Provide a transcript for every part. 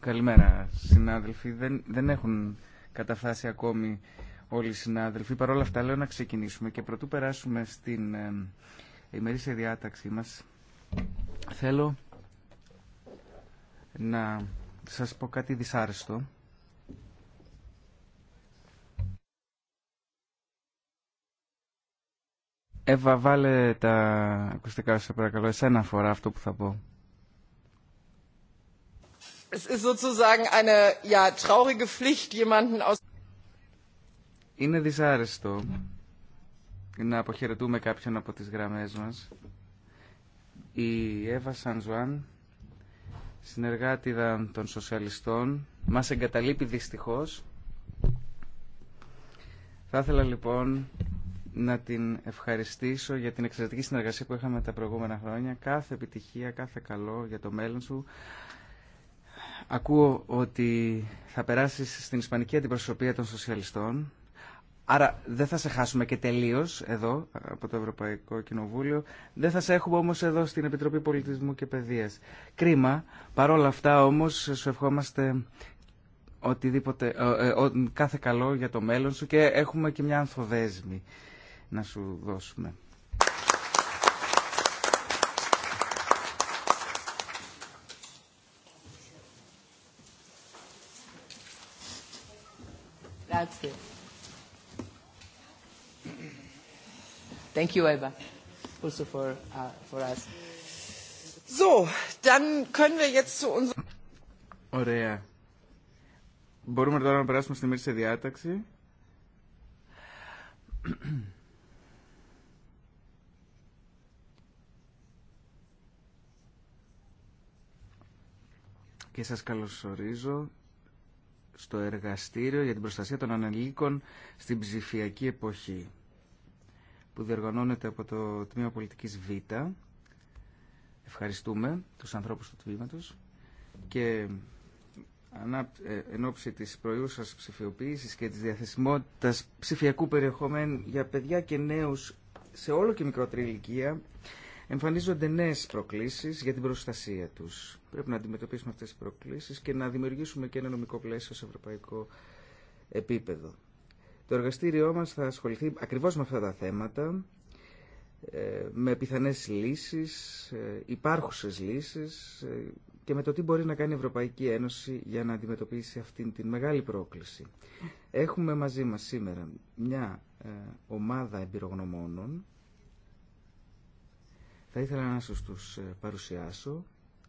Καλημέρα, συνάδελφοι. Δεν, έχουν καταφτάσει ακόμη όλοι οι συνάδελφοι. Παρ' όλα αυτά, λέω να ξεκινήσουμε και πρωτού περάσουμε στην ε, ημερήσια διάταξή μας. Θέλω να σας πω κάτι δυσάρεστο. Εύα, βάλε τα ακουστικά σου, παρακαλώ. Εσένα φορά αυτό που θα πω. Είναι δυσάρεστο να αποχαιρετούμε κάποιον από τις γραμμές μας. Η Εύα Σανζουάν, συνεργάτηδα των σοσιαλιστών, μας εγκαταλείπει δυστυχώς. Θα ήθελα λοιπόν να την ευχαριστήσω για την εξαιρετική συνεργασία που είχαμε τα προηγούμενα χρόνια. Κάθε επιτυχία, κάθε καλό για το μέλλον σου. Ακούω ότι θα περάσεις στην Ισπανική Αντιπροσωπεία των Σοσιαλιστών. Άρα δεν θα σε χάσουμε και τελείω εδώ από το Ευρωπαϊκό Κοινοβούλιο. Δεν θα σε έχουμε όμω εδώ στην Επιτροπή Πολιτισμού και Παιδεία. Κρίμα. Παρόλα αυτά όμω σου ευχόμαστε οτιδήποτε, ε, ε, κάθε καλό για το μέλλον σου και έχουμε και μια ανθοδέσμη να σου δώσουμε. Grazie. Thank you, Eva, also for, uh, for us. So, dann können wir jetzt zu unserem... Ωραία. Μπορούμε τώρα να περάσουμε στη μέση σε διάταξη. και σας καλωσορίζω στο εργαστήριο για την προστασία των ανελίκων στην ψηφιακή εποχή που διοργανώνεται από το Τμήμα Πολιτικής Β. Ευχαριστούμε τους ανθρώπους του τμήματος και ε, εν ώψη της προϊούσας ψηφιοποίησης και της διαθεσιμότητας ψηφιακού περιεχομένου για παιδιά και νέους σε όλο και μικρότερη ηλικία εμφανίζονται νέες προκλήσεις για την προστασία τους. Πρέπει να αντιμετωπίσουμε αυτές τις προκλήσεις και να δημιουργήσουμε και ένα νομικό πλαίσιο σε ευρωπαϊκό επίπεδο. Το εργαστήριό μας θα ασχοληθεί ακριβώς με αυτά τα θέματα, ε, με πιθανές λύσεις, ε, υπάρχουσες λύσεις ε, και με το τι μπορεί να κάνει η Ευρωπαϊκή Ένωση για να αντιμετωπίσει αυτήν την μεγάλη πρόκληση. Έχουμε μαζί μας σήμερα μια ομάδα εμπειρογνωμόνων θα ήθελα να σας τους ε, παρουσιάσω.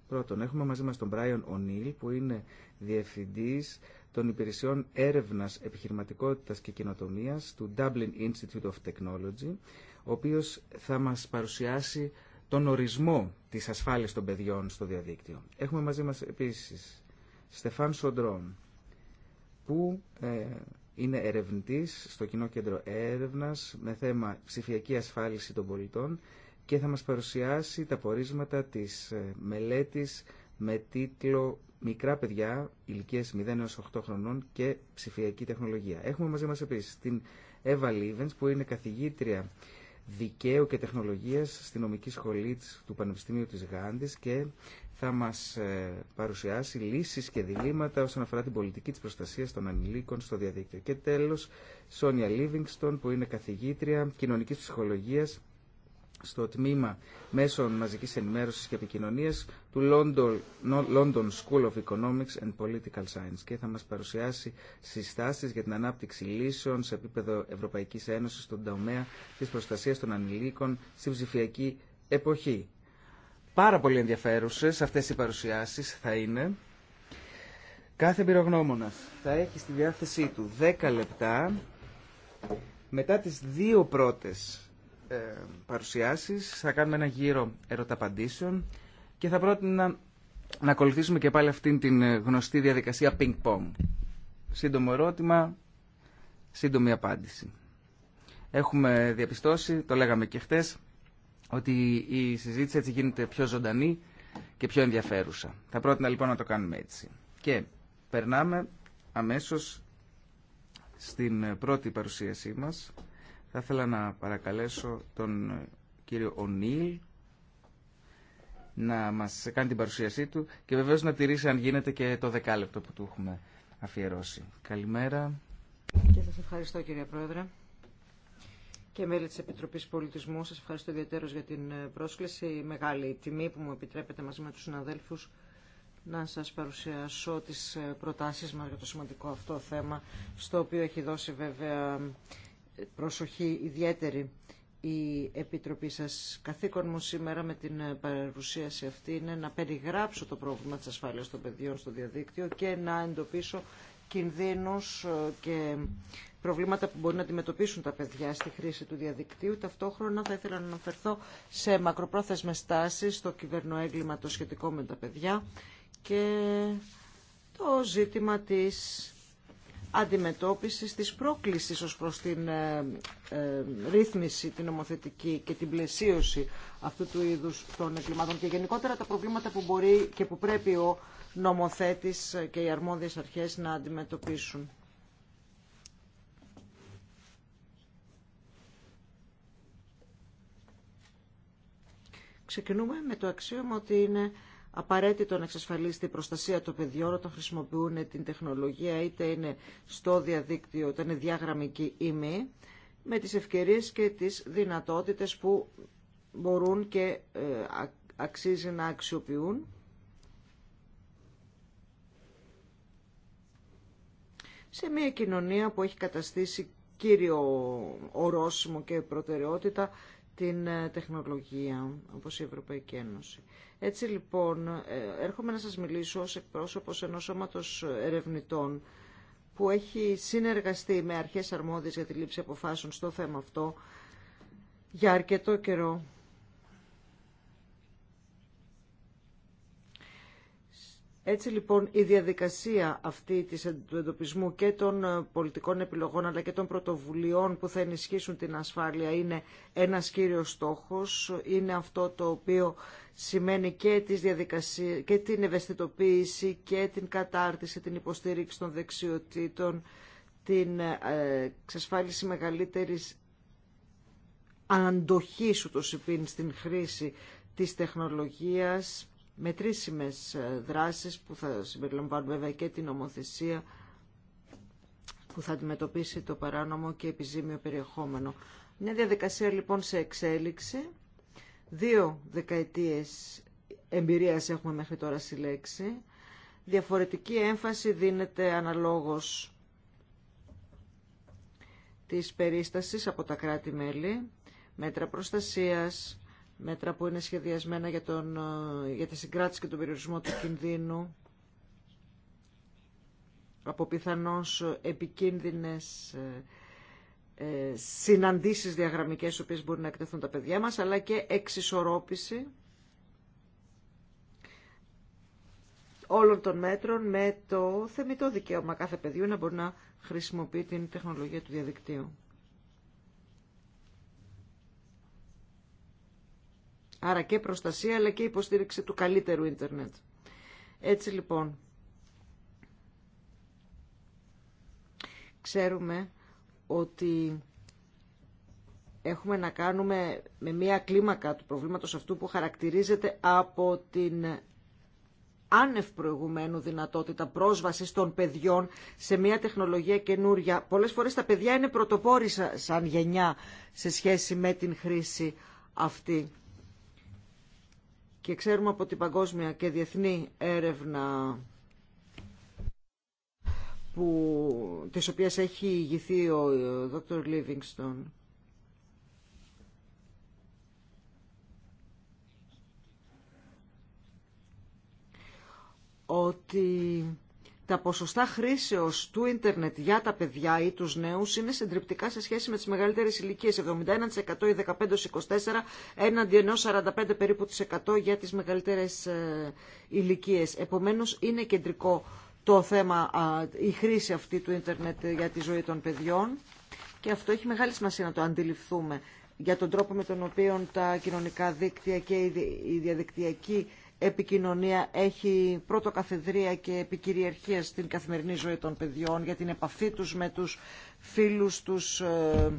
Πρώτον, έχουμε μαζί μας τον Brian O'Neill, που είναι Διευθυντής των Υπηρεσιών Έρευνας Επιχειρηματικότητας και Κοινοτομίας του Dublin Institute of Technology, ο οποίος θα μας παρουσιάσει τον ορισμό της ασφάλειας των παιδιών στο διαδίκτυο. Έχουμε μαζί μας επίσης Στεφάν Σοντρόν, που ε, είναι ερευνητής στο Κοινό Κέντρο Έρευνας με θέμα ψηφιακή ασφάλιση των πολιτών και θα μας παρουσιάσει τα πορίσματα της ε, μελέτης με τίτλο «Μικρά παιδιά, ηλικίες 0 έως 8 χρονών και ψηφιακή τεχνολογία». Έχουμε μαζί μας επίσης την Εύα Λίβενς που είναι καθηγήτρια δικαίου και τεχνολογίας στη νομική σχολή του Πανεπιστημίου της Γάντης και θα μας ε, παρουσιάσει λύσεις και διλήμματα όσον αφορά την πολιτική της προστασίας των ανηλίκων στο διαδίκτυο. Και τέλος, Σόνια Λίβινγκστον που είναι καθηγήτρια κοινωνικής ψυχολογίας στο τμήμα μέσων μαζικής ενημέρωσης και επικοινωνίας του London, London School of Economics and Political Science και θα μας παρουσιάσει συστάσεις για την ανάπτυξη λύσεων σε επίπεδο Ευρωπαϊκής Ένωσης στον τομέα της προστασίας των ανηλίκων στη ψηφιακή εποχή. Πάρα πολύ ενδιαφέρουσες αυτές οι παρουσιάσεις θα είναι. Κάθε εμπειρογνώμονα θα έχει στη διάθεσή του 10 λεπτά μετά τις δύο πρώτες ε, παρουσιάσεις, θα κάνουμε ένα γύρο ερωταπαντήσεων και θα πρότεινα να ακολουθήσουμε και πάλι αυτήν την ε, γνωστή διαδικασία ping-pong. Σύντομο ερώτημα, σύντομη απάντηση. Έχουμε διαπιστώσει, το λέγαμε και χτες, ότι η συζήτηση έτσι γίνεται πιο ζωντανή και πιο ενδιαφέρουσα. Θα πρότεινα λοιπόν να το κάνουμε έτσι. Και περνάμε αμέσως στην ε, πρώτη παρουσίασή μας θα ήθελα να παρακαλέσω τον ε, κύριο Ονίλ να μας κάνει την παρουσίασή του και βεβαίως να τηρήσει αν γίνεται και το δεκάλεπτο που του έχουμε αφιερώσει. Καλημέρα. Και σας ευχαριστώ κύριε Πρόεδρε και μέλη της Επιτροπής Πολιτισμού. Σας ευχαριστώ ιδιαίτερως για την ε, πρόσκληση. Μεγάλη τιμή που μου επιτρέπετε μαζί με τους συναδέλφους να σας παρουσιάσω τις ε, προτάσεις μας για το σημαντικό αυτό θέμα, στο οποίο έχει δώσει βέβαια προσοχή ιδιαίτερη η Επιτροπή σας. Καθήκον μου σήμερα με την παρουσίαση αυτή είναι να περιγράψω το πρόβλημα της ασφάλειας των παιδιών στο διαδίκτυο και να εντοπίσω κινδύνους ε, και προβλήματα που μπορεί να αντιμετωπίσουν τα παιδιά στη χρήση του διαδικτύου. Ταυτόχρονα θα ήθελα να αναφερθώ σε μακροπρόθεσμες τάσεις στο κυβερνοέγκλημα το σχετικό με τα παιδιά και το ζήτημα της αντιμετώπισης της πρόκλησης ως προς την ε, ε, ρύθμιση, την νομοθετική και την πλαισίωση αυτού του είδους των εγκλημάτων και γενικότερα τα προβλήματα που μπορεί και που πρέπει ο νομοθέτης και οι αρμόδιες αρχές να αντιμετωπίσουν. Ξεκινούμε με το αξίωμα ότι είναι απαραίτητο να εξασφαλίσει την προστασία των παιδιών όταν χρησιμοποιούν την τεχνολογία, είτε είναι στο διαδίκτυο, είτε είναι διαγραμμική ή μη, με τις ευκαιρίες και τις δυνατότητες που μπορούν και ε, αξίζει να αξιοποιούν. σε μια κοινωνία που έχει καταστήσει κύριο ορόσημο και προτεραιότητα την ε, τεχνολογία, όπως η Ευρωπαϊκή Ένωση. Έτσι λοιπόν, ε, έρχομαι να σας μιλήσω ως εκπρόσωπος ενός σώματος ερευνητών που έχει συνεργαστεί με αρχές αρμόδιες για τη λήψη αποφάσεων στο θέμα αυτό για αρκετό καιρό Έτσι λοιπόν η διαδικασία αυτή της, του εντοπισμού και των ε, πολιτικών επιλογών αλλά και των πρωτοβουλειών που θα ενισχύσουν την ασφάλεια είναι ένας κύριος στόχος, είναι αυτό το οποίο σημαίνει και, τις και την ευαισθητοποίηση και την κατάρτιση, την υποστήριξη των δεξιοτήτων, την ε, εξασφάλιση μεγαλύτερης αντοχής ούτως υπήν στην χρήση της τεχνολογίας, μετρήσιμες ε, δράσεις που θα συμπεριλαμβάνουν βέβαια και την ομοθεσία που θα αντιμετωπίσει το παράνομο και επιζήμιο περιεχόμενο. Μια διαδικασία λοιπόν σε εξέλιξη. Δύο δεκαετίες εμπειρίας έχουμε μέχρι τώρα συλλέξει. Διαφορετική έμφαση δίνεται αναλόγως της περίστασης από τα κράτη-μέλη, μέτρα προστασίας, μέτρα που είναι σχεδιασμένα για, τον, ε, για τη συγκράτηση και τον περιορισμό του κινδύνου από πιθανώς επικίνδυνες ε, ε, συναντήσεις διαγραμμικές στις οποίες μπορεί να εκτεθούν τα παιδιά μας, αλλά και εξισορρόπηση όλων των μέτρων με το θεμητό δικαίωμα κάθε παιδιού να μπορεί να χρησιμοποιεί την τεχνολογία του διαδικτύου. Άρα και προστασία αλλά και υποστήριξη του καλύτερου ίντερνετ. Έτσι λοιπόν, ξέρουμε ότι έχουμε να κάνουμε με μία κλίμακα του προβλήματος αυτού που χαρακτηρίζεται από την άνευ προηγουμένου δυνατότητα πρόσβασης των παιδιών σε μια τεχνολογία καινούρια. Πολλές φορές τα παιδιά είναι πρωτοπόροι σαν γενιά σε σχέση με την χρήση αυτή και ξέρουμε από την παγκόσμια και διεθνή έρευνα που, της οποίας έχει ηγηθεί ο Δόκτωρ Λίβινγκστον ότι τα ποσοστά χρήσεως του ίντερνετ για τα παιδιά ή τους νέους είναι συντριπτικά σε σχέση με τις μεγαλύτερες ηλικίες, 71% ή 15-24, έναντι ενό 45 περίπου 100 για τις μεγαλύτερες ε, ηλικίες. Επομένως είναι κεντρικό το θέμα, η χρήση αυτή του ίντερνετ για τη ζωή των παιδιών και αυτό έχει μεγάλη σημασία να το αντιληφθούμε για τον τρόπο με τον οποίο τα κοινωνικά δίκτυα και η διαδικτυακή επικοινωνία έχει πρώτο καθεδρία και επικυριαρχία στην καθημερινή ζωή των παιδιών για την επαφή τους με τους φίλους τους ε,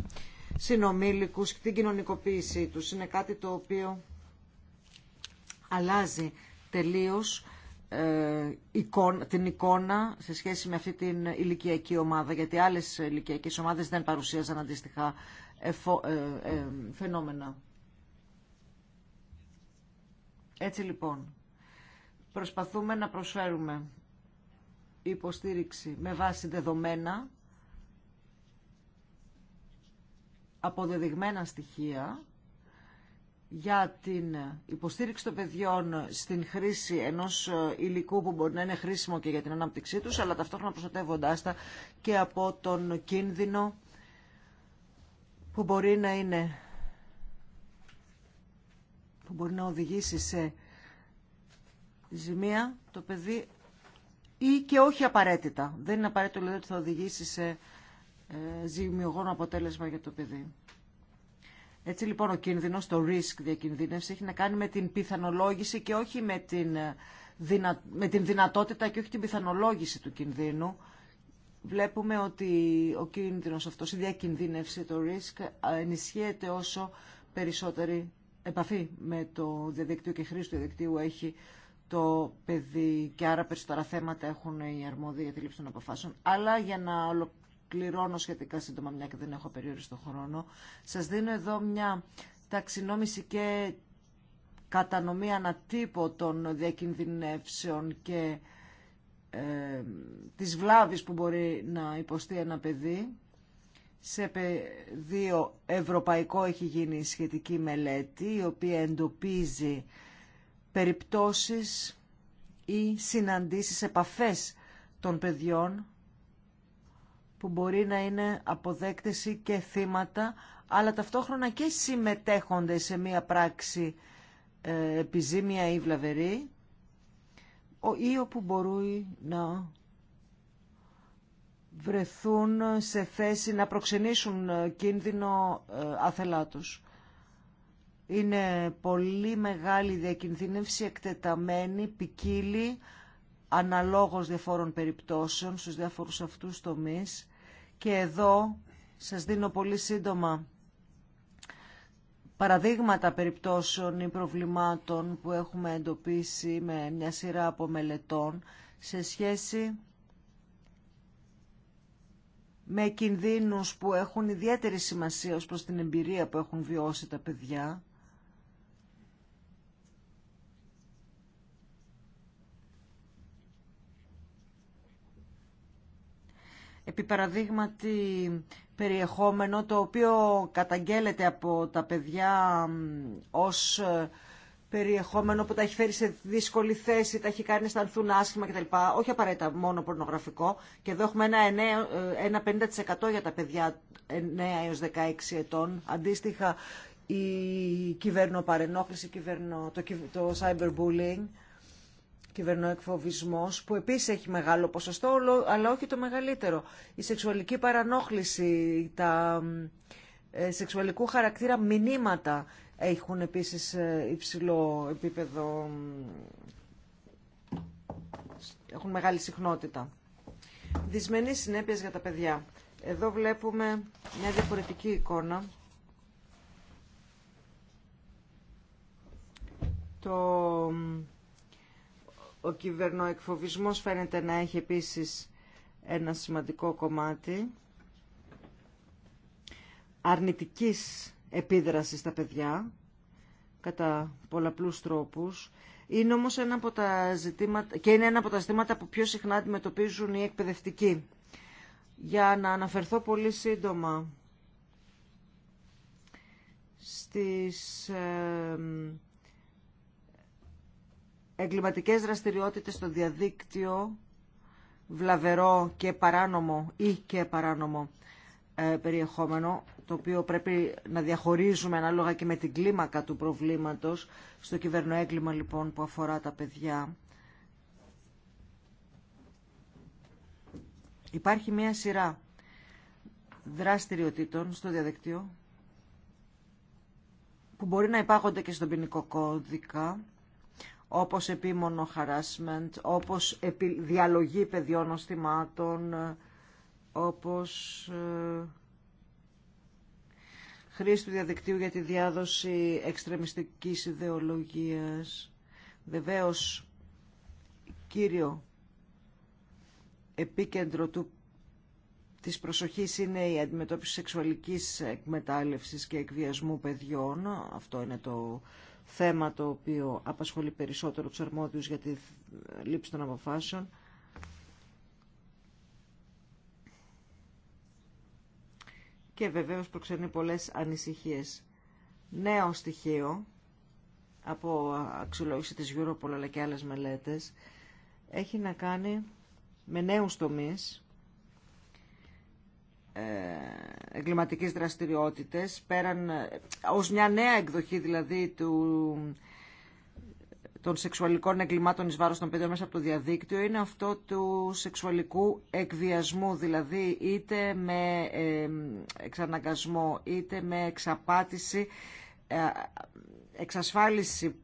συνομήλικους και την κοινωνικοποίησή τους. Είναι κάτι το οποίο αλλάζει τελείως ε, την εικόνα σε σχέση με αυτή την ηλικιακή ομάδα, γιατί άλλες ηλικιακές ομάδες δεν παρουσίαζαν αντίστοιχα ε, φαινόμενα. Έτσι λοιπόν, προσπαθούμε να προσφέρουμε υποστήριξη με βάση δεδομένα, αποδεδειγμένα στοιχεία για την υποστήριξη των παιδιών στην χρήση ενός ε, υλικού που μπορεί να είναι χρήσιμο και για την ανάπτυξή τους, αλλά ταυτόχρονα προστατεύοντάς τα και από τον κίνδυνο που μπορεί να είναι που μπορεί να οδηγήσει σε ζημία το παιδί ή και όχι απαραίτητα. Δεν είναι απαραίτητο λέει, ότι θα οδηγήσει σε ε, ζημιογόνο αποτέλεσμα για το παιδί. Έτσι λοιπόν ο κίνδυνος, το risk διακινδύνευση έχει να κάνει με την πιθανολόγηση και όχι με την, ε, την δυνατότητα και όχι την πιθανολόγηση του κινδύνου. Βλέπουμε ότι ο κίνδυνος αυτός, η διακινδύνευση, το risk ε, ενισχύεται όσο περισσότερη επαφή με το διαδικτύο και χρήση του διαδικτύου έχει το παιδί και άρα περισσότερα θέματα έχουν οι αρμόδιοι για τη λήψη των αποφάσεων. Αλλά για να ολοκληρώνω σχετικά σύντομα, μια και δεν έχω περιόριστο χρόνο, σας δίνω εδώ μια ταξινόμηση και κατανομή ανατύπω των διακινδυνεύσεων και ε, της βλάβης που μπορεί να υποστεί ένα παιδί σε πεδίο ευρωπαϊκό έχει γίνει σχετική μελέτη η οποία εντοπίζει περιπτώσεις ή συναντήσεις, επαφές των παιδιών που μπορεί να είναι αποδέκτες και θύματα αλλά ταυτόχρονα και συμμετέχονται σε μία πράξη ε, επιζήμια ή βλαβερή ή όπου μπορεί να βρεθούν σε θέση να προξενήσουν ε, κίνδυνο άθελά ε, τους. Είναι πολύ μεγάλη διακινδύνευση, εκτεταμένη, ποικίλη, αναλόγως διαφόρων περιπτώσεων στους διάφορους αυτούς τομείς. Και εδώ σας δίνω πολύ σύντομα παραδείγματα περιπτώσεων ή προβλημάτων που έχουμε εντοπίσει με μια σειρά από μελετών σε σχέση με κινδύνους που έχουν ιδιαίτερη σημασία ως προς την εμπειρία που έχουν βιώσει τα παιδιά. επί περιεχόμενο το οποίο καταγγέλλεται από τα παιδιά ως ε, περιεχόμενο που τα έχει φέρει σε δύσκολη θέση, τα έχει κάνει να αισθανθούν άσχημα κτλ. Όχι απαραίτητα μόνο πορνογραφικό. Και εδώ έχουμε ένα, 9, 50% ε, για τα παιδιά 9 έως 16 ετών. Αντίστοιχα η κυβερνοπαρενόχληση, κυβερνο, το, το cyberbullying, κυβερνοεκφοβισμός, που επίσης έχει μεγάλο ποσοστό, αλλά όχι το μεγαλύτερο. Η σεξουαλική παρανόχληση, τα ε, σεξουαλικού χαρακτήρα μηνύματα, έχουν επίσης ε, υψηλό επίπεδο, έχουν μεγάλη συχνότητα. Δυσμενείς συνέπειες για τα παιδιά. Εδώ βλέπουμε μια διαφορετική εικόνα. Το... Ο κυβερνοεκφοβισμός φαίνεται να έχει επίσης ένα σημαντικό κομμάτι αρνητικής επίδραση στα παιδιά κατά πολλαπλούς τρόπους. Είναι όμως ένα από τα ζητήματα, και είναι ένα από τα ζητήματα που πιο συχνά αντιμετωπίζουν οι εκπαιδευτικοί. Για να αναφερθώ πολύ σύντομα στις εγκληματικές δραστηριότητες στο διαδίκτυο, βλαβερό και παράνομο ή και παράνομο ε, περιεχόμενο, το οποίο πρέπει να διαχωρίζουμε ανάλογα και με την κλίμακα του προβλήματος, στο κυβερνοέγκλημα λοιπόν που αφορά τα παιδιά. Υπάρχει μία σειρά δραστηριοτήτων στο διαδικτύο που μπορεί να υπάγονται και στον ποινικό κώδικα, όπως επίμονο harassment, όπως διαλογή παιδιών οστιμάτων, θυμάτων, όπως ε, χρήση του διαδικτύου για τη διάδοση εξτρεμιστικής ιδεολογίας. Βεβαίως, κύριο επίκεντρο του, της προσοχής είναι η αντιμετώπιση σεξουαλικής εκμετάλλευσης και εκβιασμού παιδιών. Αυτό είναι το θέμα το οποίο απασχολεί περισσότερο τους αρμόδιους για τη λήψη των αποφάσεων. και βεβαίως προξενεί πολλές ανησυχίες. Νέο στοιχείο από αξιολόγηση της Europol αλλά και άλλες μελέτες έχει να κάνει με νέους τομείς ε, εγκληματικής δραστηριότητες πέραν, ε, ως μια νέα εκδοχή δηλαδή του των σεξουαλικών εγκλημάτων εις βάρος των παιδιών μέσα από το διαδίκτυο είναι αυτό του σεξουαλικού εκβιασμού, δηλαδή είτε με εξαναγκασμό είτε με εξαπάτηση, ε, εξασφάλιση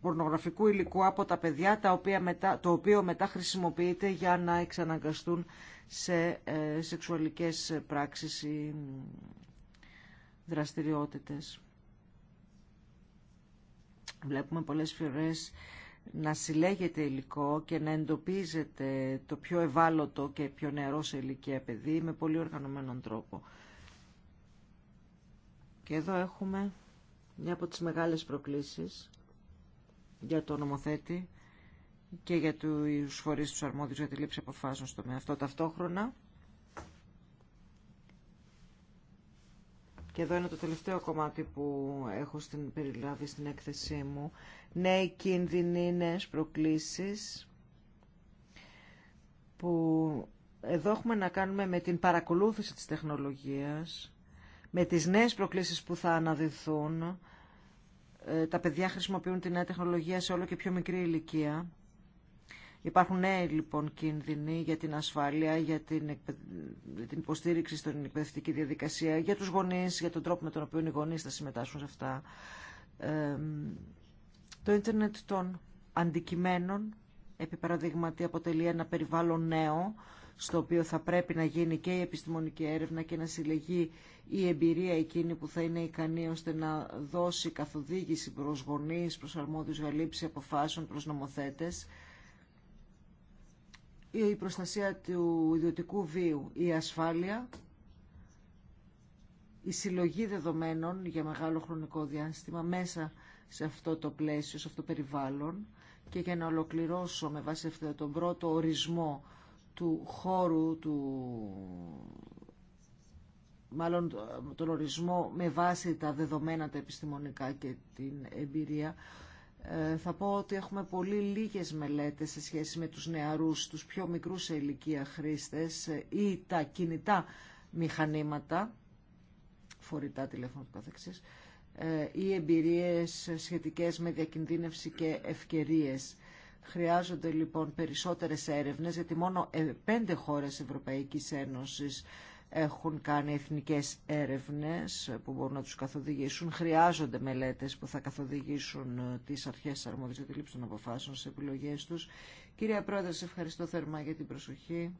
πορνογραφικού υλικού από τα παιδιά, τα οποία μετά, το οποίο μετά χρησιμοποιείται για να εξαναγκαστούν σε ε, σεξουαλικές πράξεις ή δραστηριότητες. Βλέπουμε πολλές φορές να συλλέγεται υλικό και να εντοπίζεται το πιο ευάλωτο και πιο νεαρό σε ηλικία παιδί με πολύ οργανωμένον τρόπο. Και εδώ έχουμε μια από τις μεγάλες προκλήσεις για το νομοθέτη και για τους φορείς τους αρμόδιους για τη λήψη αποφάσεων στο με αυτό ταυτόχρονα. και εδώ είναι το τελευταίο κομμάτι που έχω στην, περιλάβει στην έκθεσή μου, νέοι κίνδυνοι, προκλήσεις, που εδώ έχουμε να κάνουμε με την παρακολούθηση της τεχνολογίας, με τις νέες προκλήσεις που θα αναδυθούν, ε, τα παιδιά χρησιμοποιούν τη νέα τεχνολογία σε όλο και πιο μικρή ηλικία Υπάρχουν νέοι λοιπόν κίνδυνοι για την ασφάλεια, για την, την υποστήριξη στην εκπαιδευτική διαδικασία, για τους γονείς, για τον τρόπο με τον οποίο οι γονείς θα συμμετάσχουν σε αυτά. το ίντερνετ των αντικειμένων, επί παραδείγματι, αποτελεί ένα περιβάλλον νέο, στο οποίο θα πρέπει να γίνει και η επιστημονική έρευνα και να συλλεγεί η εμπειρία εκείνη που θα είναι ικανή ώστε να δώσει καθοδήγηση προς γονείς, προς αρμόδιους λήψη αποφάσεων, προς νομοθέτες η προστασία του ιδιωτικού βίου, η ασφάλεια, η συλλογή δεδομένων για μεγάλο χρονικό διάστημα μέσα σε αυτό το πλαίσιο, σε αυτό το περιβάλλον και για να ολοκληρώσω με βάση αυτό τον πρώτο ορισμό του χώρου, του... μάλλον τον ορισμό με βάση τα δεδομένα τα επιστημονικά και την εμπειρία, ε, θα πω ότι έχουμε πολύ λίγες μελέτες σε σχέση με τους νεαρούς, τους πιο μικρούς σε ηλικία χρήστες ε, ή τα κινητά μηχανήματα, φορητά τηλέφωνα του καθεξής, ε, ή εμπειρίες σχετικές με διακινδύνευση και ευκαιρίες. Χρειάζονται λοιπόν περισσότερες έρευνες, γιατί μόνο πέντε χώρες Ευρωπαϊκής Ένωσης έχουν κάνει εθνικές έρευνες που μπορούν να τους καθοδηγήσουν. Χρειάζονται μελέτες που θα καθοδηγήσουν ε, τις αρχές αρμόδιες για τη λήψη των αποφάσεων σε επιλογές τους. Κυρία Πρόεδρε, σε ευχαριστώ θερμά για την προσοχή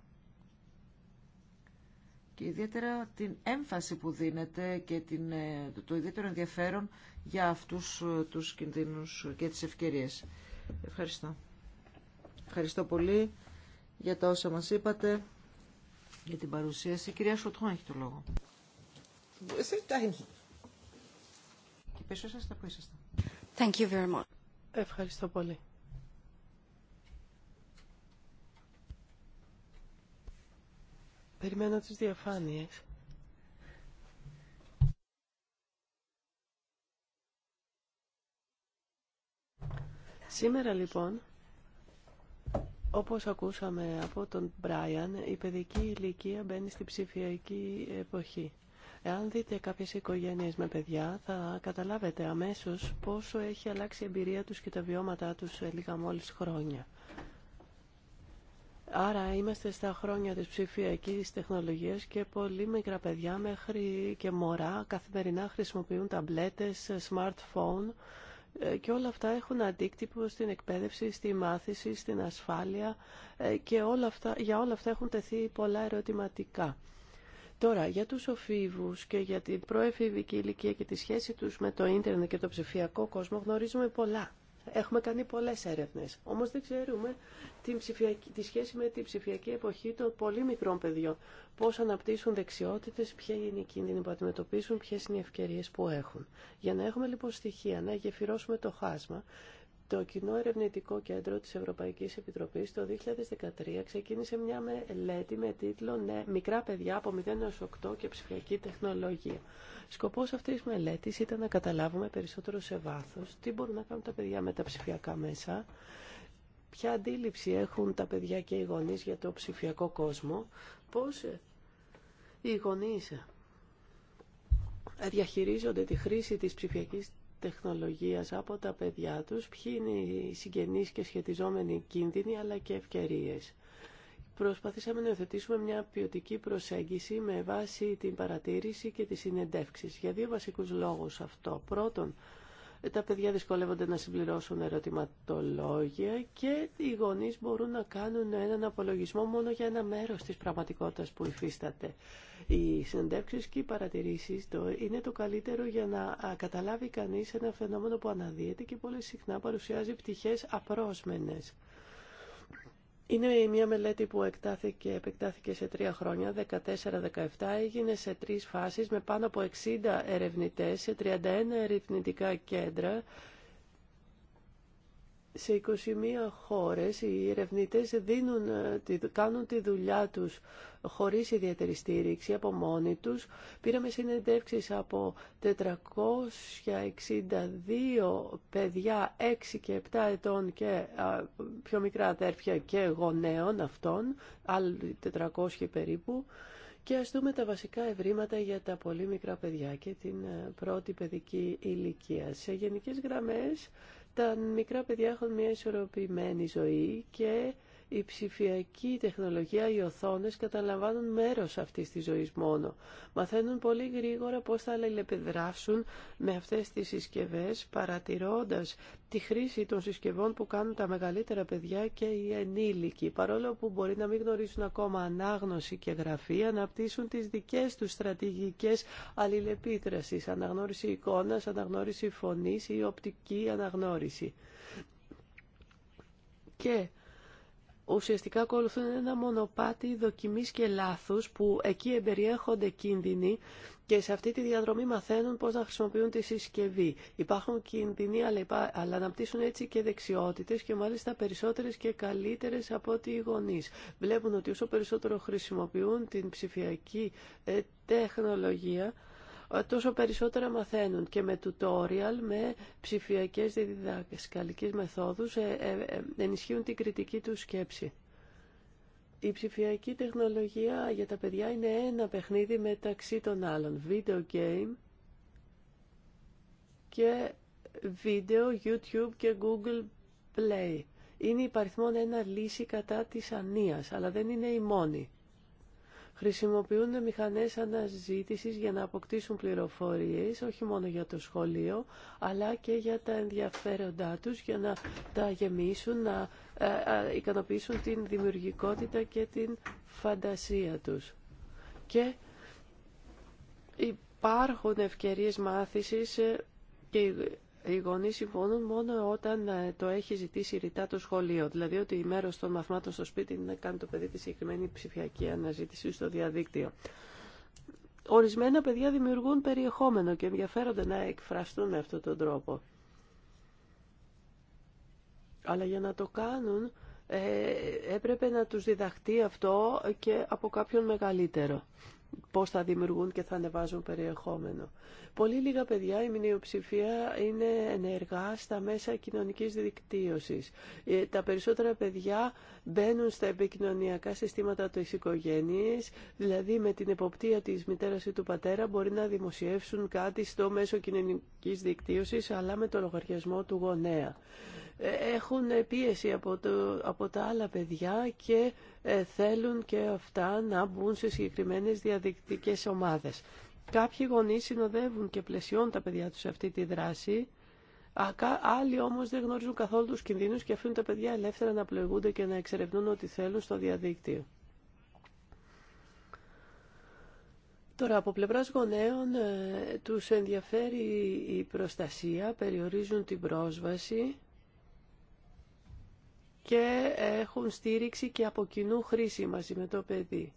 και ιδιαίτερα την έμφαση που δίνεται και την, ε, το ιδιαίτερο ενδιαφέρον για αυτούς ε, τους κινδύνους και τις ευκαιρίες. Ευχαριστώ. Ευχαριστώ πολύ για τα όσα μας είπατε για την παρουσίαση. Η κυρία Σουτχόν έχει το λόγο. Και πίσω σας που Thank you very much. Ευχαριστώ πολύ. Περιμένω τις διαφάνειες. Σήμερα λοιπόν όπως ακούσαμε από τον Μπράιαν, η παιδική ηλικία μπαίνει στη ψηφιακή εποχή. Εάν δείτε κάποιες οικογένειες με παιδιά, θα καταλάβετε αμέσως πόσο έχει αλλάξει η εμπειρία τους και τα βιώματά τους λίγα μόλις χρόνια. Άρα είμαστε στα χρόνια της ψηφιακής τεχνολογίας και πολύ μικρά παιδιά μέχρι και μωρά καθημερινά χρησιμοποιούν ταμπλέτες, smartphone ε, και όλα αυτά έχουν αντίκτυπο στην εκπαίδευση, στη μάθηση, στην ασφάλεια ε, και όλα αυτά, για όλα αυτά έχουν τεθεί πολλά ερωτηματικά. Τώρα, για τους οφήβους και για την προεφηβική ηλικία και τη σχέση τους με το ίντερνετ και το ψηφιακό κόσμο γνωρίζουμε πολλά. Έχουμε κάνει πολλές έρευνες, όμως δεν ξέρουμε τη σχέση με την ψηφιακή εποχή των πολύ μικρών παιδιών. Πώς αναπτύσσουν δεξιότητες, ποια είναι η κίνδυνη που αντιμετωπίζουν, ποιες είναι οι ευκαιρίες που έχουν. Για να έχουμε λοιπόν στοιχεία, να γεφυρώσουμε το χάσμα, το Κοινό Ερευνητικό Κέντρο της Ευρωπαϊκής Επιτροπής το 2013 ξεκίνησε μια μελέτη με τίτλο «Ναι, «Μικρά παιδιά από 0 έως 8 και ψηφιακή τεχνολογία». Σκοπός αυτής της μελέτης ήταν να καταλάβουμε περισσότερο σε βάθος τι μπορούν να κάνουν τα παιδιά με τα ψηφιακά μέσα, ποια αντίληψη έχουν τα παιδιά και οι γονείς για το ψηφιακό κόσμο, πώς οι γονείς διαχειρίζονται τη χρήση της ψηφιακής τεχνολογίας από τα παιδιά τους, ποιοι είναι οι συγγενείς και σχετιζόμενοι κίνδυνοι αλλά και ευκαιρίες. Προσπαθήσαμε να υιοθετήσουμε μια ποιοτική προσέγγιση με βάση την παρατήρηση και τις συνεντεύξεις. Για δύο βασικούς λόγους αυτό. Πρώτον, τα παιδιά δυσκολεύονται να συμπληρώσουν ερωτηματολόγια και οι γονείς μπορούν να κάνουν έναν απολογισμό μόνο για ένα μέρος της πραγματικότητας που υφίσταται. Οι συνεντεύξεις και οι παρατηρήσεις είναι το καλύτερο για να καταλάβει κανείς ένα φαινόμενο που αναδύεται και πολύ συχνά παρουσιάζει πτυχές απρόσμενες. Είναι μια μελέτη που εκτάθηκε, επεκτάθηκε σε τρία χρόνια, 14-17, έγινε σε τρεις φάσεις με πάνω από 60 ερευνητές, σε 31 ερευνητικά κέντρα σε 21 χώρες οι ερευνητές δίνουν, ε, κάνουν τη δουλειά τους χωρίς ιδιαίτερη στήριξη από μόνοι τους. Πήραμε συνεντεύξεις από 462 παιδιά 6 και 7 ετών και πιο μικρά αδέρφια και γονέων αυτών, άλλοι 400 περίπου. Και ας δούμε τα βασικά ευρήματα για τα πολύ μικρά παιδιά και την ε, πρώτη παιδική ηλικία. Σε γενικές γραμμές τα μικρά παιδιά έχουν μια ισορροπημένη ζωή και η ψηφιακή τεχνολογία, οι οθόνε καταλαμβάνουν μέρος αυτή της ζωής μόνο. Μαθαίνουν πολύ γρήγορα πώς θα αλληλεπιδράσουν με αυτές τις συσκευές, παρατηρώντας τη χρήση των συσκευών που κάνουν τα μεγαλύτερα παιδιά και οι ενήλικοι. Παρόλο που μπορεί να μην γνωρίζουν ακόμα ανάγνωση και γραφή, αναπτύσσουν τις δικές του στρατηγικές αλληλεπίδρασης, αναγνώριση εικόνα, αναγνώριση φωνή ή οπτική αναγνώριση. Και ουσιαστικά ακολουθούν ένα μονοπάτι δοκιμής και λάθους που εκεί εμπεριέχονται κίνδυνοι και σε αυτή τη διαδρομή μαθαίνουν πώς να χρησιμοποιούν τη συσκευή. Υπάρχουν κίνδυνοι αλλά αναπτύσσουν έτσι και δεξιότητες και μάλιστα περισσότερες και καλύτερες από ό,τι οι γονείς. Βλέπουν ότι όσο περισσότερο χρησιμοποιούν την ψηφιακή ε, τεχνολογία τόσο περισσότερα μαθαίνουν και με tutorial, με ψηφιακές διδασκαλικές μεθόδους ε, ε, ε, ενισχύουν την κριτική του σκέψη. Η ψηφιακή τεχνολογία για τα παιδιά είναι ένα παιχνίδι μεταξύ των άλλων. Video game και βίντεο, YouTube και Google Play. Είναι υπαριθμόν ένα λύση κατά της ανίας, αλλά δεν είναι η μόνη χρησιμοποιούν μηχανές αναζήτησης για να αποκτήσουν πληροφορίες, όχι μόνο για το σχολείο, αλλά και για τα ενδιαφέροντά τους, για να τα γεμίσουν, να ε, ε, ικανοποιήσουν την δημιουργικότητα και την φαντασία τους. Και υπάρχουν ευκαιρίες μάθησης ε, και οι γονείς συμφωνούν μόνο όταν ε, το έχει ζητήσει ρητά το σχολείο, δηλαδή ότι η μέρος των μαθημάτων στο σπίτι είναι να κάνει το παιδί τη συγκεκριμένη ψηφιακή αναζήτηση στο διαδίκτυο. Ορισμένα παιδιά δημιουργούν περιεχόμενο και ενδιαφέρονται να εκφραστούν με αυτόν τον τρόπο. Αλλά για να το κάνουν ε, έπρεπε να τους διδαχτεί αυτό και από κάποιον μεγαλύτερο πώς θα δημιουργούν και θα ανεβάζουν περιεχόμενο. Πολύ λίγα παιδιά, η μηνιοψηφία είναι ενεργά στα μέσα κοινωνικής δικτύωσης. Ε, τα περισσότερα παιδιά μπαίνουν στα επικοινωνιακά συστήματα της οικογένειας, δηλαδή με την εποπτεία της μητέρας ή του πατέρα μπορεί να δημοσιεύσουν κάτι στο μέσο κοινωνικής δικτύωσης, αλλά με το λογαριασμό του γονέα. Ε, έχουν πίεση από, το, από τα άλλα παιδιά και ε, θέλουν και αυτά να μπουν σε συγκεκριμένες διαδικτικές ομάδες. Κάποιοι γονείς συνοδεύουν και πλαισιών τα παιδιά τους σε αυτή τη δράση, Άλλοι όμως δεν γνωρίζουν καθόλου του κινδύνου και αφήνουν τα παιδιά ελεύθερα να πλοηγούνται και να εξερευνούν ό,τι θέλουν στο διαδίκτυο. Τώρα, από πλευρά γονέων, ε, του ενδιαφέρει η προστασία, περιορίζουν την πρόσβαση και έχουν στήριξη και από κοινού χρήση μαζί με το παιδί.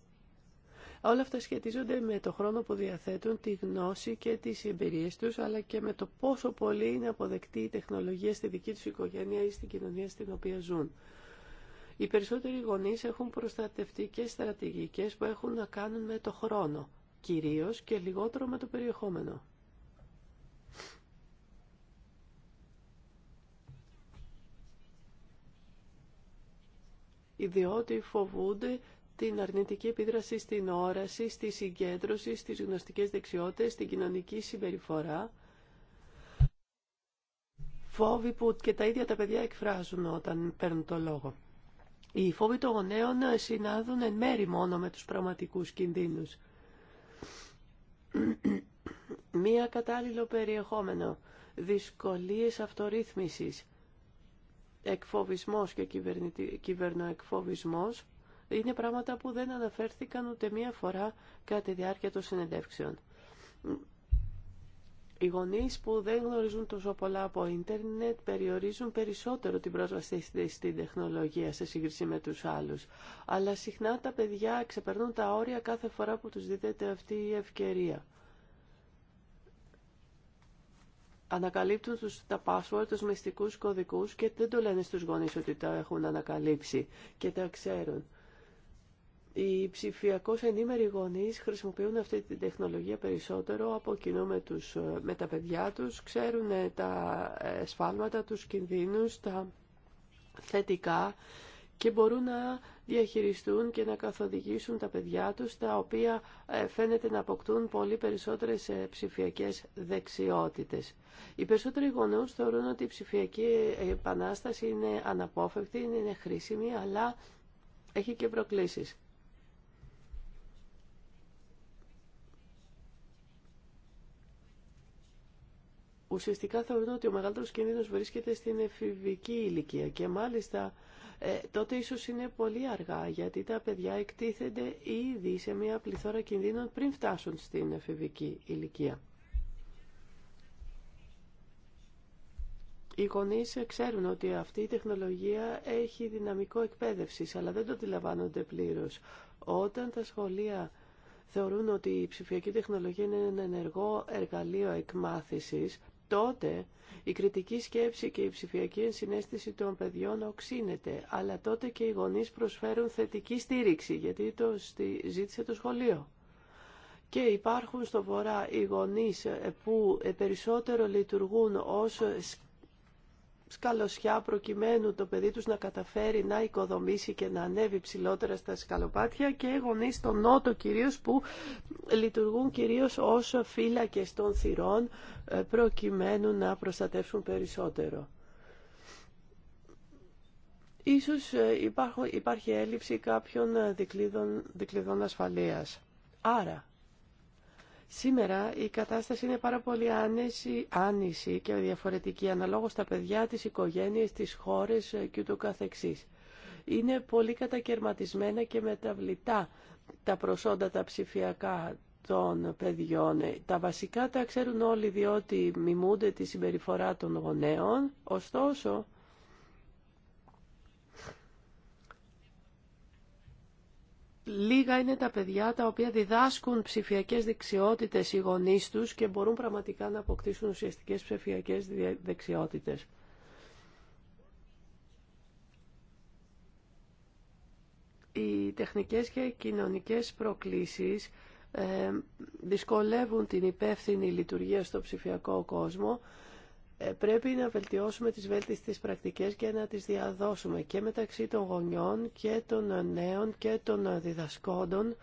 Όλα αυτά σχετίζονται με το χρόνο που διαθέτουν, τη γνώση και τις εμπειρίε τους, αλλά και με το πόσο πολύ είναι αποδεκτή η τεχνολογία στη δική τους οικογένεια ή στην κοινωνία στην οποία ζουν. Οι περισσότεροι γονείς έχουν προστατευτικές στρατηγικές που έχουν να κάνουν με το χρόνο, κυρίως και λιγότερο με το περιεχόμενο. Διότι φοβούνται την αρνητική επίδραση στην όραση, στη συγκέντρωση, στις γνωστικές δεξιότητες, στην κοινωνική συμπεριφορά. Φόβοι που και τα ίδια τα παιδιά εκφράζουν όταν παίρνουν το λόγο. Οι φόβοι των γονέων συνάδουν εν μέρη μόνο με τους πραγματικούς κινδύνους. Μία κατάλληλο περιεχόμενο, δυσκολίες αυτορύθμισης, εκφοβισμός και κυβερνοεκφοβισμός, είναι πράγματα που δεν αναφέρθηκαν ούτε μία φορά κατά τη διάρκεια των συνεντεύξεων. Οι γονείς που δεν γνωρίζουν τόσο πολλά από ίντερνετ περιορίζουν περισσότερο την πρόσβαση στην τεχνολογία σε σύγκριση με τους άλλους. Αλλά συχνά τα παιδιά ξεπερνούν τα όρια κάθε φορά που τους δίδεται αυτή η ευκαιρία. Ανακαλύπτουν τους, τα password, τους μυστικούς κωδικούς και δεν το λένε στους γονείς ότι τα έχουν ανακαλύψει και τα ξέρουν. Οι ψηφιακώ ενήμεροι γονεί χρησιμοποιούν αυτή την τεχνολογία περισσότερο από κοινού με, τους, ε, με τα παιδιά τους, ξέρουν ε, τα ε, σφάλματα, τους κινδύνους, τα θετικά και μπορούν να διαχειριστούν και να καθοδηγήσουν τα παιδιά τους, τα οποία φαίνεται να αποκτούν πολύ περισσότερες ψηφιακές δεξιότητες. Οι περισσότεροι γονείς θεωρούν ότι η ψηφιακή επανάσταση είναι αναπόφευκτη, είναι χρήσιμη, αλλά έχει και προκλήσεις. Ουσιαστικά θεωρούν ότι ο μεγαλύτερος κίνδυνος βρίσκεται στην εφηβική ηλικία και μάλιστα ε, τότε ίσως είναι πολύ αργά γιατί τα παιδιά εκτίθενται ήδη σε μια πληθώρα κινδύνων πριν φτάσουν στην εφηβική ηλικία. Οι γονείς ξέρουν ότι αυτή η τεχνολογία έχει δυναμικό εκπαίδευσης, αλλά δεν το αντιλαμβάνονται πλήρως. Όταν τα σχολεία θεωρούν ότι η ψηφιακή τεχνολογία είναι ένα ενεργό εργαλείο εκμάθησης, τότε η κριτική σκέψη και η ψηφιακή ενσυναίσθηση των παιδιών οξύνεται, αλλά τότε και οι γονείς προσφέρουν θετική στήριξη, γιατί το ζήτησε το σχολείο. Και υπάρχουν στο Βορρά οι γονείς ε, που ε, περισσότερο λειτουργούν ως σκαλωσιά προκειμένου το παιδί τους να καταφέρει να οικοδομήσει και να ανέβει ψηλότερα στα σκαλοπάτια και γονεί στο νότο κυρίως που λειτουργούν κυρίως ως φύλακες των θυρών ε, προκειμένου να προστατεύσουν περισσότερο. Ίσως ε, υπάρχει έλλειψη κάποιων ε, δικλείδων, δικλείδων ασφαλείας. Άρα, Σήμερα η κατάσταση είναι πάρα πολύ άνεση, άνηση και διαφορετική αναλόγως τα παιδιά, τις οικογένειες, τις χώρες και ούτω καθεξής. Είναι πολύ κατακαιρματισμένα και μεταβλητά τα προσόντα τα ψηφιακά των παιδιών. Τα βασικά τα ξέρουν όλοι διότι μιμούνται τη συμπεριφορά των γονέων, ωστόσο Λίγα είναι τα παιδιά τα οποία διδάσκουν ψηφιακές δεξιότητες οι γονείς τους και μπορούν πραγματικά να αποκτήσουν ουσιαστικές ψηφιακές δεξιότητες. Οι τεχνικές και κοινωνικές προκλήσεις ε, δυσκολεύουν την υπεύθυνη λειτουργία στο ψηφιακό κόσμο ε, πρέπει να βελτιώσουμε τις βέλτιστες πρακτικές και να τις διαδώσουμε και μεταξύ των γονιών και των νέων και των διδασκόντων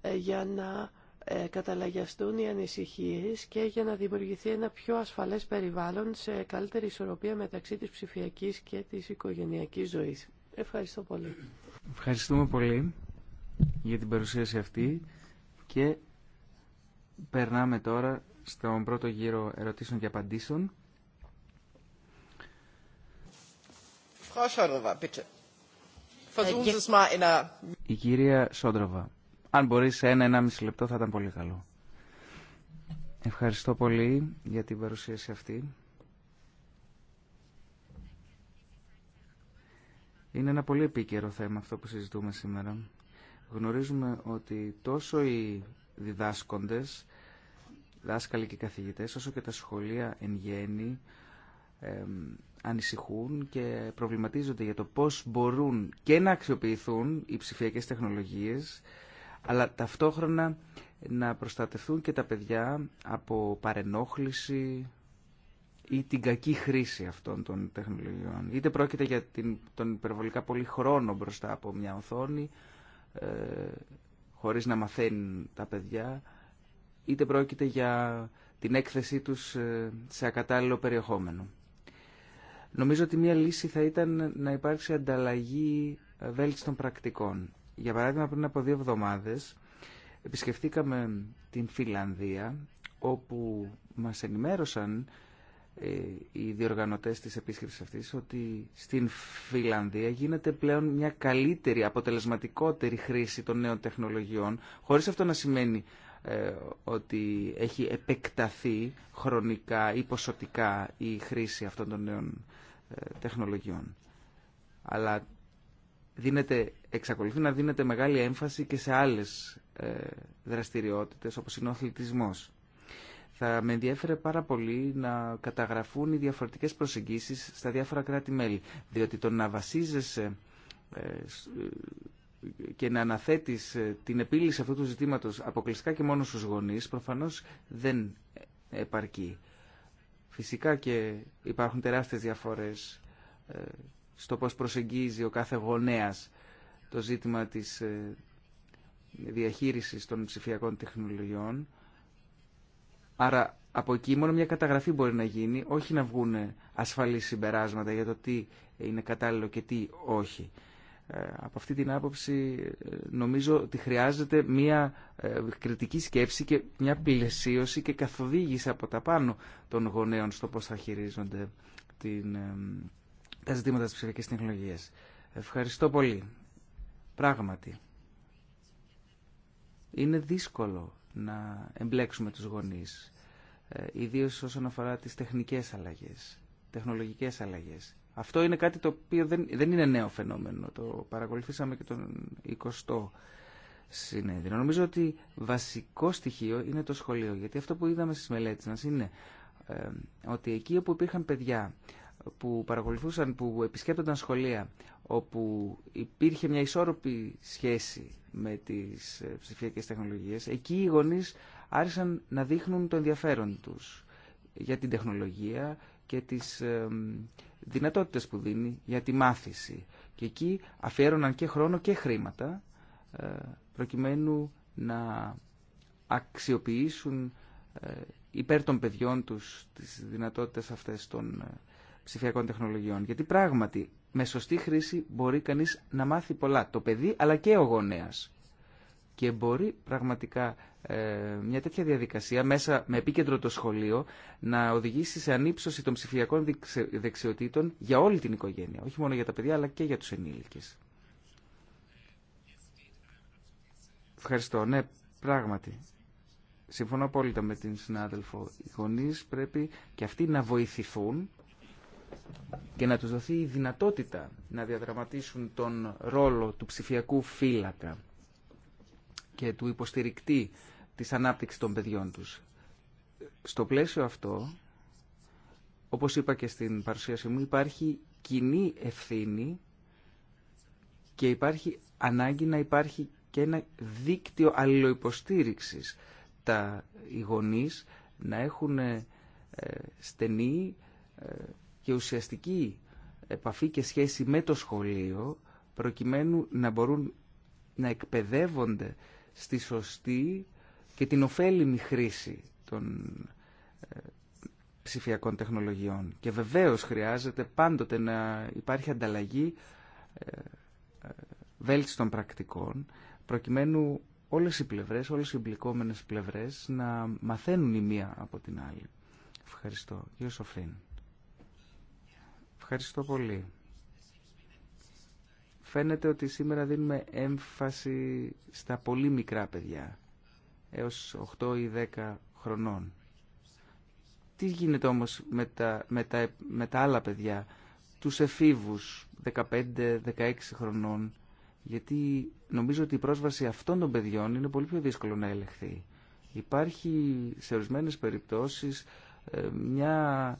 ε, για να ε, καταλαγιαστούν οι ανησυχίες και για να δημιουργηθεί ένα πιο ασφαλές περιβάλλον σε καλύτερη ισορροπία μεταξύ της ψηφιακής και της οικογενειακής ζωής. Ευχαριστώ πολύ. Ευχαριστούμε πολύ για την παρουσίαση αυτή και περνάμε τώρα στον πρώτο γύρο ερωτήσεων και απαντήσεων. Η κυρία Σόντροβα, αν μπορεί σε ενα μισή λεπτό θα ήταν πολύ καλό. Ευχαριστώ πολύ για την παρουσίαση αυτή. Είναι ένα πολύ επίκαιρο θέμα αυτό που συζητούμε σήμερα. Γνωρίζουμε ότι τόσο οι διδάσκοντες, δάσκαλοι και καθηγητές, όσο και τα σχολεία εν γέννη, ανησυχούν και προβληματίζονται για το πώς μπορούν και να αξιοποιηθούν οι ψηφιακές τεχνολογίες, αλλά ταυτόχρονα να προστατευτούν και τα παιδιά από παρενόχληση ή την κακή χρήση αυτών των τεχνολογιών. Είτε πρόκειται για τον υπερβολικά πολύ χρόνο μπροστά από μια οθόνη, ε, χωρίς να μαθαίνουν τα παιδιά, είτε πρόκειται για την έκθεσή τους ε, σε ακατάλληλο περιεχόμενο. Νομίζω ότι μία λύση θα ήταν να υπάρξει ανταλλαγή ε, βέλτιστων πρακτικών. Για παράδειγμα, πριν από δύο εβδομάδες επισκεφτήκαμε την Φιλανδία, όπου μας ενημέρωσαν ε, οι διοργανωτές της επίσκεψης αυτής ότι στην Φιλανδία γίνεται πλέον μια καλύτερη, αποτελεσματικότερη χρήση των νέων τεχνολογιών χωρίς αυτό να σημαίνει ε, ότι έχει επεκταθεί χρονικά ή ποσοτικά η χρήση αυτών των νέων ε, τεχνολογιών. Αλλά δίνεται, εξακολουθεί να δίνεται μεγάλη έμφαση και σε άλλες ε, δραστηριότητες όπως είναι ο αθλητισμός. Θα με ενδιέφερε πάρα πολύ να καταγραφούν οι διαφορετικές προσεγγίσεις στα διάφορα κράτη-μέλη, διότι το να βασίζεσαι και να αναθέτεις ε, την επίλυση αυτού του ζητήματος αποκλειστικά και μόνο στους γονείς, προφανώς δεν επαρκεί. Φυσικά και υπάρχουν τεράστιες διαφορές ε, στο πώς προσεγγίζει ο κάθε γονέας το ζήτημα της ε, διαχείρισης των ψηφιακών τεχνολογιών. Άρα από εκεί μόνο μια καταγραφή μπορεί να γίνει, όχι να βγουν ασφαλείς συμπεράσματα για το τι είναι κατάλληλο και τι όχι. Ε, από αυτή την άποψη ε, νομίζω ότι χρειάζεται μια ε, κριτική σκέψη και μια πλαισίωση και καθοδήγηση από τα πάνω των γονέων στο πώς θα χειρίζονται την, τα ζητήματα της ψηφιακής τεχνολογίας. Ευχαριστώ πολύ. Πράγματι, είναι δύσκολο να εμπλέξουμε τους γονείς, ιδίως όσον αφορά τις τεχνικές αλλαγές, τεχνολογικές αλλαγές. Αυτό είναι κάτι το οποίο δεν, δεν είναι νέο φαινόμενο. Το παρακολουθήσαμε και τον 20ο συνέδριο. Νομίζω ότι βασικό στοιχείο είναι το σχολείο. Γιατί αυτό που είδαμε στις μελέτες μας είναι ότι εκεί όπου υπήρχαν παιδιά που παρακολουθούσαν, που επισκέπτονταν σχολεία, όπου υπήρχε μια ισόρροπη σχέση με τις ε, ψηφιακές τεχνολογίες, εκεί οι γονείς άρχισαν να δείχνουν το ενδιαφέρον τους για την τεχνολογία, και τις δυνατότητες που δίνει για τη μάθηση. Και εκεί αφιέρωναν και χρόνο και χρήματα ε, προκειμένου να αξιοποιήσουν ε, υπέρ των παιδιών τους τις δυνατότητες αυτές των ε, ψηφιακών τεχνολογιών. Γιατί πράγματι με σωστή χρήση μπορεί κανείς να μάθει πολλά. Το παιδί αλλά και ο γονέας. Και μπορεί πραγματικά ε, μια τέτοια διαδικασία μέσα με επίκεντρο το σχολείο να οδηγήσει σε ανύψωση των ψηφιακών δεξιοτήτων για όλη την οικογένεια, όχι μόνο για τα παιδιά αλλά και για τους ενήλικες. Ευχαριστώ. Ναι, πράγματι. Συμφωνώ απόλυτα με την συνάδελφο. Οι γονεί, πρέπει και αυτοί να βοηθηθούν και να τους δοθεί η δυνατότητα να διαδραματίσουν τον ρόλο του ψηφιακού φύλακα και του υποστηρικτή της ανάπτυξης των παιδιών τους. Στο πλαίσιο αυτό, όπως είπα και στην παρουσίαση μου, υπάρχει κοινή ευθύνη και υπάρχει ανάγκη να υπάρχει και ένα δίκτυο αλληλοϊποστήριξης. Τα οι να έχουν ε, στενή ε, και ουσιαστική επαφή και σχέση με το σχολείο προκειμένου να μπορούν να εκπαιδεύονται στη σωστή και την ωφέλιμη χρήση των ε, ψηφιακών τεχνολογιών. Και βεβαίως χρειάζεται πάντοτε να υπάρχει ανταλλαγή ε, ε, βέλτιστων πρακτικών, προκειμένου όλες οι πλευρές, όλες οι εμπλικόμενες πλευρές να μαθαίνουν η μία από την άλλη. Ευχαριστώ. Κύριε Σοφρίν. Ευχαριστώ πολύ. Φαίνεται ότι σήμερα δίνουμε έμφαση στα πολύ μικρά παιδιά έως 8 ή 10 χρονών. Τι γίνεται όμως με τα, με τα, με τα άλλα παιδιά, τους εφήβους 15-16 χρονών, γιατί νομίζω ότι η πρόσβαση αυτών των παιδιών είναι πολύ πιο δύσκολο να ελεγχθεί. Υπάρχει σε ορισμένες περιπτώσεις ε, μια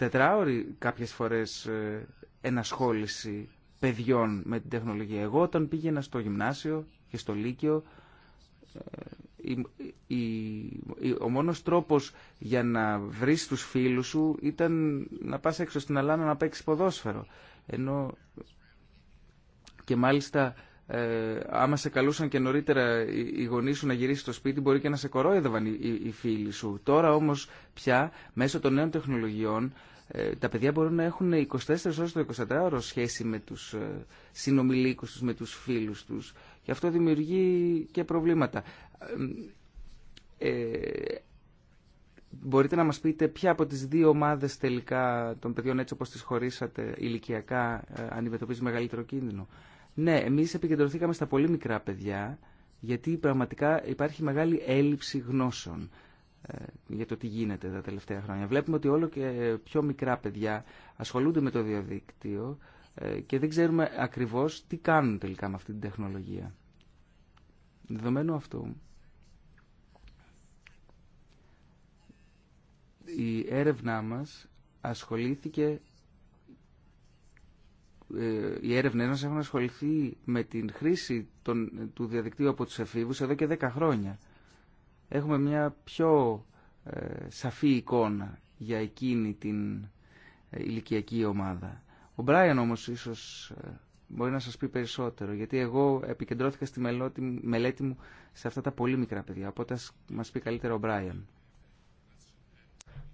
24 ε, ώρη κάποιες φορές ε, ενασχόληση παιδιών με την τεχνολογία. Εγώ όταν πήγαινα στο γυμνάσιο και στο λύκειο, ε, ο μόνος τρόπος για να βρεις τους φίλους σου ήταν να πας έξω στην Αλάνα να παίξεις ποδόσφαιρο. Ενώ και μάλιστα ε, άμα σε καλούσαν και νωρίτερα οι γονείς σου να γυρίσεις στο σπίτι μπορεί και να σε κορόιδευαν οι, οι, οι φίλοι σου. Τώρα όμως πια μέσω των νέων τεχνολογιών ε, τα παιδιά μπορούν να έχουν 24 ώρες το 24 ώρο σχέση με τους ε, συνομιλίκους τους, με τους φίλους τους και αυτό δημιουργεί και προβλήματα. Ε, ε, μπορείτε να μας πείτε ποια από τις δύο ομάδες τελικά των παιδιών έτσι όπως τις χωρίσατε ηλικιακά αντιμετωπίζει μεγαλύτερο κίνδυνο. Ναι, εμείς επικεντρωθήκαμε στα πολύ μικρά παιδιά γιατί πραγματικά υπάρχει μεγάλη έλλειψη γνώσεων για το τι γίνεται τα τελευταία χρόνια. Βλέπουμε ότι όλο και πιο μικρά παιδιά ασχολούνται με το διαδίκτυο ε, και δεν ξέρουμε ακριβώς τι κάνουν τελικά με αυτή την τεχνολογία. Δεδομένου αυτού, η έρευνά μας ασχολήθηκε οι ε, έρευνε μα έχουν ασχοληθεί με την χρήση του διαδικτύου από τους εφήβους εδώ και 10 χρόνια έχουμε μια πιο ε, σαφή εικόνα για εκείνη την ε, ηλικιακή ομάδα. Ο Μπράιαν όμως ίσως ε, μπορεί να σας πει περισσότερο, γιατί εγώ επικεντρώθηκα στη μελέτη μου σε αυτά τα πολύ μικρά παιδιά, οπότε μας πει καλύτερα ο Μπράιαν.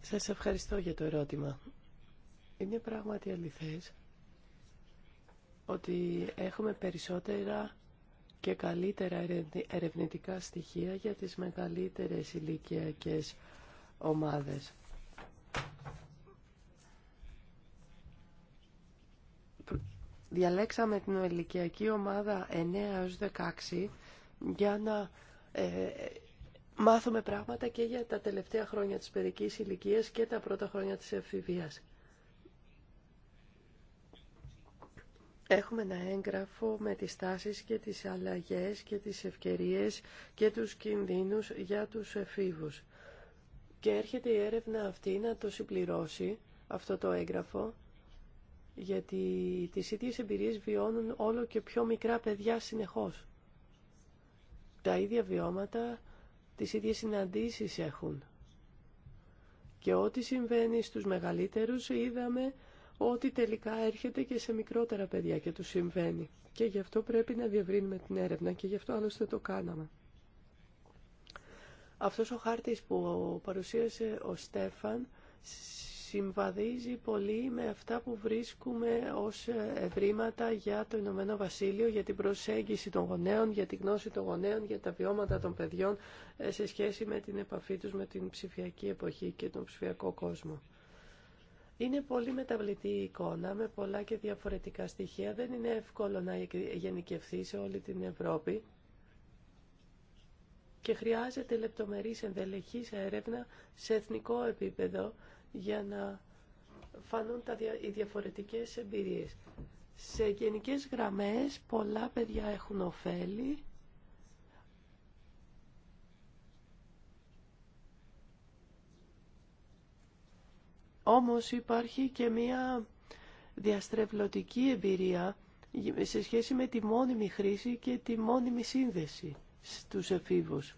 Σας ευχαριστώ για το ερώτημα. Είναι πράγματι αληθές ότι έχουμε περισσότερα και καλύτερα ερευνητικά στοιχεία για τις μεγαλύτερες ηλικιακέ ομάδες. Διαλέξαμε την ηλικιακή ομάδα 9 16 για να ε, μάθουμε πράγματα και για τα τελευταία χρόνια της παιδικής ηλικίας και τα πρώτα χρόνια της εφηβείας. Έχουμε ένα έγγραφο με τις τάσεις και τις αλλαγές και τις ευκαιρίες και τους κινδύνους για τους εφήβους. Και έρχεται η έρευνα αυτή να το συμπληρώσει αυτό το έγγραφο, γιατί τις ίδιες εμπειρίες βιώνουν όλο και πιο μικρά παιδιά συνεχώς. Τα ίδια βιώματα, τις ίδιες συναντήσεις έχουν. Και ό,τι συμβαίνει στους μεγαλύτερους είδαμε ότι τελικά έρχεται και σε μικρότερα παιδιά και του συμβαίνει. Και γι' αυτό πρέπει να διευρύνουμε την έρευνα και γι' αυτό άλλωστε το κάναμε. Αυτός ο χάρτης που παρουσίασε ο Στέφαν συμβαδίζει πολύ με αυτά που βρίσκουμε ως ευρήματα για το Ηνωμένο Βασίλειο, για την προσέγγιση των γονέων, για την γνώση των γονέων, για τα βιώματα των παιδιών ε, σε σχέση με την επαφή τους με την ψηφιακή εποχή και τον ψηφιακό κόσμο. Είναι πολύ μεταβλητή η εικόνα με πολλά και διαφορετικά στοιχεία. Δεν είναι εύκολο να γενικευθεί σε όλη την Ευρώπη και χρειάζεται λεπτομερής ενδελεχής έρευνα σε εθνικό επίπεδο για να φανούν τα, οι διαφορετικές εμπειρίες. Σε γενικές γραμμές πολλά παιδιά έχουν ωφέλη Όμως υπάρχει και μία διαστρεβλωτική εμπειρία σε σχέση με τη μόνιμη χρήση και τη μόνιμη σύνδεση στους εφήβους.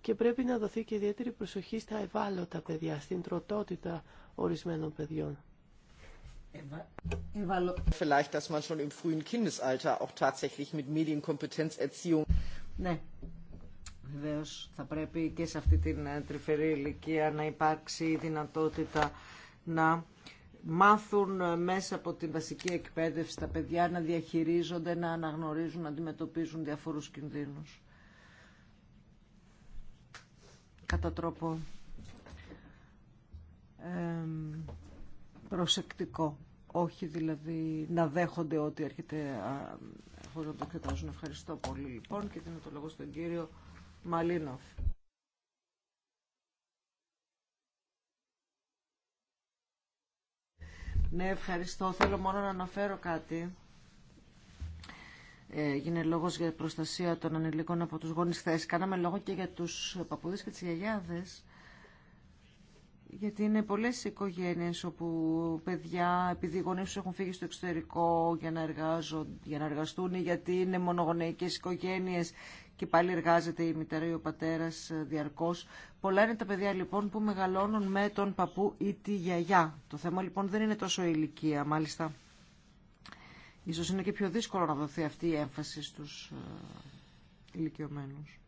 Και πρέπει να δοθεί και ιδιαίτερη προσοχή στα ευάλωτα παιδιά, στην τροτότητα ορισμένων παιδιών. Vielleicht, dass man schon im frühen Kindesalter auch tatsächlich mit Medienkompetenzerziehung. Ναι, Βεβαίω θα πρέπει και σε αυτή την ε, τρυφερή ηλικία να υπάρξει η δυνατότητα να μάθουν ε, μέσα από την βασική εκπαίδευση τα παιδιά να διαχειρίζονται, να αναγνωρίζουν, να αντιμετωπίζουν διαφορούς κινδύνους. Κατά τρόπο προσεκτικό. Όχι δηλαδή να δέχονται ότι έρχεται χωρίς να το εξετάζουν. Ευχαριστώ πολύ λοιπόν και δίνω το λόγο στον κύριο Μαλίνοφ. Ναι, ευχαριστώ. Θέλω μόνο να αναφέρω κάτι. Ε, γίνεται λόγος για προστασία των ανηλίκων από τους γονείς Χθε. Κάναμε λόγο και για τους παππούδες και τις γιαγιάδες. Γιατί είναι πολλές οικογένειες όπου παιδιά, επειδή οι γονείς έχουν φύγει στο εξωτερικό για να, εργάζον, για να εργαστούν, γιατί είναι μονογονεϊκές οικογένειες και πάλι εργάζεται η μητέρα ή ο πατέρα ε, διαρκώς. Πολλά είναι τα παιδιά λοιπόν που μεγαλώνουν με τον παππού ή τη γιαγιά. Το θέμα λοιπόν δεν είναι τόσο η ηλικία μάλιστα. Ίσως είναι και πιο δύσκολο να δοθεί αυτή η έμφαση στους ε, ηλικιωμένους.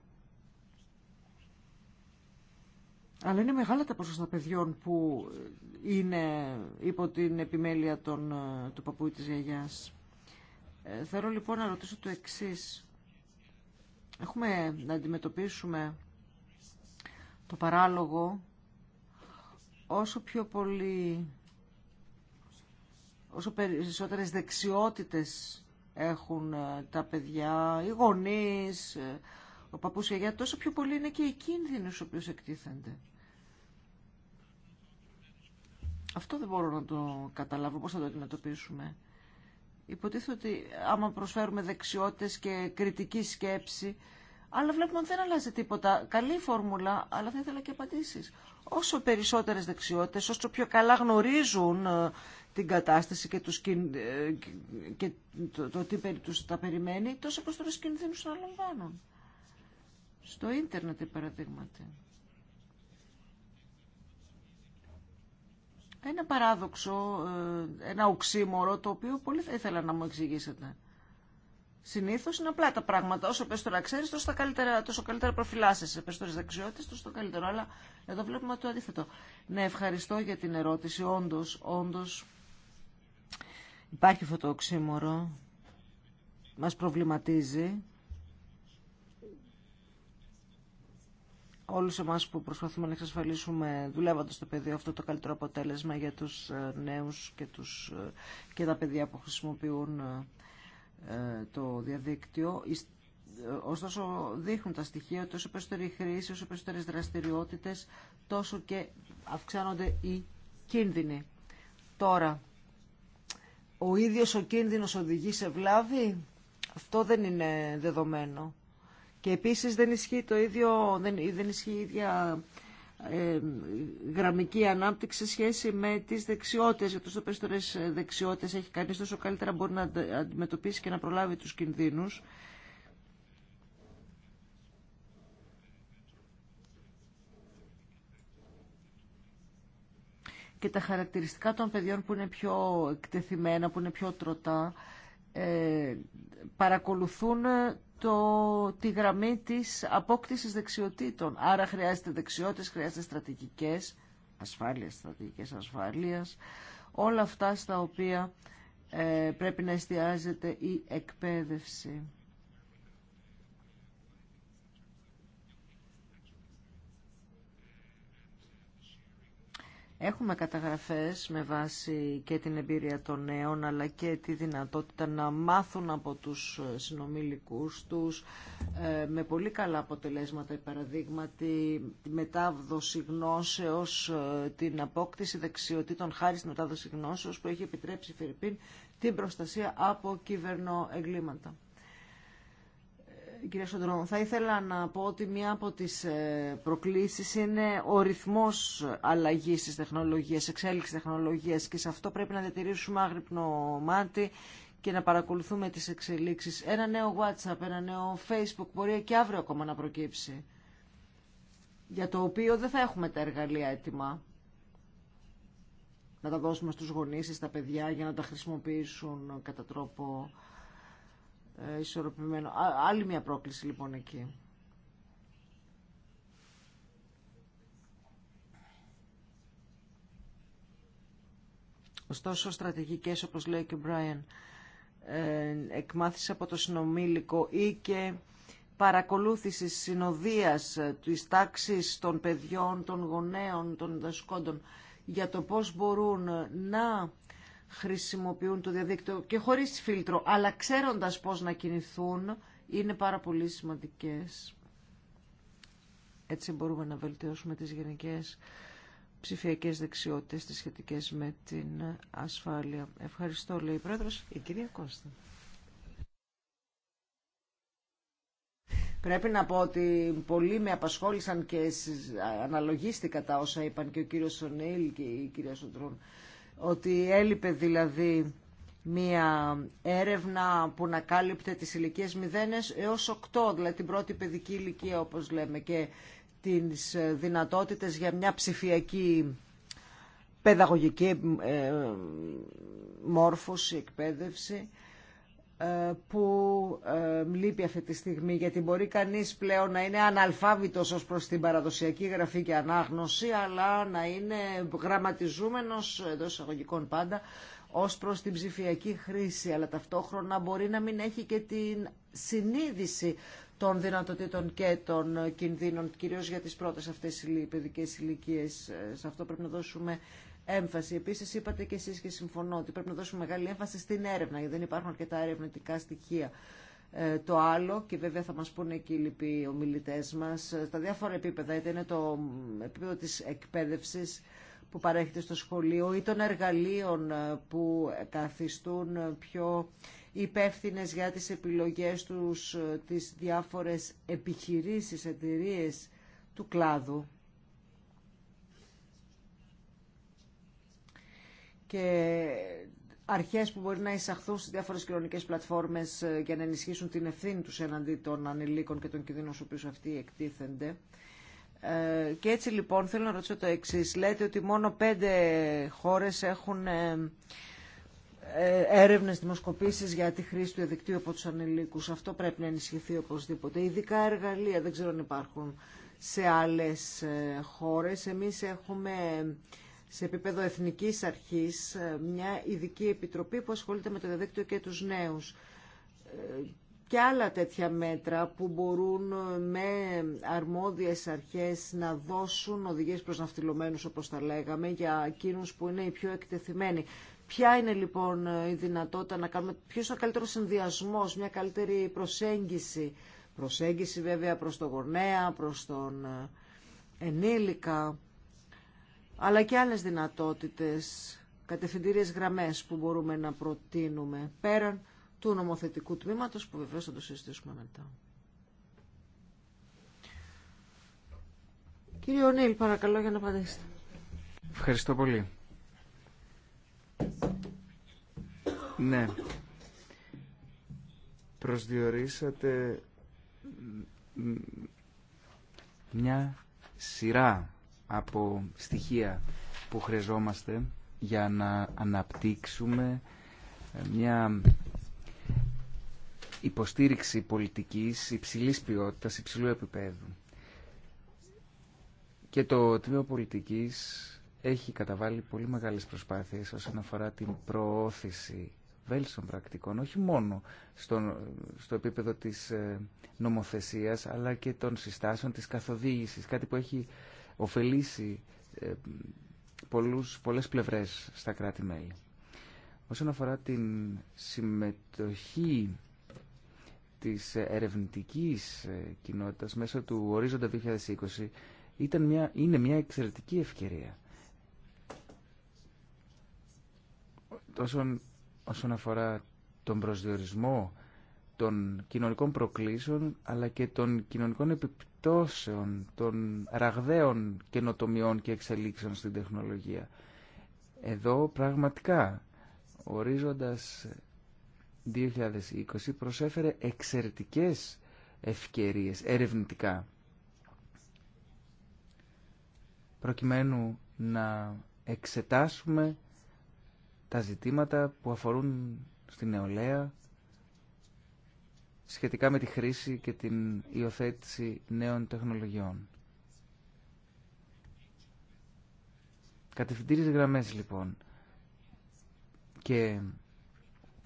Αλλά είναι μεγάλα τα ποσοστά παιδιών που ε, είναι υπό την επιμέλεια των, του παππού ή της γιαγιάς. θέλω λοιπόν να ρωτήσω το εξής έχουμε να αντιμετωπίσουμε το παράλογο όσο πιο πολύ όσο περισσότερες δεξιότητες έχουν ε, τα παιδιά, οι γονείς, ε, ο παππούς, η τόσο πιο πολύ είναι και οι κίνδυνοι στους οποίους εκτίθενται. Αυτό δεν μπορώ να το καταλάβω, πώς θα το αντιμετωπίσουμε. Υποτίθεται ότι άμα προσφέρουμε δεξιότητες και κριτική σκέψη, αλλά βλέπουμε ότι δεν αλλάζει τίποτα. Καλή φόρμουλα, αλλά θα ήθελα και απαντήσεις. Όσο περισσότερες δεξιότητες, όσο πιο καλά γνωρίζουν ε, την κατάσταση και, τους, ε, και το, τι περί τους τα περιμένει, τόσο προς τους κινδύνους να λαμβάνουν. Στο ίντερνετ, παραδείγματι. Ένα παράδοξο, ε, ένα οξύμορο το οποίο πολύ θα ήθελα να μου εξηγήσετε. Συνήθω είναι απλά τα πράγματα. Όσο τώρα ξέρει, τόσο καλύτερα, τόσο καλύτερα προφυλάσσεσαι. Περισσότερε δεξιότητε, τόσο καλύτερο. Αλλά εδώ βλέπουμε το αντίθετο. Ναι, ευχαριστώ για την ερώτηση. Όντω, όντω υπάρχει αυτό το οξύμορο. Μα προβληματίζει. όλους εμάς που προσπαθούμε να εξασφαλίσουμε δουλεύοντας στο πεδίο αυτό το καλύτερο αποτέλεσμα για τους ε, νέους και, τους, ε, και τα παιδιά που χρησιμοποιούν ε, το διαδίκτυο. Ωστόσο δείχνουν τα στοιχεία ότι όσο περισσότερη χρήση, όσο περισσότερε δραστηριότητες, τόσο και αυξάνονται οι κίνδυνοι. Τώρα, ο ίδιος ο κίνδυνος οδηγεί σε βλάβη, αυτό δεν είναι δεδομένο. Και επίσης δεν ισχύει, το ίδιο, δεν, δεν ισχύει η ίδια ε, γραμμική ανάπτυξη σε σχέση με τις δεξιότητες. Γιατί όσο περισσότερες δεξιότητες έχει κανείς, τόσο καλύτερα μπορεί να αντιμετωπίσει και να προλάβει τους κινδύνους. και τα χαρακτηριστικά των παιδιών που είναι πιο εκτεθειμένα, που είναι πιο τροτά, ε, παρακολουθούν το, τη γραμμή της απόκτησης δεξιοτήτων. Άρα χρειάζεται δεξιότητες, χρειάζεται στρατηγικές ασφάλειας, στρατηγικές ασφάλειας, όλα αυτά στα οποία ε, πρέπει να εστιάζεται η εκπαίδευση. Έχουμε καταγραφές με βάση και την εμπειρία των νέων αλλά και τη δυνατότητα να μάθουν από τους ε, συνομιλικούς τους ε, με πολύ καλά αποτελέσματα παραδείγματι τη μετάδοση γνώσεως, ε, την απόκτηση δεξιοτήτων χάρη στην μετάδοση γνώσεως που έχει επιτρέψει η την προστασία από κυβερνοεγκλήματα κυρία Σοντρό, θα ήθελα να πω ότι μία από τις ε, προκλήσεις είναι ο ρυθμός αλλαγής της τεχνολογίας, εξέλιξης τεχνολογίας και σε αυτό πρέπει να διατηρήσουμε άγρυπνο μάτι και να παρακολουθούμε τις εξελίξεις. Ένα νέο WhatsApp, ένα νέο Facebook μπορεί και αύριο ακόμα να προκύψει, για το οποίο δεν θα έχουμε τα εργαλεία έτοιμα να τα δώσουμε στους γονείς, στα παιδιά για να τα χρησιμοποιήσουν κατά τρόπο ε, ισορροπημένο. Άλλη μια πρόκληση λοιπόν εκεί. Ωστόσο, στρατηγικές, όπως λέει και ο Μπράιν, ε, εκμάθηση από το συνομήλικο ή και παρακολούθηση συνοδείας ε, της τάξης των παιδιών, των γονέων, των δασκόντων για το πώς μπορούν να χρησιμοποιούν το διαδίκτυο και χωρίς φίλτρο, αλλά ξέροντας πώς να κινηθούν, είναι πάρα πολύ σημαντικές. Έτσι μπορούμε να βελτιώσουμε τις γενικές ψηφιακές δεξιότητες τις σχετικές με την ασφάλεια. Ευχαριστώ, λέει η Πρόεδρος, η κυρία Κώστα. Πρέπει να πω ότι πολλοί με απασχόλησαν και αναλογίστηκα τα όσα είπαν και ο κύριος Σονέιλ και η κυρία Σοντρούν ότι έλειπε δηλαδή μία έρευνα που να κάλυπτε τις ηλικίες 0 έως 8, δηλαδή την πρώτη παιδική ηλικία όπως λέμε και τις δυνατότητες για μια ψηφιακή παιδαγωγική ε, μόρφωση, εκπαίδευση. Ε, που ε, λείπει αυτή τη στιγμή γιατί μπορεί κανείς πλέον να είναι αναλφάβητος ως προς την παραδοσιακή γραφή και ανάγνωση αλλά να είναι γραμματιζούμενος εντό εισαγωγικών πάντα ως προς την ψηφιακή χρήση αλλά ταυτόχρονα μπορεί να μην έχει και την συνείδηση των δυνατοτήτων και των κινδύνων κυρίως για τις πρώτες αυτές οι παιδικές ηλικίε. Ε, σε αυτό πρέπει να δώσουμε έμφαση. Επίσης είπατε και εσείς και συμφωνώ ότι πρέπει να δώσουμε μεγάλη έμφαση στην έρευνα γιατί δεν υπάρχουν αρκετά ερευνητικά στοιχεία. Ε, το άλλο, και βέβαια θα μας πούνε και οι λοιποί ομιλητέ μας, ε, στα διάφορα επίπεδα, είτε είναι το επίπεδο της εκπαίδευση που παρέχεται στο σχολείο ή των εργαλείων ε, που καθιστούν πιο υπεύθυνε για τις επιλογές τους τις διάφορες επιχειρήσεις, εταιρείε του κλάδου. και αρχές που μπορεί να εισαχθούν σε διάφορες κοινωνικές πλατφόρμες ε, για να ενισχύσουν την ευθύνη τους εναντί των ανηλίκων και των κινδύνων στους οποίους αυτοί εκτίθενται. Ε, και έτσι λοιπόν θέλω να ρωτήσω το εξή. Λέτε ότι μόνο πέντε χώρες έχουν ε, έρευνες, δημοσκοπήσεις για τη χρήση του διαδικτύου από τους ανηλίκους. Αυτό πρέπει να ενισχυθεί οπωσδήποτε. Ειδικά εργαλεία δεν ξέρω αν υπάρχουν σε άλλες χώρε. Εμείς έχουμε σε επίπεδο εθνικής αρχής ε, μια ειδική επιτροπή που ασχολείται με το διαδίκτυο και τους νέους ε, και άλλα τέτοια μέτρα που μπορούν ε, με αρμόδιες αρχές να δώσουν οδηγίες προς ναυτιλωμένους όπως τα λέγαμε για εκείνους που είναι οι πιο εκτεθειμένοι. Ποια είναι λοιπόν η δυνατότητα να κάνουμε, ποιο είναι ο καλύτερος συνδυασμός, μια καλύτερη προσέγγιση. Προσέγγιση βέβαια προς τον γονέα, προς τον ενήλικα αλλά και άλλες δυνατότητες, κατευθυντήριες γραμμές που μπορούμε να προτείνουμε πέραν του νομοθετικού τμήματος που βεβαίως θα το συζητήσουμε μετά. Κύριε Ονίλ, παρακαλώ για να απαντήσετε. Ευχαριστώ πολύ. Ναι. Προσδιορίσατε μια σειρά από στοιχεία που χρειαζόμαστε για να αναπτύξουμε ε, μια υποστήριξη πολιτικής υψηλής ποιότητας, υψηλού επίπεδου. Και το Τμήμα Πολιτικής έχει καταβάλει πολύ μεγάλες προσπάθειες όσον αφορά την προώθηση βέλσων πρακτικών, όχι μόνο στο, στο επίπεδο της ε, νομοθεσίας, αλλά και των συστάσεων της καθοδήγησης, κάτι που έχει ωφελήσει ε, πολλούς, πολλές πλευρές στα κράτη-μέλη. Όσον αφορά την συμμετοχή της ερευνητικής ε, κοινότητας μέσω του ορίζοντα 2020 ήταν μια, είναι μια εξαιρετική ευκαιρία. Όσον, όσον αφορά τον προσδιορισμό των κοινωνικών προκλήσεων αλλά και των κοινωνικών επιπτώσεων των ραγδαίων καινοτομιών και εξελίξεων στην τεχνολογία. Εδώ πραγματικά ορίζοντας 2020 προσέφερε εξαιρετικές ευκαιρίες ερευνητικά προκειμένου να εξετάσουμε τα ζητήματα που αφορούν στην νεολαία σχετικά με τη χρήση και την υιοθέτηση νέων τεχνολογιών. Κατευθυντήριες γραμμές λοιπόν και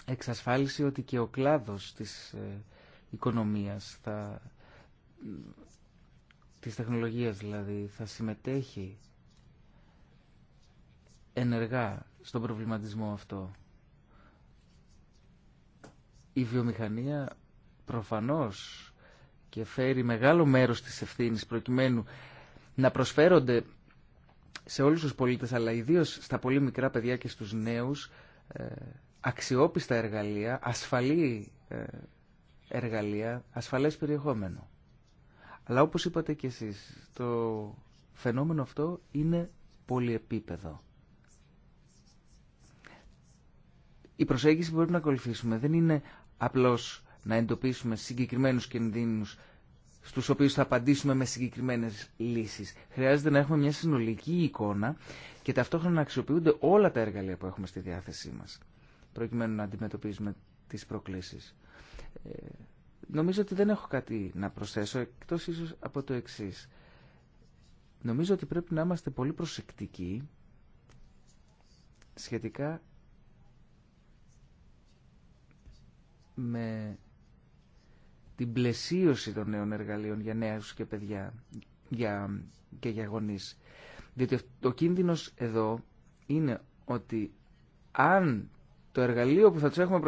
εξασφάλιση ότι και ο κλάδος της ε, οικονομίας θα, της τεχνολογίας δηλαδή θα συμμετέχει ενεργά στον προβληματισμό αυτό. Η βιομηχανία προφανώς και φέρει μεγάλο μέρος της ευθύνης προκειμένου να προσφέρονται σε όλους τους πολίτες αλλά ιδίως στα πολύ μικρά παιδιά και στους νέους ε, αξιόπιστα εργαλεία, ασφαλή ε, εργαλεία, ασφαλές περιεχόμενο. Αλλά όπως είπατε και εσείς, το φαινόμενο αυτό είναι πολυεπίπεδο. Η προσέγγιση που πρέπει να ακολουθήσουμε δεν είναι απλώς να εντοπίσουμε συγκεκριμένους κινδύνους στους οποίους θα απαντήσουμε με συγκεκριμένες λύσεις. Χρειάζεται να έχουμε μια συνολική εικόνα και ταυτόχρονα να αξιοποιούνται όλα τα εργαλεία που έχουμε στη διάθεσή μας προκειμένου να αντιμετωπίζουμε τις προκλήσεις. Ε, νομίζω ότι δεν έχω κάτι να προσθέσω εκτός ίσως από το εξή. Νομίζω ότι πρέπει να είμαστε πολύ προσεκτικοί σχετικά με την πλαισίωση των νέων εργαλείων για νέους και παιδιά για, και για γονείς. Διότι ο κίνδυνος εδώ είναι ότι αν το εργαλείο που θα τους έχουμε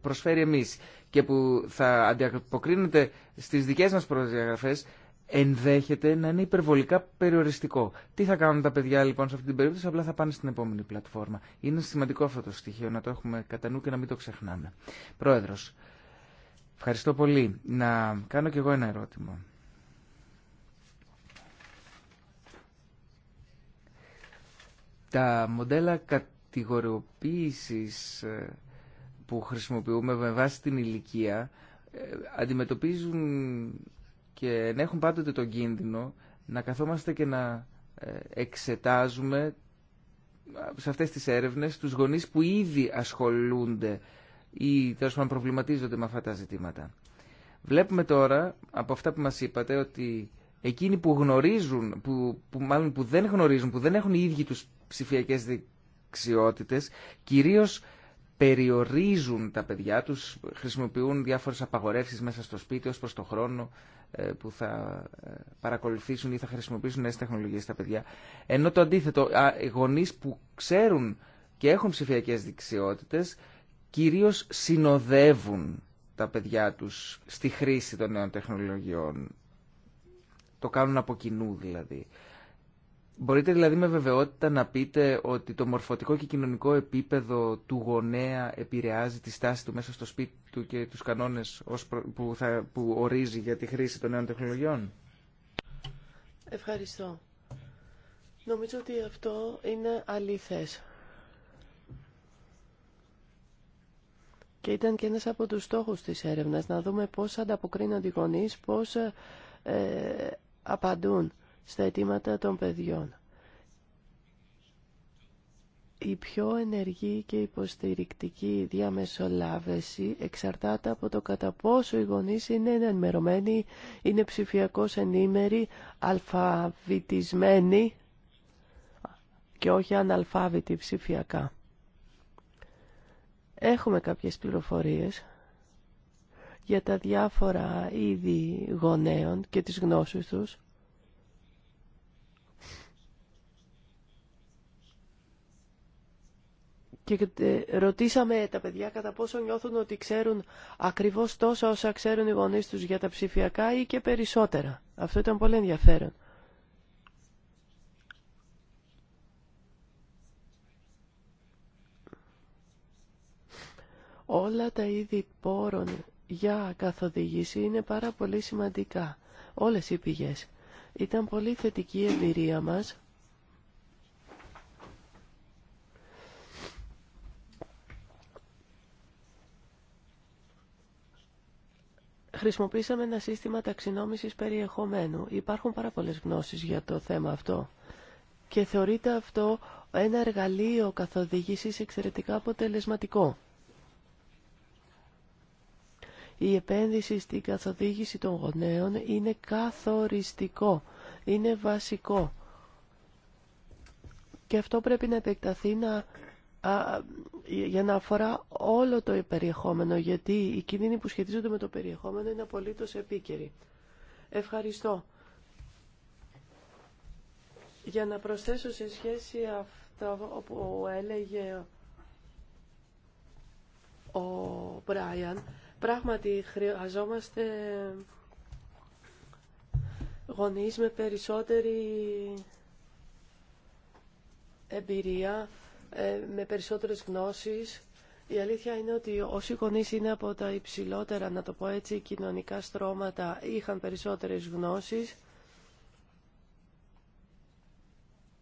προσφέρει εμείς και που θα αντιαποκρίνεται στις δικές μας προδιαγραφές ενδέχεται να είναι υπερβολικά περιοριστικό. Τι θα κάνουν τα παιδιά λοιπόν σε αυτή την περίπτωση, απλά θα πάνε στην επόμενη πλατφόρμα. Είναι σημαντικό αυτό το στοιχείο να το έχουμε κατά νου και να μην το ξεχνάμε. Πρόεδρος, Ευχαριστώ πολύ. Να κάνω κι εγώ ένα ερώτημα. Τα μοντέλα κατηγοριοποίησης ε, που χρησιμοποιούμε με βάση την ηλικία ε, αντιμετωπίζουν και έχουν πάντοτε τον κίνδυνο να καθόμαστε και να ε, εξετάζουμε σε αυτές τις έρευνες τους γονείς που ήδη ασχολούνται ή τέλο πάντων προβληματίζονται με αυτά τα ζητήματα. Βλέπουμε τώρα από αυτά που μας είπατε ότι εκείνοι που γνωρίζουν, που, που μάλλον που δεν γνωρίζουν, που δεν έχουν οι ίδιοι τους ψηφιακές δεξιότητες, κυρίως περιορίζουν τα παιδιά τους, χρησιμοποιούν διάφορες απαγορεύσεις μέσα στο σπίτι ως προς το χρόνο ε, που θα ε, παρακολουθήσουν ή θα χρησιμοποιήσουν νέες τεχνολογίες στα παιδιά. Ενώ το αντίθετο, γονείς που ξέρουν και έχουν ψηφιακές δεξιότητε κυρίως συνοδεύουν τα παιδιά τους στη χρήση των νέων τεχνολογιών. Το κάνουν από κοινού δηλαδή. Μπορείτε δηλαδή με βεβαιότητα να πείτε ότι το μορφωτικό και κοινωνικό επίπεδο του γονέα επηρεάζει τη στάση του μέσα στο σπίτι του και τους κανόνες που, θα, που ορίζει για τη χρήση των νέων τεχνολογιών. Ευχαριστώ. Νομίζω ότι αυτό είναι αλήθες. Και ήταν και ένας από τους στόχους της έρευνας, να δούμε πώς ανταποκρίνονται οι γονείς, πώς ε, ε απαντούν στα αιτήματα των παιδιών. Η πιο ενεργή και υποστηρικτική διαμεσολάβεση εξαρτάται από το κατά πόσο οι γονείς είναι ενημερωμένοι, είναι ψηφιακώς ενήμεροι, αλφαβητισμένοι και όχι αναλφάβητοι ψηφιακά. Έχουμε κάποιες πληροφορίες για τα διάφορα είδη γονέων και τις γνώσεις τους. Και ε, ρωτήσαμε τα παιδιά κατά πόσο νιώθουν ότι ξέρουν ακριβώς τόσα όσα ξέρουν οι γονείς τους για τα ψηφιακά ή και περισσότερα. Αυτό ήταν πολύ ενδιαφέρον. Όλα τα είδη πόρων για καθοδήγηση είναι πάρα πολύ σημαντικά. Όλες οι πηγές. Ήταν πολύ θετική η εμπειρία μας. Χρησιμοποίησαμε ένα σύστημα ταξινόμησης περιεχομένου. Υπάρχουν πάρα πολλές γνώσεις για το θέμα αυτό. Και θεωρείται αυτό ένα εργαλείο καθοδήγησης εξαιρετικά αποτελεσματικό η επένδυση στην καθοδήγηση των γονέων είναι καθοριστικό, είναι βασικό. Και αυτό πρέπει να επεκταθεί να, για να αφορά όλο το περιεχόμενο, γιατί οι κίνδυνοι που σχετίζονται με το περιεχόμενο είναι απολύτως επίκαιροι. Ευχαριστώ. Για να προσθέσω σε σχέση αυτό που έλεγε ο Μπράιαν, Πράγματι χρειαζόμαστε γονείς με περισσότερη εμπειρία, ε, με περισσότερες γνώσεις. Η αλήθεια είναι ότι όσοι γονείς είναι από τα υψηλότερα, να το πω έτσι, κοινωνικά στρώματα, είχαν περισσότερες γνώσεις.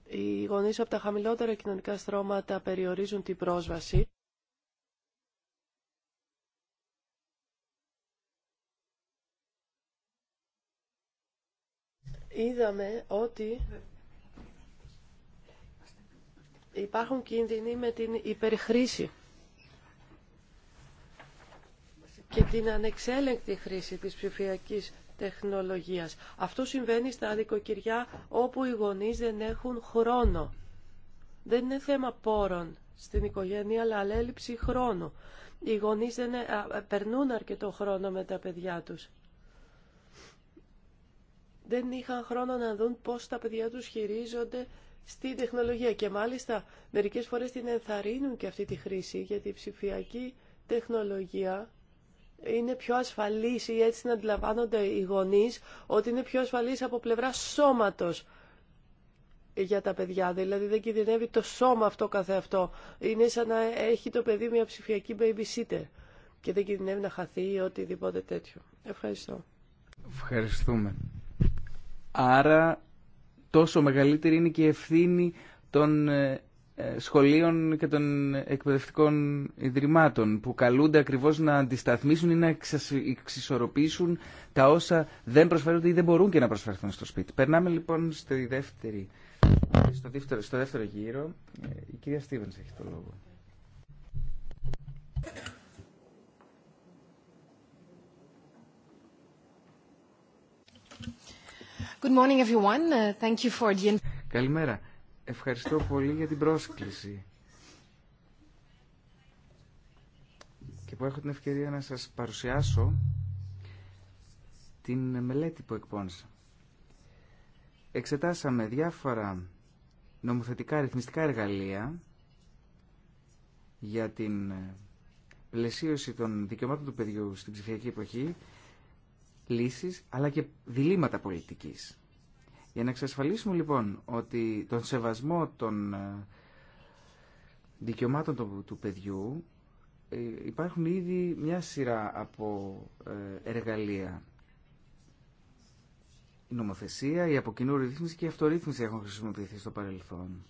Οι γονείς από τα χαμηλότερα κοινωνικά στρώματα περιορίζουν την πρόσβαση. είδαμε ότι υπάρχουν κίνδυνοι με την υπερχρήση και την ανεξέλεγκτη χρήση της ψηφιακή τεχνολογίας. Αυτό συμβαίνει στα δικοκυριά όπου οι γονείς δεν έχουν χρόνο. Δεν είναι θέμα πόρων στην οικογένεια, αλλά έλλειψη χρόνου. Οι γονείς δεν ε, περνούν αρκετό χρόνο με τα παιδιά τους δεν είχαν χρόνο να δουν πώς τα παιδιά τους χειρίζονται στη τεχνολογία και μάλιστα μερικές φορές την ενθαρρύνουν και αυτή τη χρήση γιατί η ψηφιακή τεχνολογία είναι πιο ασφαλής ή έτσι να αντιλαμβάνονται οι γονείς ότι είναι πιο ασφαλής από πλευρά σώματος για τα παιδιά, δηλαδή δεν κινδυνεύει το σώμα αυτό καθεαυτό. Είναι σαν να έχει το παιδί μια ψηφιακή babysitter και δεν κινδυνεύει να χαθεί ή οτιδήποτε τέτοιο. Ευχαριστώ. Ευχαριστούμε. Άρα τόσο μεγαλύτερη είναι και η ευθύνη των ε, ε, σχολείων και των εκπαιδευτικών ιδρυμάτων που καλούνται ακριβώς να αντισταθμίσουν ή να εξισορροπήσουν τα όσα δεν προσφέρονται ή δεν μπορούν και να προσφερθούν στο σπίτι. Περνάμε λοιπόν στο στο δεύτερο, στο δεύτερο γύρο. Ε, η κυρία Στίβενς έχει το λόγο. Uh, Καλημέρα. Ευχαριστώ πολύ για την πρόσκληση. Και που έχω την ευκαιρία να σας παρουσιάσω την μελέτη που εκπώνησα. Εξετάσαμε διάφορα νομοθετικά ρυθμιστικά εργαλεία για την ε, πλαισίωση των δικαιωμάτων του παιδιού στην ψηφιακή εποχή λύσεις αλλά και διλήμματα πολιτικής. Για να εξασφαλίσουμε λοιπόν ότι τον σεβασμό των ε, δικαιωμάτων του παιδιού ε, υπάρχουν ήδη μια σειρά από ε, εργαλεία. Η νομοθεσία, η αποκοινού ρυθμίση και η αυτορύθμιση έχουν χρησιμοποιηθεί στο παρελθόν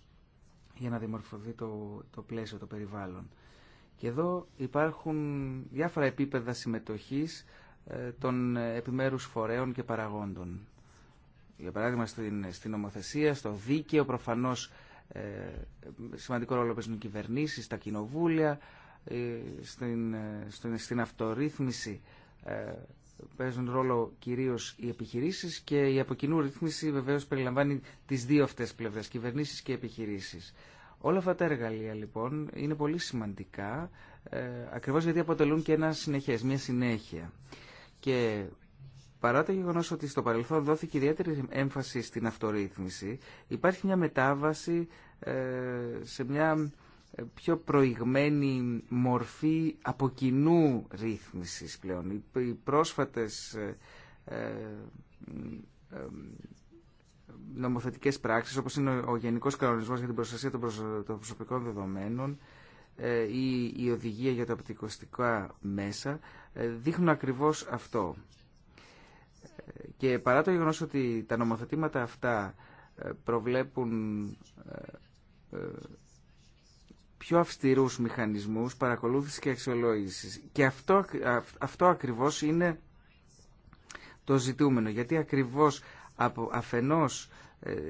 για να δημορφωθεί το, το πλαίσιο, το περιβάλλον. Και εδώ υπάρχουν διάφορα επίπεδα συμμετοχής ε, των επιμέρους φορέων και παραγόντων. Για παράδειγμα, στην, στην νομοθεσία, στο δίκαιο, προφανώς ε, σημαντικό ρόλο παίζουν οι κυβερνήσεις, τα κοινοβούλια, ε, στην, ε, στην, στην αυτορύθμιση παίζουν ρόλο κυρίως οι επιχειρήσεις και η αποκοινού ρύθμιση βεβαίως περιλαμβάνει τις δύο αυτές πλευρές, κυβερνήσεις και επιχειρήσεις. Όλα αυτά τα εργαλεία λοιπόν είναι πολύ σημαντικά, ακριβώς γιατί αποτελούν και ένα συνεχές, μια συνέχεια. Και παρά το γεγονός ότι στο παρελθόν δόθηκε ιδιαίτερη έμφαση στην αυτορύθμιση, υπάρχει μια μετάβαση ε, σε μια ε, πιο προηγμένη μορφή από κοινού ρύθμισης πλέον. Οι πρόσφατες ε, νομοθετικές πράξεις, όπως είναι ο Γενικός Κανονισμός για την Προστασία των Προσωπικών Δεδομένων, ή ε, η οδηγία για τα οπτικοστικά μέσα ε, δείχνουν ακριβώς αυτό. Και παρά το γεγονός ότι τα νομοθετήματα αυτά ε, προβλέπουν πιο αυστηρούς μηχανισμούς παρακολούθησης και αξιολόγησης. Και αυτό, αυτό ακριβώς είναι το ζητούμενο, γιατί ακριβώς αφενός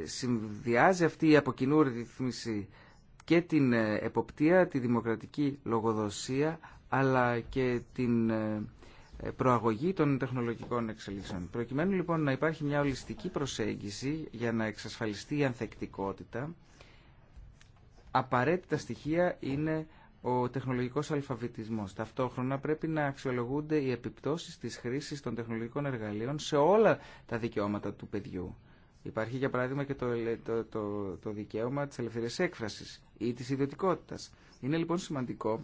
συνδυάζει αυτή η από ρυθμίση και την ε, εποπτεία, τη δημοκρατική λογοδοσία, αλλά και την ε, ε, προαγωγή των τεχνολογικών εξελίξεων. Προκειμένου λοιπόν να υπάρχει μια ολιστική προσέγγιση για να εξασφαλιστεί η ανθεκτικότητα, απαραίτητα στοιχεία είναι ο τεχνολογικός αλφαβητισμός. Ταυτόχρονα πρέπει να αξιολογούνται οι επιπτώσεις της χρήσης των τεχνολογικών εργαλείων σε όλα τα δικαιώματα του παιδιού. Υπάρχει για παράδειγμα και το, το, το, το δικαίωμα της ελευθερίας έκφρασης ή της ιδιωτικότητας. Είναι λοιπόν σημαντικό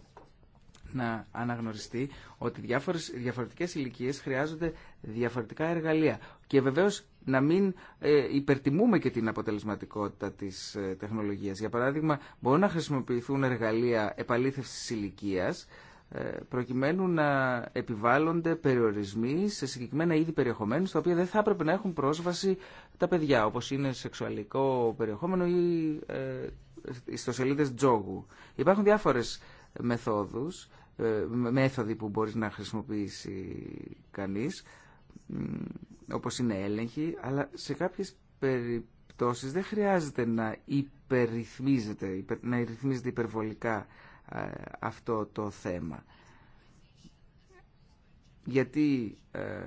να αναγνωριστεί ότι διάφορες, διαφορετικές ηλικίε χρειάζονται διαφορετικά εργαλεία. Και βεβαίως να μην ε, υπερτιμούμε και την αποτελεσματικότητα της ε, τεχνολογίας. Για παράδειγμα, μπορούν να χρησιμοποιηθούν εργαλεία επαλήθευσης ηλικία ε, προκειμένου να επιβάλλονται περιορισμοί σε συγκεκριμένα είδη περιεχομένου στα οποία δεν θα έπρεπε να έχουν πρόσβαση τα παιδιά, όπως είναι σεξουαλικό περιεχόμενο ή ε, ιστοσελίδες τζόγου. Υπάρχουν διάφορες μεθόδους, ε, μέθοδοι που μπορείς να χρησιμοποιήσει κανεί, όπως είναι έλεγχοι, αλλά σε κάποιες περιπτώσεις δεν χρειάζεται να υπερρυθμίζεται, να ρυθμίζεται υπερβολικά ε, αυτό το θέμα. Γιατί ε,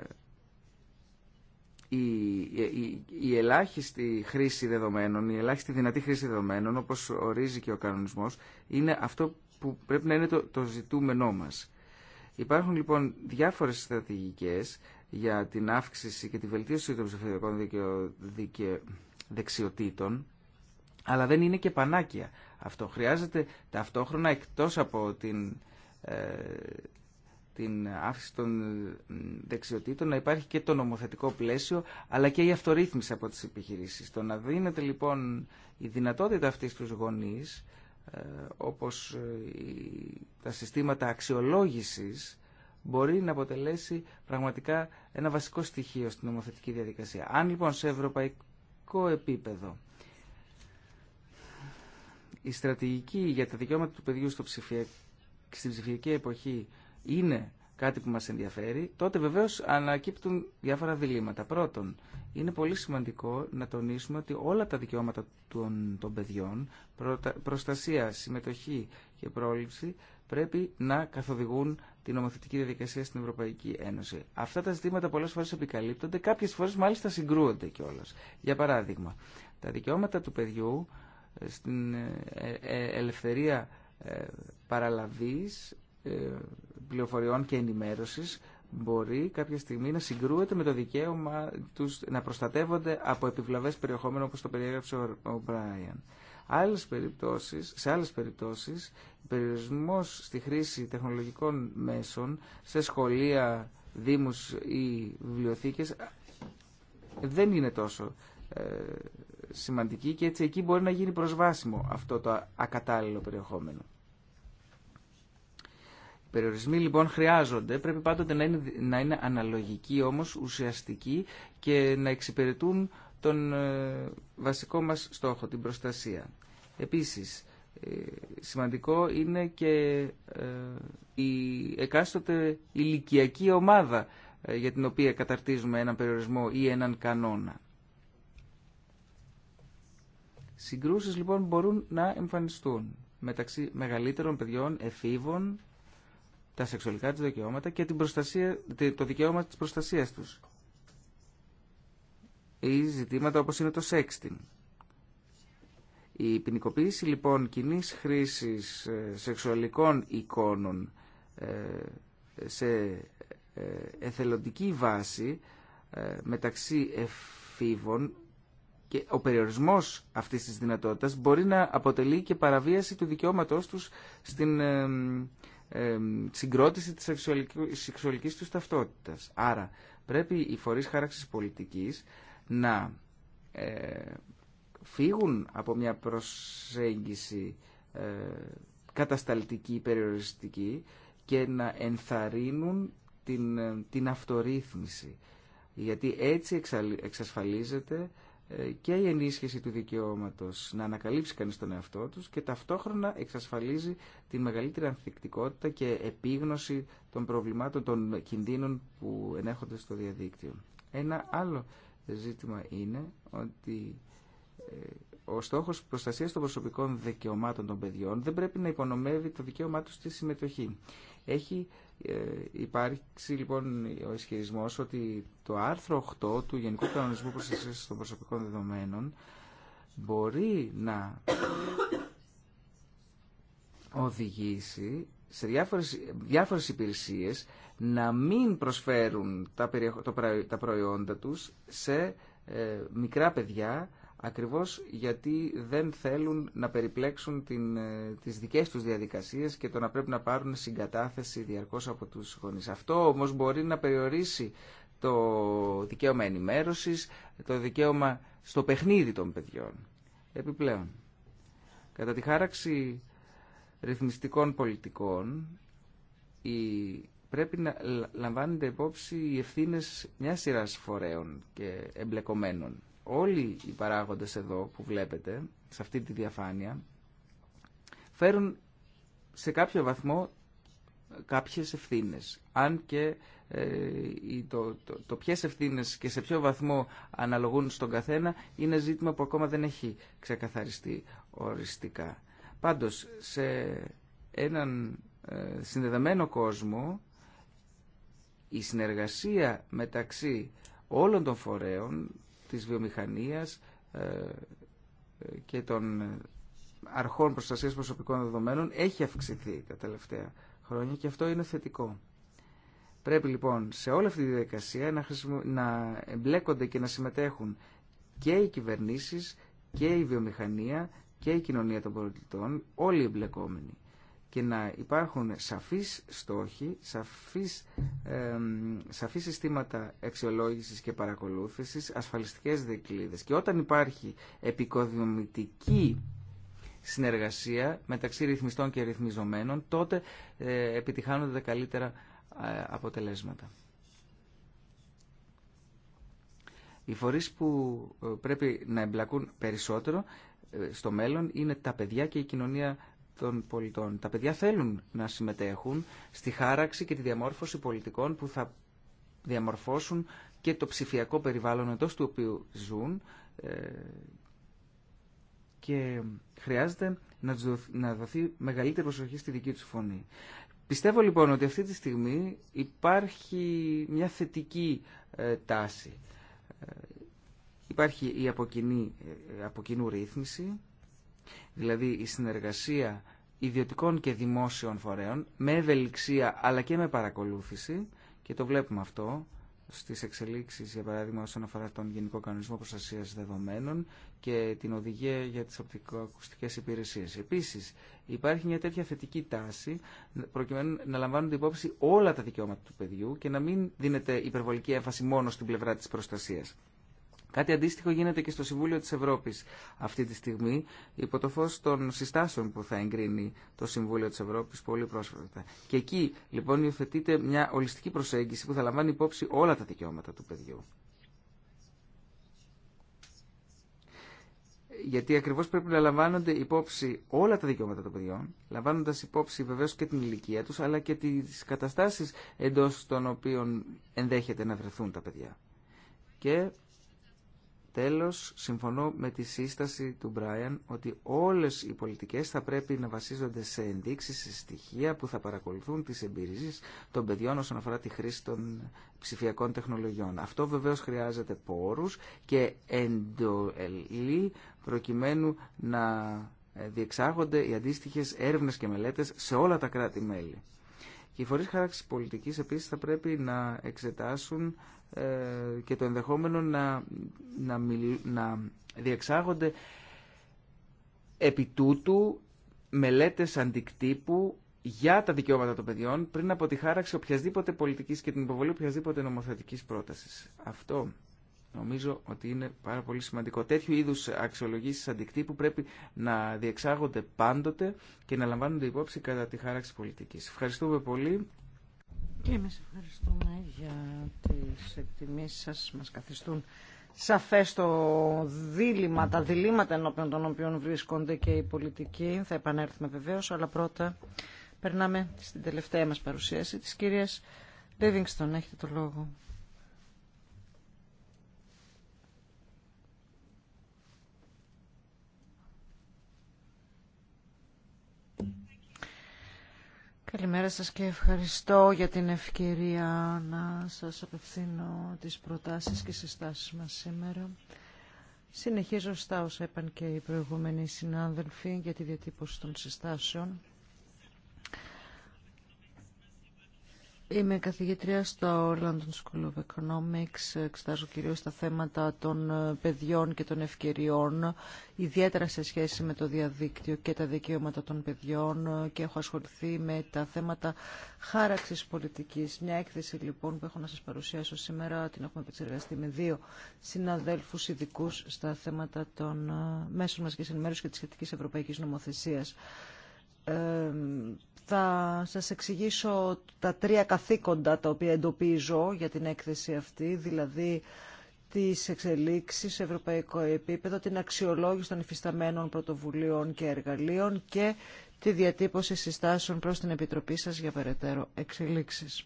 η, η, η ελάχιστη χρήση δεδομένων, η ελάχιστη δυνατή χρήση δεδομένων, όπως ορίζει και ο κανονισμός, είναι αυτό που πρέπει να είναι το, το ζητούμενό μας. Υπάρχουν λοιπόν διάφορες στρατηγικές για την αύξηση και τη βελτίωση των ψηφιακών δεξιοτήτων, αλλά δεν είναι και πανάκια. Αυτό χρειάζεται ταυτόχρονα εκτός από την ε, την αύξηση των δεξιοτήτων, να υπάρχει και το νομοθετικό πλαίσιο, αλλά και η αυτορύθμιση από τις επιχειρήσεις. Το να δίνεται λοιπόν η δυνατότητα αυτή στους γονείς, ε, όπως ε, τα συστήματα αξιολόγησης, μπορεί να αποτελέσει πραγματικά ένα βασικό στοιχείο στην νομοθετική διαδικασία. Αν λοιπόν σε ευρωπαϊκό επίπεδο η στρατηγική για τα δικαιώματα του παιδιού στο στην ψηφιακή εποχή είναι κάτι που μας ενδιαφέρει, τότε βεβαίως ανακύπτουν διάφορα διλήμματα. Πρώτον, είναι πολύ σημαντικό να τονίσουμε ότι όλα τα δικαιώματα των, των παιδιών, προστασία, συμμετοχή και πρόληψη, πρέπει να καθοδηγούν την νομοθετική διαδικασία στην Ευρωπαϊκή Ένωση. Αυτά τα ζητήματα πολλές φορές επικαλύπτονται, κάποιες φορές μάλιστα συγκρούονται κιόλα. Για παράδειγμα, τα δικαιώματα του παιδιού ε, στην ε, ε, ελευθερία παραλαβής ε, πληροφοριών και ενημέρωσης μπορεί κάποια στιγμή να συγκρούεται με το δικαίωμα τους να προστατεύονται από επιβλαβές περιεχόμενο όπως το περιέγραψε ο Μπράιαν. Άλλες περιπτώσεις, σε άλλες περιπτώσεις, περιορισμός στη χρήση τεχνολογικών μέσων σε σχολεία, δήμους ή βιβλιοθήκες δεν είναι τόσο ε, σημαντική και έτσι εκεί μπορεί να γίνει προσβάσιμο αυτό το ακατάλληλο περιεχόμενο. Περιορισμοί λοιπόν χρειάζονται, πρέπει πάντοτε να είναι, να είναι αναλογικοί όμως, ουσιαστικοί και να εξυπηρετούν τον ε, βασικό μας στόχο, την προστασία. Επίσης, ε, σημαντικό είναι και ε, η εκάστοτε ηλικιακή ομάδα για την οποία καταρτίζουμε έναν περιορισμό ή έναν κανόνα. Συγκρούσεις λοιπόν μπορούν να εμφανιστούν μεταξύ μεγαλύτερων παιδιών, εφήβων, τα σεξουαλικά του δικαιώματα και την προστασία, το δικαίωμα της προστασίας τους. Ή ζητήματα όπως είναι το sexting. Η ποινικοποίηση λοιπόν κοινή χρήση ε, σεξουαλικών εικόνων ε, σε ε, εθελοντική βάση μεταξύ εφήβων και ο περιορισμός αυτής της δυνατότητας μπορεί να αποτελεί και παραβίαση του δικαιώματός τους στην συγκρότηση της σεξουαλικής τους ταυτότητας. Άρα πρέπει οι φορείς χάραξης πολιτικής να ε, φύγουν από μια προσέγγιση ε, κατασταλτική, περιοριστική και να ενθαρρύνουν την, ε, την αυτορύθμιση. Γιατί έτσι εξασφαλίζεται και η ενίσχυση του δικαιώματος να ανακαλύψει κανείς τον εαυτό τους και ταυτόχρονα εξασφαλίζει την μεγαλύτερη ανθεκτικότητα και επίγνωση των προβλημάτων των κινδύνων που ενέχονται στο διαδίκτυο. Ένα άλλο ζήτημα είναι ότι ε, ο στόχος προστασίας των προσωπικών δικαιωμάτων των παιδιών δεν πρέπει να υπονομεύει το δικαίωμά τους στη συμμετοχή. Έχει ε, Υπάρχει, λοιπόν ο ισχυρισμό ότι το άρθρο 8 του Γενικού Κανονισμού Προστασία των Προσωπικών Δεδομένων μπορεί να οδηγήσει σε διάφορες, διάφορες υπηρεσίες να μην προσφέρουν τα, προϊόντα τους σε ε, μικρά παιδιά ακριβώς γιατί δεν θέλουν να περιπλέξουν την, ε, τις δικές τους διαδικασίες και το να πρέπει να πάρουν συγκατάθεση διαρκώς από τους γονείς. Αυτό όμως μπορεί να περιορίσει το δικαίωμα ενημέρωσης, το δικαίωμα στο παιχνίδι των παιδιών. Επιπλέον, κατά τη χάραξη ρυθμιστικών πολιτικών, η πρέπει να λαμβάνεται υπόψη οι ευθύνε μια σειρά φορέων και εμπλεκομένων όλοι οι παράγοντες εδώ που βλέπετε, σε αυτή τη διαφάνεια, φέρουν σε κάποιο βαθμό κάποιες ευθύνες. Αν και ε, το, το, το ποιες ευθύνες και σε ποιο βαθμό αναλογούν στον καθένα είναι ζήτημα που ακόμα δεν έχει ξεκαθαριστεί οριστικά. Πάντως, σε έναν ε, συνδεδεμένο κόσμο, η συνεργασία μεταξύ όλων των φορέων της βιομηχανίας ε, και των αρχών προστασίας προσωπικών δεδομένων έχει αυξηθεί τα τελευταία χρόνια και αυτό είναι θετικό. Πρέπει λοιπόν σε όλη αυτή τη διαδικασία να, να εμπλέκονται και να συμμετέχουν και οι κυβερνήσεις και η βιομηχανία και η κοινωνία των πολιτών, όλοι οι εμπλεκόμενοι και να υπάρχουν σαφείς στόχοι, σαφείς, σαφείς συστήματα αξιολόγησης και παρακολούθησης, ασφαλιστικές δικλείδες. Και όταν υπάρχει επικοδομητική συνεργασία μεταξύ ρυθμιστών και ρυθμιζομένων, τότε ε, επιτυχάνονται τα καλύτερα ε, αποτελέσματα. Οι φορείς που ε, πρέπει να εμπλακούν περισσότερο ε, στο μέλλον είναι τα παιδιά και η κοινωνία των πολιτών. Τα παιδιά θέλουν να συμμετέχουν στη χάραξη και τη διαμόρφωση πολιτικών που θα διαμορφώσουν και το ψηφιακό περιβάλλον εντό του οποίου ζουν ε, και χρειάζεται να δοθεί μεγαλύτερη προσοχή στη δική τους φωνή. Πιστεύω λοιπόν ότι αυτή τη στιγμή υπάρχει μια θετική ε, τάση. Ε, υπάρχει η αποκοινή, αποκοινού ρύθμιση δηλαδή η συνεργασία ιδιωτικών και δημόσιων φορέων, με ευελιξία αλλά και με παρακολούθηση, και το βλέπουμε αυτό στι εξελίξει, για παράδειγμα, όσον αφορά τον Γενικό Κανονισμό Προστασία Δεδομένων και την Οδηγία για τι Οπτικοακουστικές υπηρεσίε. Επίση, υπάρχει μια τέτοια θετική τάση, προκειμένου να λαμβάνονται υπόψη όλα τα δικαιώματα του παιδιού και να μην δίνεται υπερβολική έμφαση μόνο στην πλευρά τη προστασία. Κάτι αντίστοιχο γίνεται και στο Συμβούλιο της Ευρώπης αυτή τη στιγμή, υπό το φως των συστάσεων που θα εγκρίνει το Συμβούλιο της Ευρώπης πολύ πρόσφατα. Και εκεί λοιπόν υιοθετείται μια ολιστική προσέγγιση που θα λαμβάνει υπόψη όλα τα δικαιώματα του παιδιού. γιατί ακριβώς πρέπει να λαμβάνονται υπόψη όλα τα δικαιώματα των παιδιών, λαμβάνοντας υπόψη βεβαίως και την ηλικία τους, αλλά και τις καταστάσεις εντός των οποίων ενδέχεται να βρεθούν τα παιδιά. Και Τέλος, συμφωνώ με τη σύσταση του Μπράιαν ότι όλες οι πολιτικές θα πρέπει να βασίζονται σε ενδείξεις, σε στοιχεία που θα παρακολουθούν τις εμπειρίες των παιδιών όσον αφορά τη χρήση των ψηφιακών τεχνολογιών. Αυτό βεβαίως χρειάζεται πόρους και εντολή προκειμένου να διεξάγονται οι αντίστοιχες έρευνες και μελέτες σε όλα τα κράτη-μέλη. Οι φορείς χάραξης πολιτικής επίσης θα πρέπει να εξετάσουν ε, και το ενδεχόμενο να, να, να διεξάγονται επί τούτου μελέτες αντικτύπου για τα δικαιώματα των παιδιών πριν από τη χάραξη οποιασδήποτε πολιτικής και την υποβολή οποιασδήποτε νομοθετικής πρότασης. Αυτό Νομίζω ότι είναι πάρα πολύ σημαντικό. Τέτοιου είδου αξιολογήσει αντικτύπου πρέπει να διεξάγονται πάντοτε και να λαμβάνονται υπόψη κατά τη χάραξη πολιτική. Ευχαριστούμε πολύ. Και εμεί ευχαριστούμε για τι εκτιμήσει σα. Μα καθιστούν σαφές το δίλημα, τα διλήμματα ενώπιον των οποίων βρίσκονται και οι πολιτικοί. Θα επανέλθουμε βεβαίω, αλλά πρώτα περνάμε στην τελευταία μα παρουσίαση τη κυρία Λίβινγκστον. Έχετε το λόγο. Καλημέρα σας και ευχαριστώ για την ευκαιρία να σας απευθύνω τις προτάσεις και συστάσεις μας σήμερα. Συνεχίζω στα όσα είπαν και οι προηγούμενοι συνάδελφοι για τη διατύπωση των συστάσεων. Είμαι καθηγητρία στο London School of Economics. Εξετάζω κυρίως τα θέματα των ε, παιδιών και των ευκαιριών, ιδιαίτερα σε σχέση με το διαδίκτυο και τα δικαιώματα των παιδιών ε, και έχω ασχοληθεί με τα θέματα χάραξης πολιτικής. Μια έκθεση λοιπόν που έχω να σας παρουσιάσω σήμερα, την έχουμε επεξεργαστεί με δύο συναδέλφους ειδικού στα θέματα των ε, μέσων μας και ενημέρωσης και της σχετικής ευρωπαϊκής νομοθεσίας θα σας εξηγήσω τα τρία καθήκοντα τα οποία εντοπίζω για την έκθεση αυτή, δηλαδή τις εξελίξεις σε ευρωπαϊκό επίπεδο, την αξιολόγηση των υφισταμένων πρωτοβουλίων και εργαλείων και τη διατύπωση συστάσεων προς την Επιτροπή σας για περαιτέρω εξελίξεις.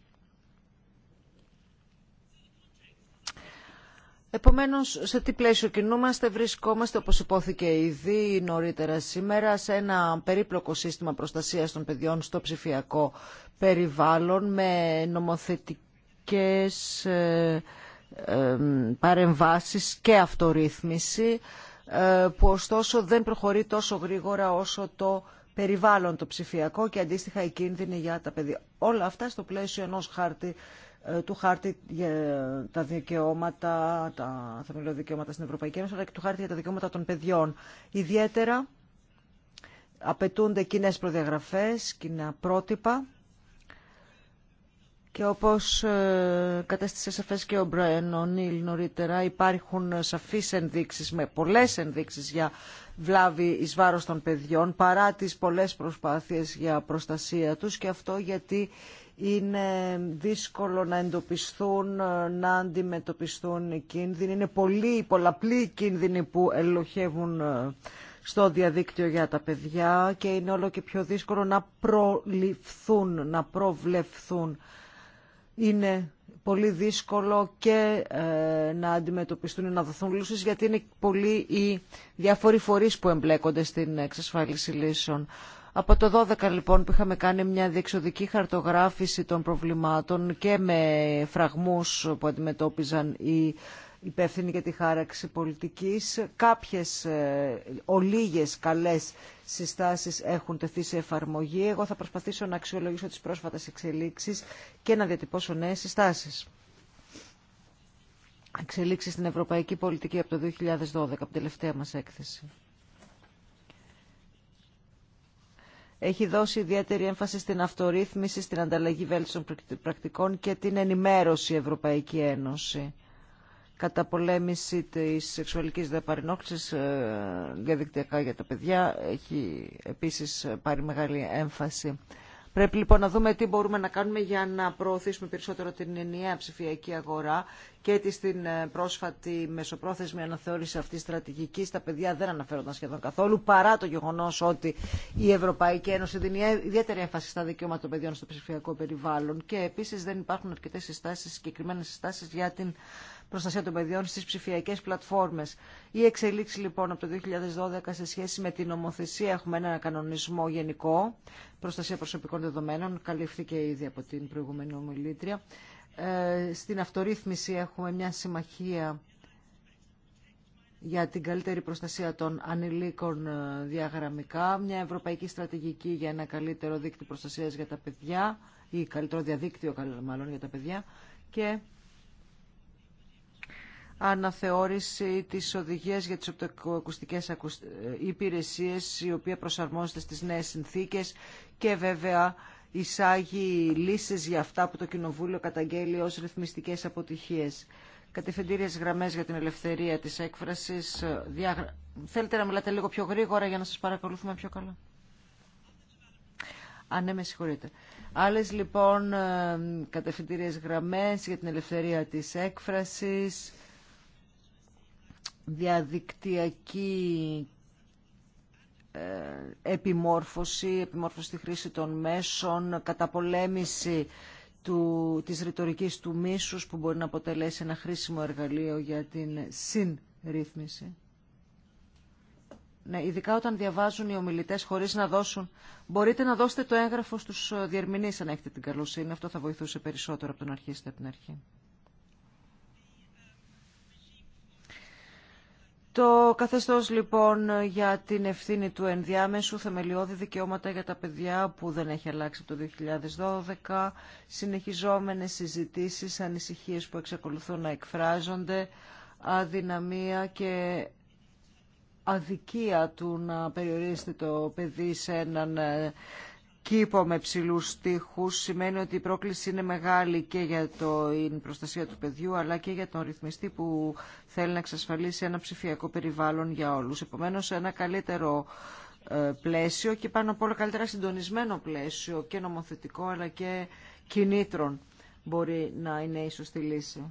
Επομένως, σε τι πλαίσιο κινούμαστε, βρισκόμαστε, όπως υπόθηκε ήδη νωρίτερα σήμερα, σε ένα περίπλοκο σύστημα προστασίας των παιδιών στο ψηφιακό περιβάλλον, με νομοθετικές ε, ε, παρεμβάσεις και αυτορύθμιση, ε, που ωστόσο δεν προχωρεί τόσο γρήγορα όσο το περιβάλλον το ψηφιακό και αντίστοιχα οι κίνδυνοι για τα παιδιά. Όλα αυτά στο πλαίσιο ενός χάρτη ε, του χάρτη για τα δικαιώματα, τα θεμελιώδη δικαιώματα στην Ευρωπαϊκή Ένωση, αλλά και του χάρτη για τα δικαιώματα των παιδιών. Ιδιαίτερα απαιτούνται κοινέ προδιαγραφές, κοινά πρότυπα και όπως ε, κατέστησε σαφές και ο Μπρέν ο Νίλ νωρίτερα, υπάρχουν σαφείς ενδείξεις, με πολλές ενδείξεις για βλάβη εις βάρος των παιδιών, παρά τις πολλές προσπάθειες για προστασία τους και αυτό γιατί είναι δύσκολο να εντοπιστούν, ε, να αντιμετωπιστούν οι κίνδυνοι. Είναι πολλοί, πολλαπλοί οι κίνδυνοι που ελοχεύουν ε, στο διαδίκτυο για τα παιδιά και είναι όλο και πιο δύσκολο να προληφθούν, να προβλεφθούν είναι πολύ δύσκολο και ε, να αντιμετωπιστούν ή να δοθούν λύσεις γιατί είναι πολλοί οι διάφοροι φορείς που εμπλέκονται στην εξασφάλιση λύσεων. Από το 12 λοιπόν που είχαμε κάνει μια διεξοδική χαρτογράφηση των προβλημάτων και με φραγμούς που αντιμετώπιζαν οι υπεύθυνη για τη χάραξη πολιτικής. Κάποιες ε, ολίγες καλές συστάσεις έχουν τεθεί σε εφαρμογή. Εγώ θα προσπαθήσω να αξιολογήσω τις πρόσφατες εξελίξεις και να διατυπώσω νέες συστάσεις. Εξελίξεις στην ευρωπαϊκή πολιτική από το 2012, από την τελευταία μας έκθεση. έχει δώσει ιδιαίτερη έμφαση στην αυτορύθμιση, στην ανταλλαγή βέλτιστων πρακτικών και την ενημέρωση Ευρωπαϊκή Ένωση καταπολέμηση της σεξουαλικής δαπαρινόξης ε, διαδικτυακά για τα παιδιά έχει επίσης πάρει μεγάλη έμφαση. Πρέπει λοιπόν να δούμε τι μπορούμε να κάνουμε για να προωθήσουμε περισσότερο την ενιαία ψηφιακή αγορά και τη στην ε, πρόσφατη μεσοπρόθεσμη αναθεώρηση αυτής στρατηγική, Τα παιδιά δεν αναφέρονταν σχεδόν καθόλου, παρά το γεγονό ότι η Ευρωπαϊκή Ένωση δίνει ιδιαίτερη έμφαση στα δικαιώματα των παιδιών στο ψηφιακό περιβάλλον και επίση δεν υπάρχουν αρκετέ συστάσει, συγκεκριμένε συστάσει για την προστασία των παιδιών στις ψηφιακές πλατφόρμες. Η εξελίξη λοιπόν από το 2012 σε σχέση με την νομοθεσία έχουμε ένα κανονισμό γενικό, προστασία προσωπικών δεδομένων, καλύφθηκε ήδη από την προηγούμενη ομιλήτρια. Ε, στην αυτορύθμιση έχουμε μια συμμαχία για την καλύτερη προστασία των ανηλίκων ε, διαγραμμικά, μια ευρωπαϊκή στρατηγική για ένα καλύτερο δίκτυο προστασίας για τα παιδιά ή καλύτερο διαδίκτυο μάλλον για τα παιδιά και αναθεώρηση της οδηγίας για τις οπτικοακουστικές ε, υπηρεσίες η οποία προσαρμόζεται στις νέες συνθήκες και βέβαια εισάγει λύσεις για αυτά που το Κοινοβούλιο καταγγέλει ως ρυθμιστικές αποτυχίες. Κατευθυντήριες γραμμές για την ελευθερία της έκφρασης. Ε, Θέλετε να μιλάτε λίγο πιο γρήγορα για να σας παρακολουθούμε πιο καλά. Α, ναι, με συγχωρείτε. Άλλες λοιπόν ε, κατευθυντήριες γραμμές για την ελευθερία της έκφρασης διαδικτυακή ε, επιμόρφωση, επιμόρφωση στη χρήση των μέσων, καταπολέμηση του, της ρητορικής του μίσους που μπορεί να αποτελέσει ένα χρήσιμο εργαλείο για την συνρύθμιση. Ναι, ειδικά όταν διαβάζουν οι ομιλητές χωρίς να δώσουν. Μπορείτε να δώσετε το έγγραφο στους ε, διερμηνείς αν έχετε την καλοσύνη. Αυτό θα βοηθούσε περισσότερο από τον αρχίσετε από την αρχή. Το καθεστώς λοιπόν για την ευθύνη του ενδιάμεσου θεμελιώδη δικαιώματα για τα παιδιά που δεν έχει αλλάξει από το 2012, συνεχιζόμενες συζητήσεις, ανησυχίες που εξακολουθούν να εκφράζονται, αδυναμία και αδικία του να περιορίσετε το παιδί σε έναν ε, κήπο με ψηλού στίχου σημαίνει ότι η πρόκληση είναι μεγάλη και για το, την προστασία του παιδιού αλλά και για τον ρυθμιστή που θέλει να εξασφαλίσει ένα ψηφιακό περιβάλλον για όλους. Επομένως ένα καλύτερο ε, πλαίσιο και πάνω απ' όλα καλύτερα συντονισμένο πλαίσιο και νομοθετικό αλλά και κινήτρων μπορεί να είναι η σωστή λύση.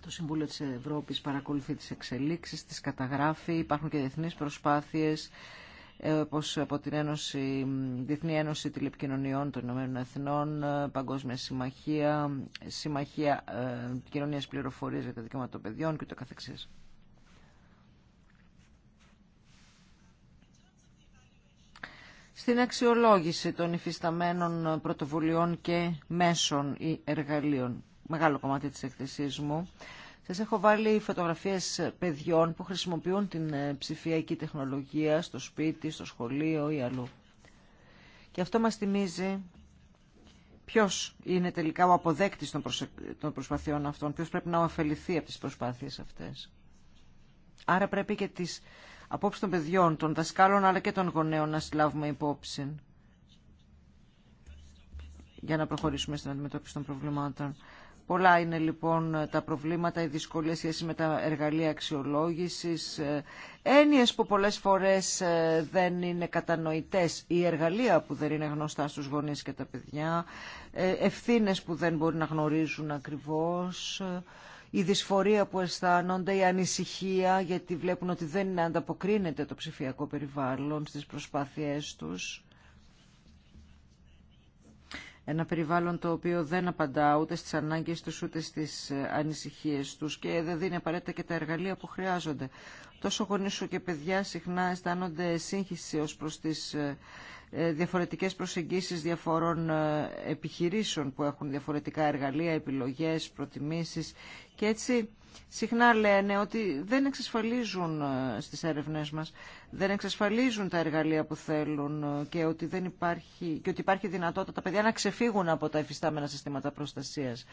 Το Συμβούλιο της Ευρώπης παρακολουθεί τις εξελίξεις, τις καταγράφει, υπάρχουν και διεθνείς προσπάθειες ε, όπως από την Ένωση, Διεθνή Ένωση Τηλεπικοινωνιών των Ηνωμένων Εθνών, ε, Παγκόσμια Συμμαχία, Συμμαχία ε, Κοινωνίας Πληροφορίας για τα Δικαιώματα των Παιδιών κ.ο.κ. στην αξιολόγηση των υφισταμένων πρωτοβουλειών και μέσων ή εργαλείων. Μεγάλο κομμάτι της εκθεσής μου σας έχω βάλει φωτογραφίες παιδιών που χρησιμοποιούν την ε, ψηφιακή τεχνολογία στο σπίτι, στο σχολείο ή αλλού. Και αυτό μας θυμίζει ποιος είναι τελικά ο αποδέκτης των προσπαθειών αυτών, ποιος πρέπει να ωφεληθεί από τις προσπάθειες αυτές. Άρα πρέπει και τις απόψεις των παιδιών, των δασκάλων αλλά και των γονέων να συλλάβουμε υπόψη για να προχωρήσουμε στην αντιμετώπιση των προβλημάτων. Πολλά είναι λοιπόν τα προβλήματα, οι δυσκολίες σχέση με τα εργαλεία αξιολόγησης, ε, έννοιες που πολλές φορές ε, δεν είναι κατανοητές, η εργαλεία που δεν είναι γνωστά στους γονείς και τα παιδιά, ε, ευθύνες που δεν μπορεί να γνωρίζουν ακριβώς, η δυσφορία που αισθάνονται, η ανησυχία γιατί βλέπουν ότι δεν ανταποκρίνεται το ψηφιακό περιβάλλον στις προσπάθειές τους. Ένα περιβάλλον το οποίο δεν απαντά ούτε στις ανάγκες τους ούτε στις ε, ανησυχίες τους και δεν δίνει απαραίτητα και τα εργαλεία που χρειάζονται. Τόσο γονείς σου και παιδιά συχνά αισθάνονται σύγχυση ως προς τις ε, ε, διαφορετικές προσεγγίσεις διαφορών ε, επιχειρήσεων που έχουν διαφορετικά εργαλεία, επιλογές, προτιμήσεις και έτσι συχνά λένε ότι δεν εξασφαλίζουν ε, στις έρευνές μας, δεν εξασφαλίζουν τα εργαλεία που θέλουν και ότι, δεν υπάρχει, και ότι υπάρχει δυνατότητα τα παιδιά να ξεφύγουν από τα εφιστάμενα συστήματα προστασίας.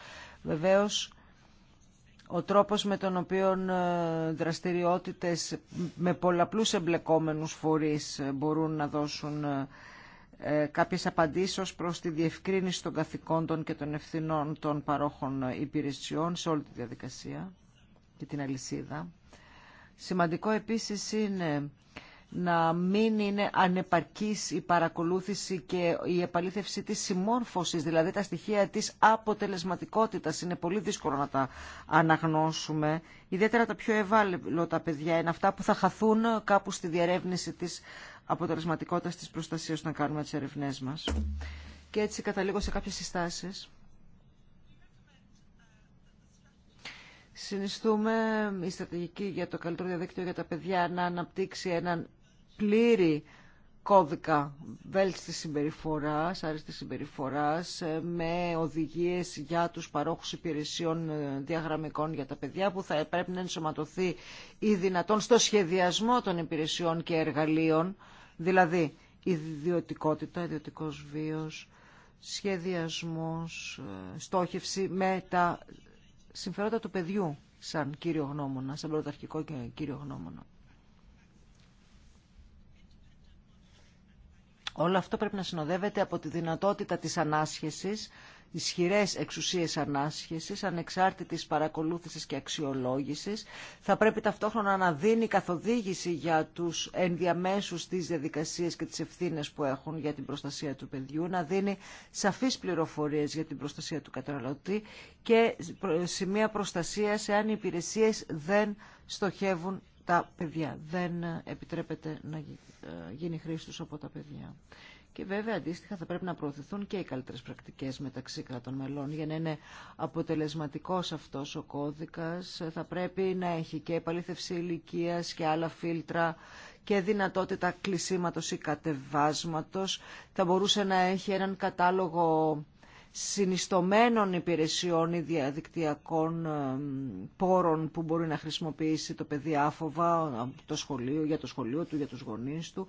Βεβαίως, ο τρόπος με τον οποίο ε, δραστηριότητες με πολλαπλούς εμπλεκόμενους φορείς ε, μπορούν να δώσουν ε, κάποιες απαντήσεις ως προς τη διευκρίνηση των καθηκόντων και των ευθυνών των παρόχων υπηρεσιών σε όλη τη διαδικασία και την αλυσίδα. Σημαντικό επίσης είναι να μην είναι ανεπαρκής η παρακολούθηση και η επαλήθευση της συμμόρφωσης, δηλαδή τα στοιχεία της αποτελεσματικότητας. Είναι πολύ δύσκολο να τα αναγνώσουμε. Ιδιαίτερα τα πιο ευάλωτα παιδιά είναι αυτά που θα χαθούν κάπου στη διαρεύνηση της αποτελεσματικότητας της προστασίας να κάνουμε τις ερευνές μας. Και έτσι καταλήγω σε κάποιες συστάσεις. Συνιστούμε η στρατηγική για το καλύτερο διαδίκτυο για τα παιδιά να αναπτύξει έναν πλήρη κώδικα βέλτιστης συμπεριφοράς, άριστης συμπεριφοράς, ε, με οδηγίες για τους παρόχους υπηρεσιών ε, διαγραμμικών για τα παιδιά που θα πρέπει να ενσωματωθεί ή δυνατόν στο σχεδιασμό των υπηρεσιών και εργαλείων, δηλαδή ιδιωτικότητα, ιδιωτικός βίος, σχεδιασμός, ε, στόχευση με τα συμφέροντα του παιδιού σαν κύριο γνώμονα, σαν πρωταρχικό και κύριο γνώμονα. Όλο αυτό πρέπει να συνοδεύεται από τη δυνατότητα της ανάσχεσης, ισχυρές εξουσίες ανάσχεσης, ανεξάρτητης παρακολούθησης και αξιολόγησης. Θα πρέπει ταυτόχρονα να δίνει καθοδήγηση για τους ενδιαμέσους τις διαδικασίες και τις ευθύνες που έχουν για την προστασία του παιδιού, να δίνει σαφείς πληροφορίες για την προστασία του καταναλωτή και σημεία προστασία εάν οι υπηρεσίες δεν στοχεύουν τα παιδιά. Δεν επιτρέπεται να ε, γίνει χρήση του από τα παιδιά. Και βέβαια αντίστοιχα θα πρέπει να προωθηθούν και οι καλύτερες πρακτικές μεταξύ κρατών μελών. Για να είναι αποτελεσματικός αυτός ο κώδικας θα πρέπει να έχει και επαλήθευση ηλικία και άλλα φίλτρα και δυνατότητα κλεισίματος ή κατεβάσματος. Θα μπορούσε να έχει έναν κατάλογο συνιστομένων υπηρεσιών ή διαδικτυακών ε, πόρων που μπορεί να χρησιμοποιήσει το παιδί άφοβα ε, το σχολείο, για το σχολείο του, για τους γονείς του,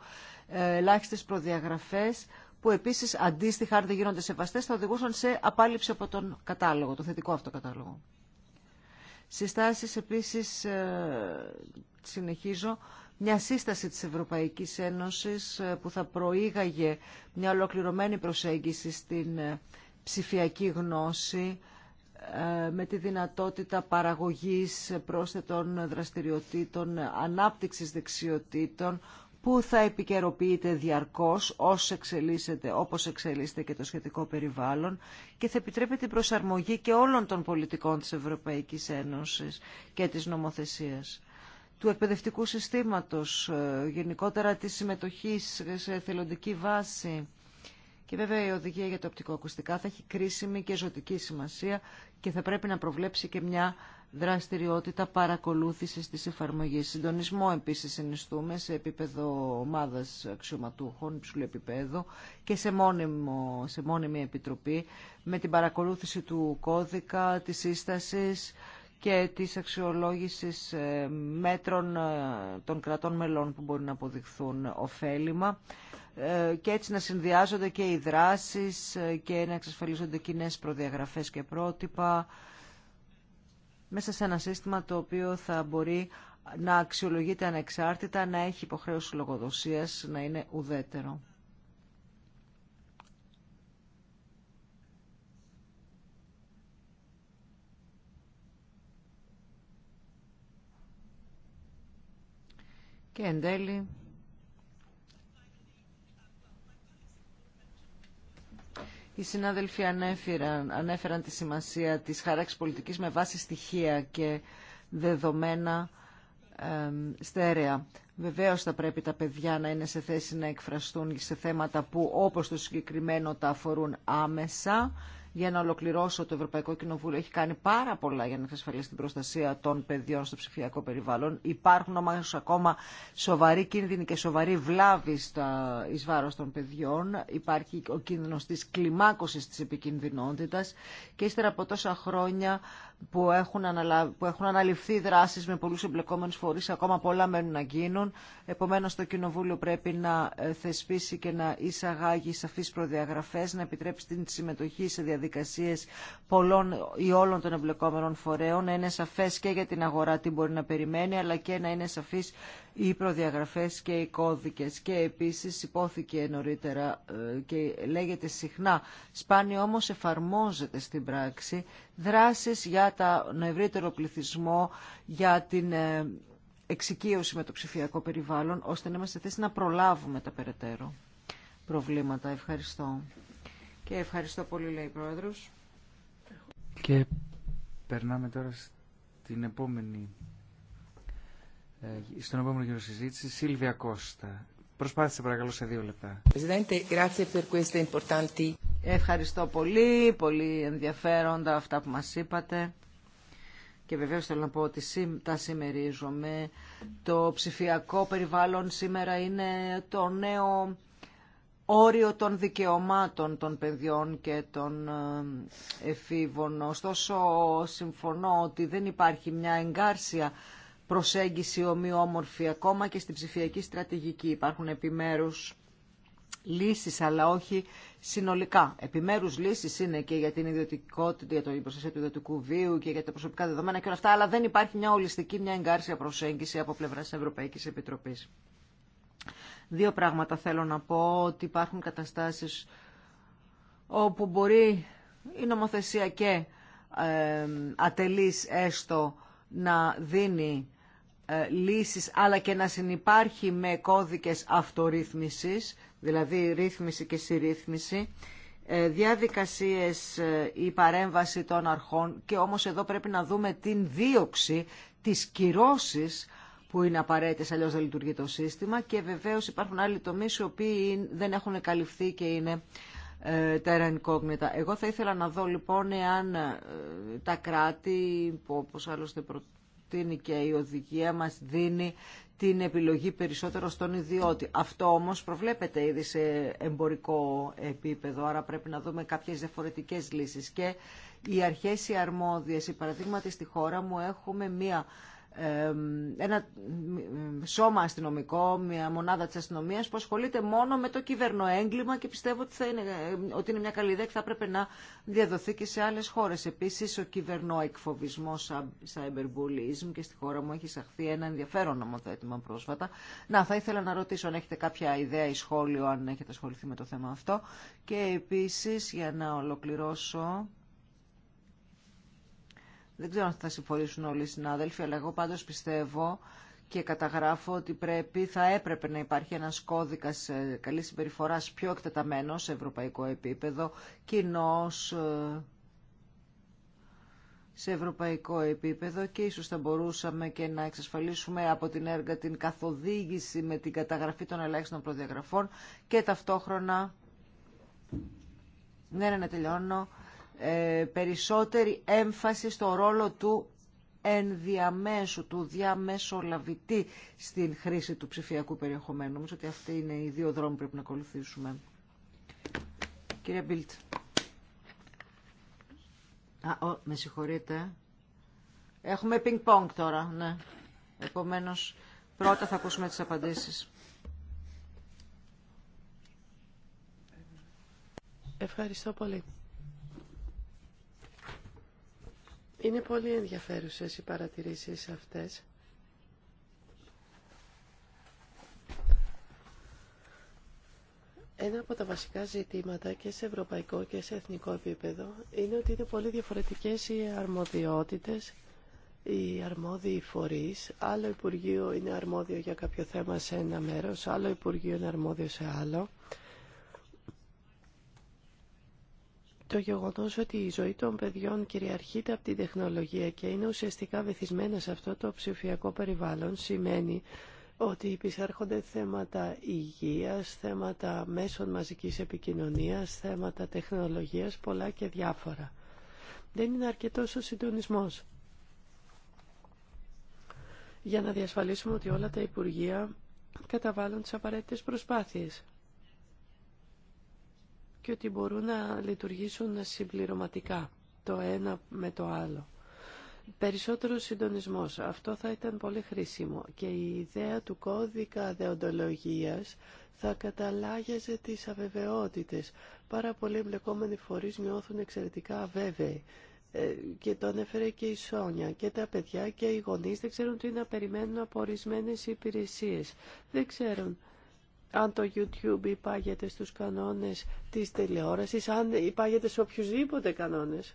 ε, ελάχιστες προδιαγραφές που επίσης αντίστοιχα αν δεν γίνονται σεβαστές θα οδηγούσαν σε απάλληψη από τον κατάλογο, το θετικό αυτό κατάλογο. Συστάσεις επίσης, συνεχίζω, μια σύσταση της Ευρωπαϊκής Ένωσης που θα προήγαγε μια ολοκληρωμένη προσέγγιση στην ψηφιακή γνώση, ε, με τη δυνατότητα παραγωγής πρόσθετων δραστηριοτήτων, ανάπτυξης δεξιοτήτων, που θα επικαιροποιείται διαρκώς όσο εξελίσσεται, όπως εξελίσσεται και το σχετικό περιβάλλον και θα επιτρέπει την προσαρμογή και όλων των πολιτικών της Ευρωπαϊκής Ένωσης και της νομοθεσίας του εκπαιδευτικού συστήματος, ε, γενικότερα της συμμετοχής σε θελοντική βάση και βέβαια η οδηγία για τα οπτικοακουστικά θα έχει κρίσιμη και ζωτική σημασία και θα πρέπει να προβλέψει και μια δραστηριότητα παρακολούθησης της εφαρμογής. Συντονισμό επίσης συνιστούμε σε επίπεδο ομάδας αξιωματούχων υψηλού επίπεδο και σε, μόνιμο, σε μόνιμη επιτροπή με την παρακολούθηση του κώδικα, της σύστασης, και της αξιολόγησης ε, μέτρων ε, των κρατών μελών που μπορεί να αποδειχθούν ωφέλιμα ε, και έτσι να συνδυάζονται και οι δράσεις και να εξασφαλίζονται κοινέ προδιαγραφές και πρότυπα μέσα σε ένα σύστημα το οποίο θα μπορεί να αξιολογείται ανεξάρτητα, να έχει υποχρέωση λογοδοσίας, να είναι ουδέτερο. και εν τέλει Οι συνάδελφοι ανέφεραν, ανέφεραν τη σημασία της χαράξης πολιτικής με βάση στοιχεία και δεδομένα στέρεα. Βεβαίως θα πρέπει τα παιδιά να είναι σε θέση να εκφραστούν σε θέματα που όπως το συγκεκριμένο τα αφορούν άμεσα για να ολοκληρώσω το Ευρωπαϊκό Κοινοβούλιο έχει κάνει πάρα πολλά για να εξασφαλίσει την προστασία των παιδιών στο ψηφιακό περιβάλλον. Υπάρχουν όμως ακόμα σοβαροί κίνδυνοι και σοβαρή βλάβη στα βάρο των παιδιών. Υπάρχει ο κίνδυνος της κλιμάκωση της επικινδυνότητας και ύστερα από τόσα χρόνια που έχουν, που έχουν αναλυφθεί δράσει με πολλούς εμπλεκόμενους φορείς, ακόμα πολλά μένουν να γίνουν. Επομένω, το Κοινοβούλιο πρέπει να ε, θεσπίσει και να εισαγάγει σαφεί προδιαγραφέ, να επιτρέψει την συμμετοχή σε διαδικασία δικασίες πολλών ή όλων των εμπλεκόμενων φορέων, να είναι σαφές και για την αγορά τι μπορεί να περιμένει, αλλά και να είναι σαφείς οι προδιαγραφές και οι κώδικες. Και επίσης υπόθηκε νωρίτερα ε, και λέγεται συχνά, σπάνιο όμως εφαρμόζεται στην πράξη, δράσεις για τον ευρύτερο πληθυσμό, για την ε, εξοικείωση με το ψηφιακό περιβάλλον, ώστε να είμαστε θέσει να προλάβουμε τα περαιτέρω προβλήματα. Ευχαριστώ. Και ευχαριστώ πολύ, λέει η Πρόεδρος. Και περνάμε τώρα στην επόμενη, ε, στον επόμενο γύρο συζήτηση. Σίλβια Κώστα. Προσπάθησε παρακαλώ σε δύο λεπτά. Ευχαριστώ πολύ, πολύ ενδιαφέροντα αυτά που μας είπατε. Και βεβαίω θέλω να πω ότι τα σημερίζομαι. Το ψηφιακό περιβάλλον σήμερα είναι το νέο όριο των δικαιωμάτων των παιδιών και των ε, εφήβων. Ωστόσο, συμφωνώ ότι δεν υπάρχει μια εγκάρσια προσέγγιση ομοιόμορφη ακόμα και στην ψηφιακή στρατηγική. Υπάρχουν επιμέρους λύσεις, αλλά όχι συνολικά. Επιμέρους λύσεις είναι και για την ιδιωτικότητα, για την προστασία του ιδιωτικού βίου και για τα προσωπικά δεδομένα και όλα αυτά, αλλά δεν υπάρχει μια ολιστική, μια εγκάρσια προσέγγιση από πλευρά της Ευρωπαϊκής Επιτροπής. Δύο πράγματα θέλω να πω, ότι υπάρχουν καταστάσεις όπου μπορεί η νομοθεσία και ε, ατελής έστω να δίνει ε, λύσεις αλλά και να συνυπάρχει με κώδικες αυτορύθμισης, δηλαδή ρύθμιση και συρρύθμιση, ε, διαδικασίες ε, η παρέμβαση των αρχών και όμως εδώ πρέπει να δούμε την δίωξη της κυρώσης που είναι απαραίτητες, αλλιώς δεν λειτουργεί το σύστημα και βεβαίως υπάρχουν άλλοι τομείς οι οποίοι δεν έχουν καλυφθεί και είναι τέρα ε, incognita. Εγώ θα ήθελα να δω λοιπόν εάν ε, τα κράτη, που όπως άλλωστε προτείνει και η οδηγία μας δίνει την επιλογή περισσότερο στον ιδιώτη. Αυτό όμως προβλέπεται ήδη σε εμπορικό επίπεδο, άρα πρέπει να δούμε κάποιες διαφορετικές λύσεις. Και οι αρχές οι αρμόδιες, οι παραδείγματι στη χώρα μου, έχουμε μία ένα σώμα αστυνομικό, μια μονάδα της αστυνομίας που ασχολείται μόνο με το κυβερνοέγκλημα και πιστεύω ότι, θα είναι, ότι είναι μια καλή ιδέα και θα έπρεπε να διαδοθεί και σε άλλες χώρες. Επίσης, ο κυβερνοεκφοβισμός cyberbullying και στη χώρα μου έχει εισαχθεί ένα ενδιαφέρον νομοθέτημα πρόσφατα. Να, θα ήθελα να ρωτήσω αν έχετε κάποια ιδέα ή σχόλιο, αν έχετε ασχοληθεί με το θέμα αυτό. Και επίσης, για να ολοκληρώσω... Δεν ξέρω αν θα συμφωνήσουν όλοι οι συνάδελφοι, αλλά εγώ πάντως πιστεύω και καταγράφω ότι πρέπει, θα έπρεπε να υπάρχει ένας κώδικας ε, καλής συμπεριφοράς πιο εκτεταμένος σε ευρωπαϊκό επίπεδο, κοινό ε, σε ευρωπαϊκό επίπεδο και ίσως θα μπορούσαμε και να εξασφαλίσουμε από την έργα την καθοδήγηση με την καταγραφή των ελάχιστων προδιαγραφών και ταυτόχρονα... Ναι, ναι, ναι τελειώνω. Ε, περισσότερη έμφαση στο ρόλο του ενδιαμέσου, του διαμεσολαβητή στην χρήση του ψηφιακού περιεχομένου. Νομίζω ότι αυτοί είναι οι δύο δρόμοι που πρέπει να ακολουθήσουμε. Κύριε Μπίλτ. με συγχωρείτε. Έχουμε πινκ-πονγκ τώρα, ναι. Επομένως, πρώτα θα ακούσουμε τις απαντήσεις. Ευχαριστώ πολύ. Είναι πολύ ενδιαφέρουσες οι παρατηρήσεις αυτές. Ένα από τα βασικά ζητήματα και σε ευρωπαϊκό και σε εθνικό επίπεδο είναι ότι είναι πολύ διαφορετικές οι αρμοδιότητες, οι αρμόδιοι φορείς. Άλλο Υπουργείο είναι αρμόδιο για κάποιο θέμα σε ένα μέρος, άλλο Υπουργείο είναι αρμόδιο σε άλλο. το γεγονός ότι η ζωή των παιδιών κυριαρχείται από την τεχνολογία και είναι ουσιαστικά βεθισμένα σε αυτό το ψηφιακό περιβάλλον σημαίνει ότι υπησέρχονται θέματα υγείας, θέματα μέσων μαζικής επικοινωνίας, θέματα τεχνολογίας, πολλά και διάφορα. Δεν είναι αρκετός ο συντονισμός. Για να διασφαλίσουμε ότι όλα τα Υπουργεία καταβάλουν τις απαραίτητες προσπάθειες και ότι μπορούν να λειτουργήσουν συμπληρωματικά το ένα με το άλλο. Περισσότερο συντονισμός. Αυτό θα ήταν πολύ χρήσιμο. Και η ιδέα του κώδικα δεοντολογίας θα καταλάγιαζε τις αβεβαιότητες. Πάρα πολλοί εμπλεκόμενοι φορείς νιώθουν εξαιρετικά αβέβαιοι. Ε, και το ανέφερε και η Σόνια. Και τα παιδιά και οι γονείς δεν ξέρουν τι να περιμένουν από ορισμένε υπηρεσίες. Δεν ξέρουν αν το YouTube υπάγεται στους κανόνες της τηλεόρασης, αν υπάγεται σε οποιουσδήποτε κανόνες.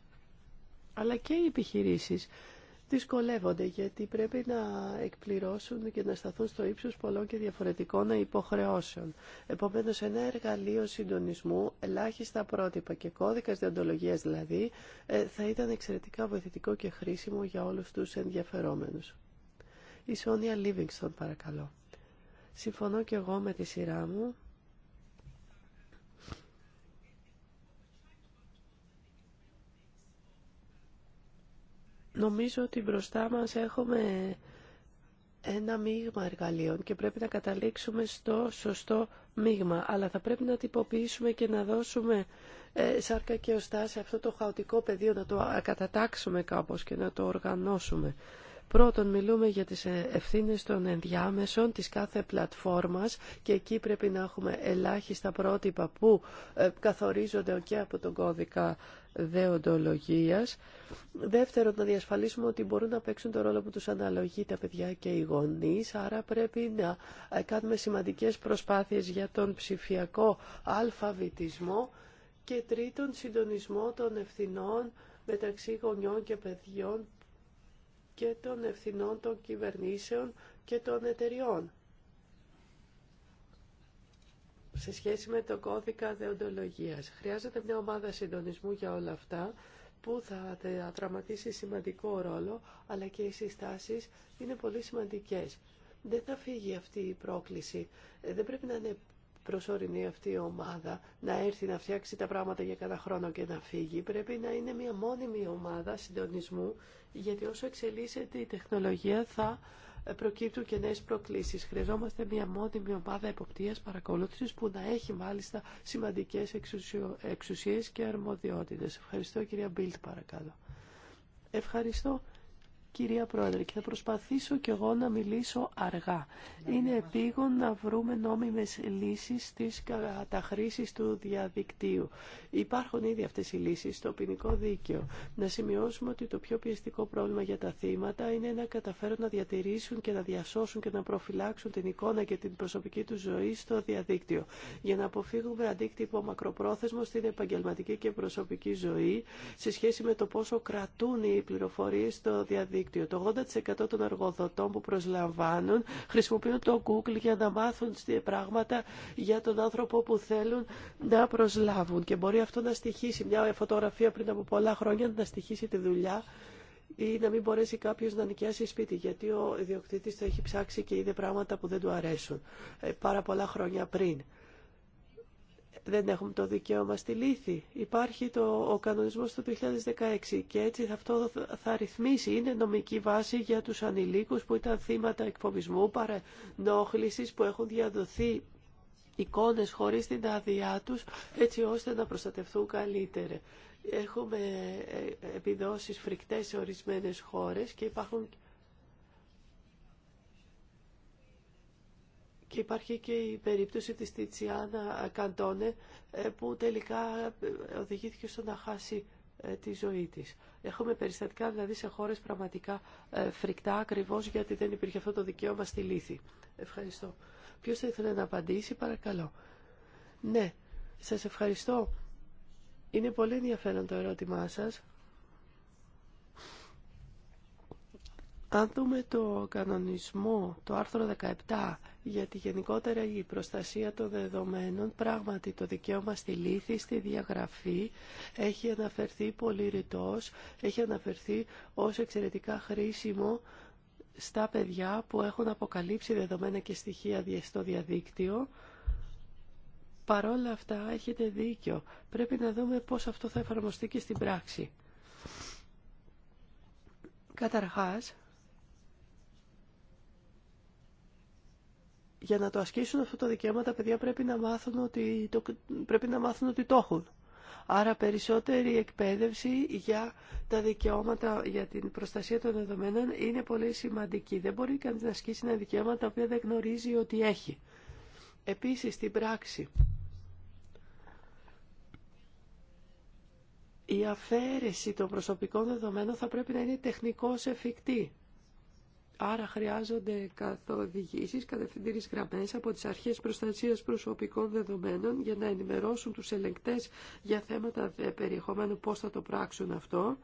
Αλλά και οι επιχειρήσεις δυσκολεύονται γιατί πρέπει να εκπληρώσουν και να σταθούν στο ύψος πολλών και διαφορετικών υποχρεώσεων. Επομένως, ένα εργαλείο συντονισμού, ελάχιστα πρότυπα και κώδικας διοντολογίας δηλαδή, ε, θα ήταν εξαιρετικά βοηθητικό και χρήσιμο για όλους τους ενδιαφερόμενους. Η Σόνια Λίβινγκστον παρακαλώ. Συμφωνώ και εγώ με τη σειρά μου. Νομίζω ότι μπροστά μας έχουμε ένα μείγμα εργαλείων και πρέπει να καταλήξουμε στο σωστό μείγμα. Αλλά θα πρέπει να τυποποιήσουμε και να δώσουμε ε, σάρκα και οστά σε αυτό το χαοτικό πεδίο, να το κατατάξουμε κάπως και να το οργανώσουμε. Πρώτον, μιλούμε για τις ε, ευθύνες των ενδιάμεσων της κάθε πλατφόρμας και εκεί πρέπει να έχουμε ελάχιστα πρότυπα που ε, καθορίζονται και από τον κώδικα δεοντολογίας. Δεύτερον, να διασφαλίσουμε ότι μπορούν να παίξουν το ρόλο που τους αναλογεί τα παιδιά και οι γονείς, άρα πρέπει να ε, κάνουμε σημαντικές προσπάθειες για τον ψηφιακό αλφαβητισμό και τρίτον, συντονισμό των ευθυνών μεταξύ γονιών και παιδιών και των ευθυνών των κυβερνήσεων και των εταιριών σε σχέση με το κώδικα δεοντολογίας. Χρειάζεται μια ομάδα συντονισμού για όλα αυτά που θα δραματίσει σημαντικό ρόλο, αλλά και οι συστάσεις είναι πολύ σημαντικές. Δεν θα φύγει αυτή η πρόκληση. Ε, δεν πρέπει να είναι προσωρινή αυτή η ομάδα να έρθει να φτιάξει τα πράγματα για κάθε χρόνο και να φύγει. Πρέπει να είναι μια μόνιμη ομάδα συντονισμού, γιατί όσο εξελίσσεται η τεχνολογία θα προκύπτουν και νέες προκλήσεις. Χρειαζόμαστε μια μόνιμη ομάδα εποπτείας παρακολούθησης που να έχει μάλιστα σημαντικές εξουσίες και αρμοδιότητες. Ευχαριστώ κυρία Μπίλτ παρακαλώ. Ευχαριστώ κυρία Πρόεδρε, και θα προσπαθήσω κι εγώ να μιλήσω αργά. Είναι επίγον να βρούμε νόμιμες λύσεις στις καταχρήσεις του διαδικτύου. Υπάρχουν ήδη αυτές οι λύσεις στο ποινικό δίκαιο. Να σημειώσουμε ότι το πιο πιεστικό πρόβλημα για τα θύματα είναι να καταφέρουν να διατηρήσουν και να διασώσουν και να προφυλάξουν την εικόνα και την προσωπική του ζωή στο διαδίκτυο. Για να αποφύγουμε αντίκτυπο μακροπρόθεσμο στην επαγγελματική και προσωπική ζωή σε σχέση με το πόσο κρατούν οι πληροφορίες στο διαδίκτυο το 80% των εργοδοτών που προσλαμβάνουν χρησιμοποιούν το Google για να μάθουν πράγματα για τον άνθρωπο που θέλουν να προσλάβουν. Και μπορεί αυτό να στοιχήσει μια φωτογραφία πριν από πολλά χρόνια να στοιχήσει τη δουλειά ή να μην μπορέσει κάποιος να νοικιάσει σπίτι γιατί ο ιδιοκτήτης το έχει ψάξει και είδε πράγματα που δεν του αρέσουν ε, πάρα πολλά χρόνια πριν δεν έχουμε το δικαίωμα στη λύθη. Υπάρχει το, ο κανονισμός του 2016 και έτσι αυτό θα ρυθμίσει. Είναι νομική βάση για τους ανηλίκους που ήταν θύματα εκφοβισμού, παρενόχλησης που έχουν διαδοθεί εικόνες χωρίς την άδειά τους έτσι ώστε να προστατευτούν καλύτερα. Έχουμε ε, ε, επιδόσεις φρικτές σε ορισμένες χώρες και υπάρχουν Και υπάρχει και η περίπτωση της Τιτσιάνα Καντόνε ε, που τελικά ε, οδηγήθηκε στο να χάσει ε, τη ζωή της. Έχουμε περιστατικά δηλαδή σε χώρες πραγματικά φρικτά ακριβώς γιατί δεν υπήρχε αυτό το δικαίωμα στη λύθη. Ευχαριστώ. Ποιος θα ήθελε να απαντήσει παρακαλώ. Ναι, σας ευχαριστώ. Είναι πολύ ενδιαφέρον το ερώτημά σας. Αν δούμε το κανονισμό, το άρθρο 17 γιατί γενικότερα η προστασία των δεδομένων, πράγματι το δικαίωμα στη λύθη, στη διαγραφή, έχει αναφερθεί πολύ ρητός, έχει αναφερθεί ως εξαιρετικά χρήσιμο στα παιδιά που έχουν αποκαλύψει δεδομένα και στοιχεία στο διαδίκτυο. Παρόλα αυτά έχετε δίκιο. Πρέπει να δούμε πώς αυτό θα εφαρμοστεί και στην πράξη. Καταρχάς, για να το ασκήσουν αυτό το δικαίωμα τα παιδιά πρέπει να μάθουν ότι το, πρέπει να μάθουν ότι το έχουν. Άρα περισσότερη εκπαίδευση για τα δικαιώματα, για την προστασία των δεδομένων είναι πολύ σημαντική. Δεν μπορεί κανείς να ασκήσει ένα δικαίωμα τα οποία δεν γνωρίζει ότι έχει. Επίσης, στην πράξη, η αφαίρεση των προσωπικών δεδομένων θα πρέπει να είναι τεχνικώς εφικτή. Άρα χρειάζονται καθοδηγήσεις, κατευθυντήριες γραμμές από τις αρχές προστασίας προσωπικών δεδομένων για να ενημερώσουν τους ελεγκτές για θέματα περιεχομένου πώς θα το πράξουν αυτό.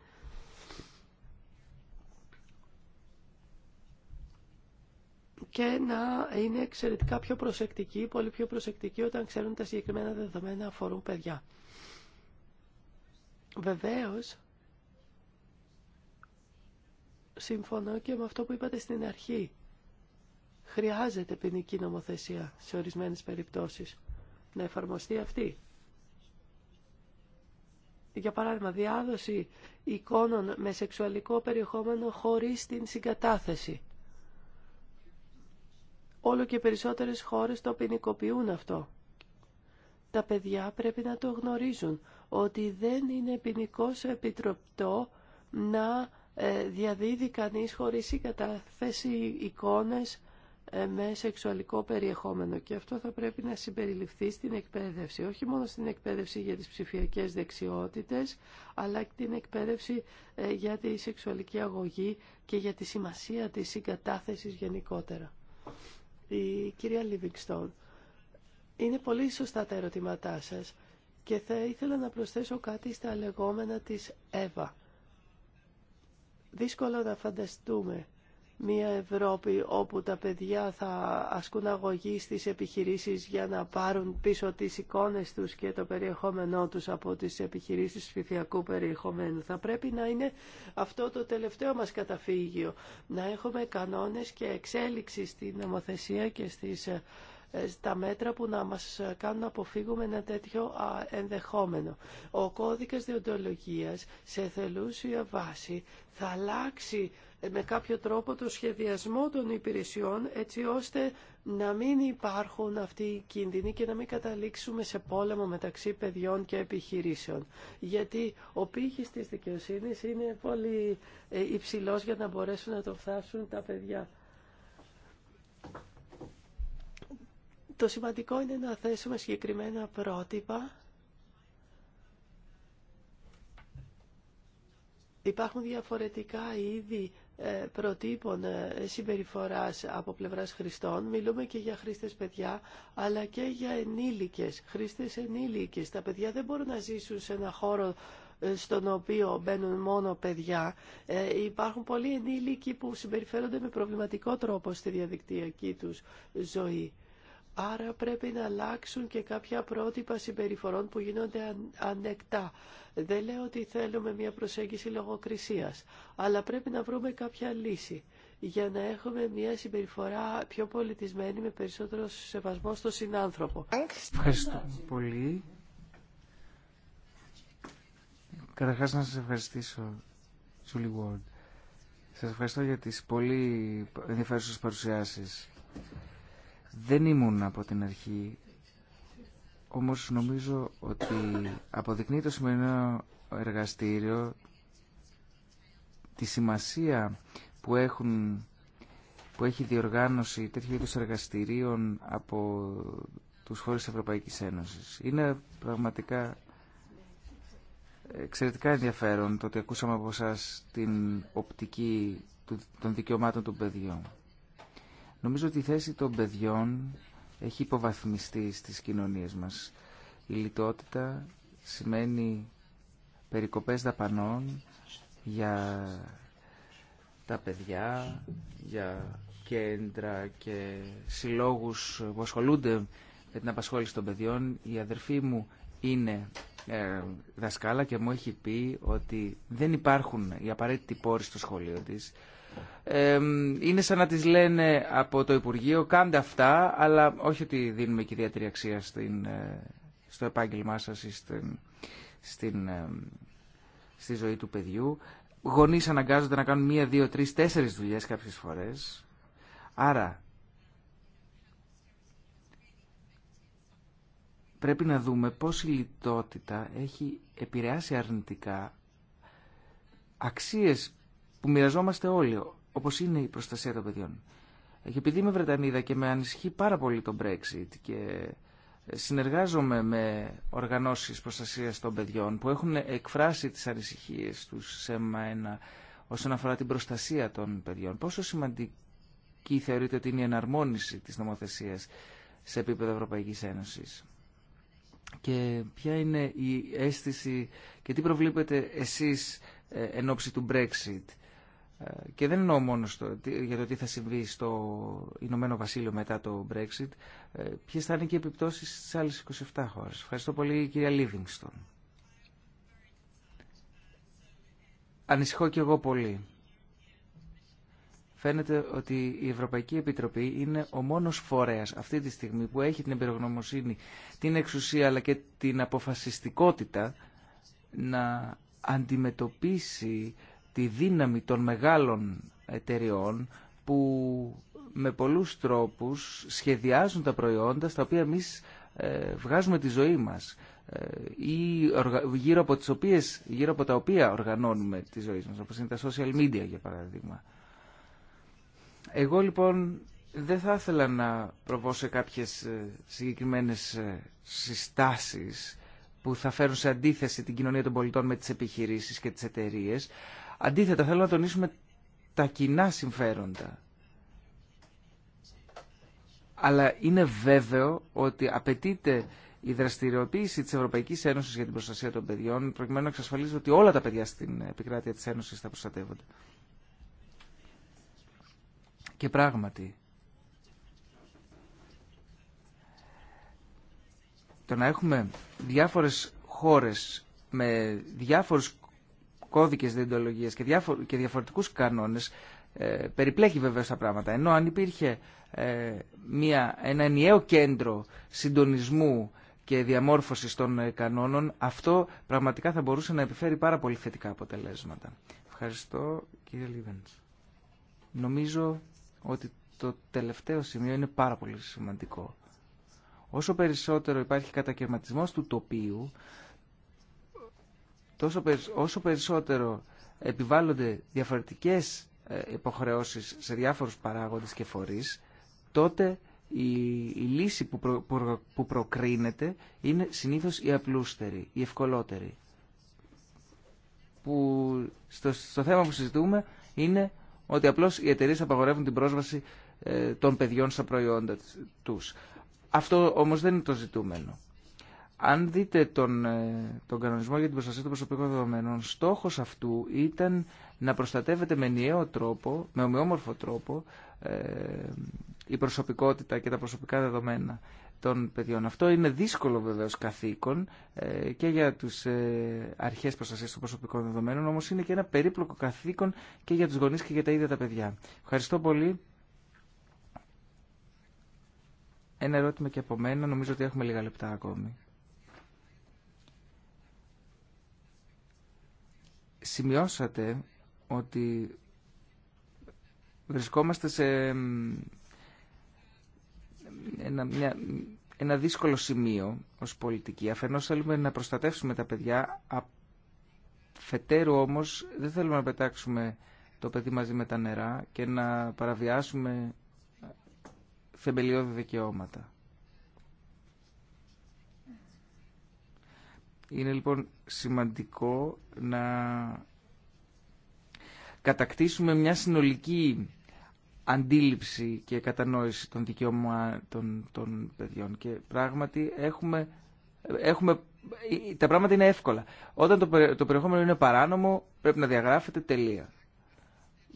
και να είναι εξαιρετικά πιο προσεκτικοί, πολύ πιο προσεκτικοί όταν ξέρουν τα συγκεκριμένα δεδομένα αφορούν παιδιά. Βεβαίως, συμφωνώ και με αυτό που είπατε στην αρχή. Χρειάζεται ποινική νομοθεσία σε ορισμένες περιπτώσεις. Να εφαρμοστεί αυτή. Για παράδειγμα, διάδοση εικόνων με σεξουαλικό περιεχόμενο χωρίς την συγκατάθεση. Όλο και περισσότερες χώρες το ποινικοποιούν αυτό. Τα παιδιά πρέπει να το γνωρίζουν ότι δεν είναι ποινικό επιτροπτό να ε, διαδίδει κανείς χωρίς ή κατάθεση εικόνες ε, με σεξουαλικό περιεχόμενο και αυτό θα πρέπει να συμπεριληφθεί στην εκπαίδευση, όχι μόνο στην εκπαίδευση για τις ψηφιακές δεξιότητες, αλλά και την εκπαίδευση ε, για τη σεξουαλική αγωγή και για τη σημασία της συγκατάθεσης γενικότερα. Η κυρία Λίβιγκστον, είναι πολύ σωστά τα ερωτήματά σας και θα ήθελα να προσθέσω κάτι στα λεγόμενα της ΕΒΑ Δύσκολο να φανταστούμε μια Ευρώπη όπου τα παιδιά θα ασκούν αγωγή στις επιχειρήσεις για να πάρουν πίσω τις εικόνες τους και το περιεχόμενό τους από τις επιχειρήσεις φυθιακού περιεχομένου. Θα πρέπει να είναι αυτό το τελευταίο μας καταφύγιο, να έχουμε κανόνες και εξέλιξη στην νομοθεσία και στις ε, ε, στα μέτρα που να μας ε, κάνουν να αποφύγουμε ένα τέτοιο ενδεχόμενο. Ο κώδικας διοντολογίας σε θελούσια βάση θα αλλάξει ε, με κάποιο τρόπο το σχεδιασμό των υπηρεσιών έτσι ώστε να μην υπάρχουν αυτοί οι κίνδυνοι και να μην καταλήξουμε σε πόλεμο μεταξύ παιδιών και επιχειρήσεων. Γιατί ο πύχης της δικαιοσύνης είναι πολύ υψηλός για να μπορέσουν να το φτάσουν τα παιδιά Το σημαντικό είναι να θέσουμε συγκεκριμένα πρότυπα. Υπάρχουν διαφορετικά είδη ε, προτύπων ε, συμπεριφοράς από πλευράς χρηστών. Μιλούμε και για χρήστες παιδιά, αλλά και για ενήλικες, χρήστες ενήλικες. Τα παιδιά δεν μπορούν να ζήσουν σε ένα χώρο ε, στον οποίο μπαίνουν μόνο παιδιά. υπάρχουν πολλοί ενήλικοι που συμπεριφέρονται με προβληματικό τρόπο στη διαδικτυακή τους ζωή. Άρα πρέπει να αλλάξουν και κάποια πρότυπα συμπεριφορών που γίνονται ανεκτά. Δεν λέω ότι θέλουμε μια προσέγγιση λογοκρισίας, αλλά πρέπει να βρούμε κάποια λύση για να έχουμε μια συμπεριφορά πιο πολιτισμένη με περισσότερο σεβασμό στον συνάνθρωπο. Ευχαριστώ πολύ. Καταρχάς να σας ευχαριστήσω, Julie Ward. Σας ευχαριστώ για τις πολύ ενδιαφέρουσες παρουσιάσεις. Δεν ήμουν από την αρχή, όμως νομίζω ότι αποδεικνύει το σημερινό εργαστήριο τη σημασία που, έχουν, που έχει διοργάνωση τέτοιου είδους εργαστηρίων από τους χώρους της Ευρωπαϊκής Ένωσης. Είναι πραγματικά εξαιρετικά ενδιαφέρον το ότι ακούσαμε από σας την οπτική των δικαιωμάτων των παιδιών. Νομίζω ότι η θέση των παιδιών έχει υποβαθμιστεί στις κοινωνίες μας. Η λιτότητα σημαίνει περικοπές δαπανών για τα παιδιά, για κέντρα και συλλόγους που ασχολούνται με την απασχόληση των παιδιών. Η αδερφή μου είναι ε, δασκάλα και μου έχει πει ότι δεν υπάρχουν οι απαραίτητοι πόροι στο σχολείο της είναι σαν να τις λένε από το Υπουργείο κάντε αυτά, αλλά όχι ότι δίνουμε και ιδιαίτερη αξία στην, ε, στο επάγγελμά σας ή στην, στη ζωή του παιδιού. Γονείς αναγκάζονται να κάνουν μία, δύο, τρεις, τέσσερις δουλειές κάποιες φορές. Άρα πρέπει να δούμε πώς η λιτότητα έχει επηρεάσει αρνητικά αξίες που μοιραζόμαστε όλοι, όπως είναι η προστασία των παιδιών. Και επειδή είμαι Βρετανίδα και με ανησυχεί πάρα πολύ το Brexit και ε, συνεργάζομαι με οργανώσεις προστασίας των παιδιών που έχουν εκφράσει τις ανησυχίες τους σε ένα όσον αφορά την προστασία των παιδιών. Πόσο σημαντική θεωρείτε ότι είναι η εναρμόνιση της νομοθεσίας σε επίπεδο Ευρωπαϊκής Ένωσης. Και ποια είναι η αίσθηση και τι προβλέπετε εσείς ε, εν ώψη του Brexit ε, και δεν εννοώ μόνο για το τι θα συμβεί στο Ηνωμένο Βασίλειο μετά το Brexit, ε, ποιε θα είναι και οι επιπτώσει στι άλλε 27 χώρε. Ευχαριστώ πολύ, κυρία Λίβινγκστον. Ανησυχώ και εγώ πολύ. Φαίνεται ότι η Ευρωπαϊκή Επιτροπή είναι ο μόνος φορέας αυτή τη στιγμή που έχει την εμπειρογνωμοσύνη, την εξουσία αλλά και την αποφασιστικότητα να αντιμετωπίσει τη δύναμη των μεγάλων εταιριών που με πολλούς τρόπους σχεδιάζουν τα προϊόντα στα οποία εμείς ε, βγάζουμε τη ζωή μας ε, ή γύρω από, τις οποίες, γύρω από τα οποία οργανώνουμε τη ζωή μας, όπως είναι τα social media για παράδειγμα. Εγώ λοιπόν δεν θα ήθελα να προβώ σε κάποιες ε, συγκεκριμένες συστάσεις που θα φέρουν σε αντίθεση την κοινωνία των πολιτών με τις επιχειρήσεις και τις εταιρείες, Αντίθετα, θέλω να τονίσουμε τα κοινά συμφέροντα. Αλλά είναι βέβαιο ότι απαιτείται η δραστηριοποίηση της Ευρωπαϊκής Ένωσης για την προστασία των παιδιών, προκειμένου να εξασφαλίζει ότι όλα τα παιδιά στην επικράτεια της Ένωσης θα προστατεύονται. Και πράγματι, το να έχουμε διάφορες χώρες με διάφορους κώδικες διεντολογίες και, διάφο και διαφορετικούς κανόνες ε, περιπλέκει βέβαια τα πράγματα. Ενώ αν υπήρχε ε, μια, ένα ενιαίο κέντρο συντονισμού και διαμόρφωσης των ε, κανόνων, αυτό πραγματικά θα μπορούσε να επιφέρει πάρα πολύ θετικά αποτελέσματα. Ευχαριστώ κύριε Λίβενς. Νομίζω ότι το τελευταίο σημείο είναι πάρα πολύ σημαντικό. Όσο περισσότερο υπάρχει κατακαιρματισμός του τοπίου, όσο περισσότερο επιβάλλονται διαφορετικές ε, υποχρεώσεις σε διάφορους παράγοντες και φορείς, τότε η, λύση που, προκρίνεται είναι συνήθως η απλούστερη, η ευκολότερη. Που στο, θέμα που συζητούμε είναι ότι απλώς οι εταιρείε απαγορεύουν την πρόσβαση ε, των παιδιών στα προϊόντα τους. Αυτό όμως δεν είναι το ζητούμενο. Αν δείτε ε, τον, κανονισμό για την προστασία των προσωπικών δεδομένων, στόχος αυτού ήταν να προστατεύεται με ενιαίο τρόπο, με ομοιόμορφο τρόπο, ε, η προσωπικότητα και τα προσωπικά δεδομένα των παιδιών. Αυτό είναι δύσκολο βεβαίως καθήκον ε, και για τους αρχές προστασίας των προσωπικών δεδομένων, όμως είναι και ένα περίπλοκο καθήκον και για τους γονείς και για τα ίδια τα παιδιά. Ευχαριστώ πολύ. Ένα ερώτημα και από μένα. Νομίζω ότι έχουμε λίγα λεπτά ακόμη. σημειώσατε ότι βρισκόμαστε σε ένα, μια, ένα δύσκολο σημείο ως πολιτική. Αφενός θέλουμε να προστατεύσουμε τα παιδιά, αφετέρου όμως δεν θέλουμε να πετάξουμε το παιδί μαζί με τα νερά και να παραβιάσουμε θεμελιώδη δικαιώματα. Είναι λοιπόν σημαντικό να κατακτήσουμε μια συνολική αντίληψη και κατανόηση των δικαιωμάτων των παιδιών. Και πράγματι έχουμε, έχουμε τα πράγματα είναι εύκολα. Όταν το, το περιεχόμενο είναι παράνομο, πρέπει να διαγράφεται τελεία.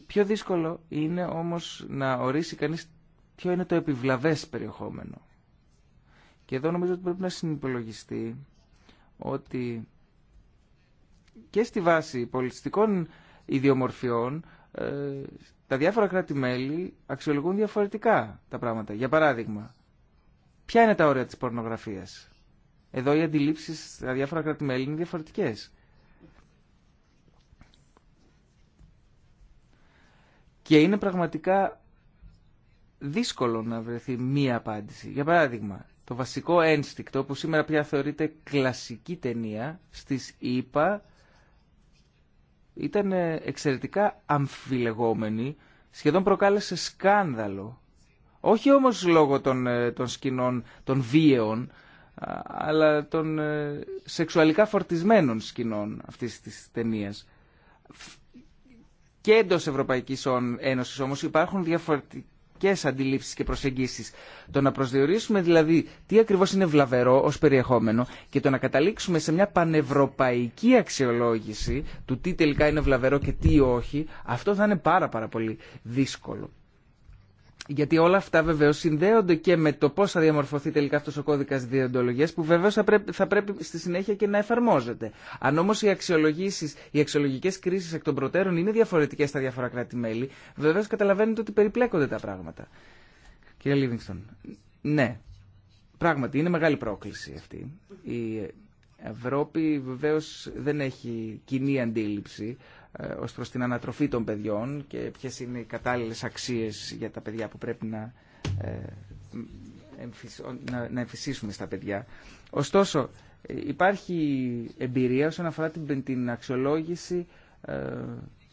Πιο δύσκολο είναι όμως να ορίσει κανείς ποιο είναι το επιβλαβές περιεχόμενο. Και εδώ νομίζω ότι πρέπει να συνυπολογιστεί ότι και στη βάση πολιτιστικών ιδιομορφιών ε, τα διάφορα κράτη-μέλη αξιολογούν διαφορετικά τα πράγματα. Για παράδειγμα, ποια είναι τα όρια της πορνογραφίας. Εδώ οι αντιλήψεις στα διάφορα κράτη-μέλη είναι διαφορετικές. Και είναι πραγματικά δύσκολο να βρεθεί μία απάντηση. Για παράδειγμα, το βασικό ένστικτο που σήμερα πια θεωρείται κλασική ταινία στις ΙΠΑ ήταν ε, εξαιρετικά αμφιλεγόμενη, σχεδόν προκάλεσε σκάνδαλο. Όχι όμως λόγω των, ε, των σκηνών, των βίαιων, αλλά των ε, σεξουαλικά φορτισμένων σκηνών αυτής της ταινίας. Και εντός Ευρωπαϊκής Ένωσης όμως υπάρχουν διαφορετικές διαφορετικέ αντιλήψεις και προσεγγίσεις. Το να προσδιορίσουμε δηλαδή τι ακριβώς είναι βλαβερό ως περιεχόμενο και το να καταλήξουμε σε μια πανευρωπαϊκή αξιολόγηση του τι τελικά είναι βλαβερό και τι όχι, αυτό θα είναι πάρα πάρα πολύ δύσκολο γιατί όλα αυτά βεβαίω συνδέονται και με το πώ θα διαμορφωθεί τελικά αυτός ο κώδικας διοντολογία, που βεβαίω θα πρέπει, θα πρέπει στη συνέχεια και να εφαρμόζεται. Αν όμω οι αξιολογήσει, οι αξιολογικές κρίσεις εκ των προτέρων είναι διαφορετικέ στα διάφορα κράτη-μέλη, βεβαίω καταλαβαίνετε ότι περιπλέκονται τα πράγματα. Κύριε Λίβινγκστον, ναι, πράγματι είναι μεγάλη πρόκληση αυτή. Η Ευρώπη βεβαίω δεν έχει κοινή αντίληψη ε, ως προς την ανατροφή των παιδιών και ποιες είναι οι κατάλληλες αξίες για τα παιδιά που πρέπει να, ε, να εμφυσίσουμε στα παιδιά. Ωστόσο, υπάρχει εμπειρία όσον αφορά την αξιολόγηση ε,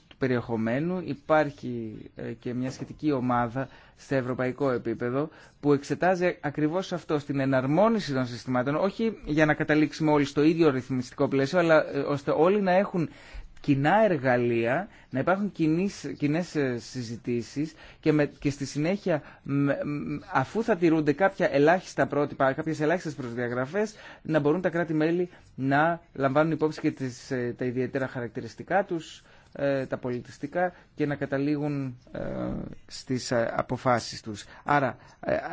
του περιεχομένου. Υπάρχει και μια σχετική ομάδα σε ευρωπαϊκό επίπεδο που εξετάζει ακριβώς αυτό στην εναρμόνιση των συστημάτων, όχι για να καταλήξουμε όλοι στο ίδιο ρυθμιστικό πλαίσιο, αλλά ώστε όλοι να έχουν κοινά εργαλεία, να υπάρχουν κοινέ ε, συζητήσεις και, και στη συνέχεια αφού θα τηρούνται κάποια ελάχιστα πρότυπα, κάποιες ελάχιστες προσδιαγραφές, να μπορούν τα κράτη-μέλη να λαμβάνουν υπόψη και τις, ε, τα ιδιαίτερα χαρακτηριστικά τους ε, τα πολιτιστικά και να καταλήγουν ε, στις ε, αποφάσεις τους. Άρα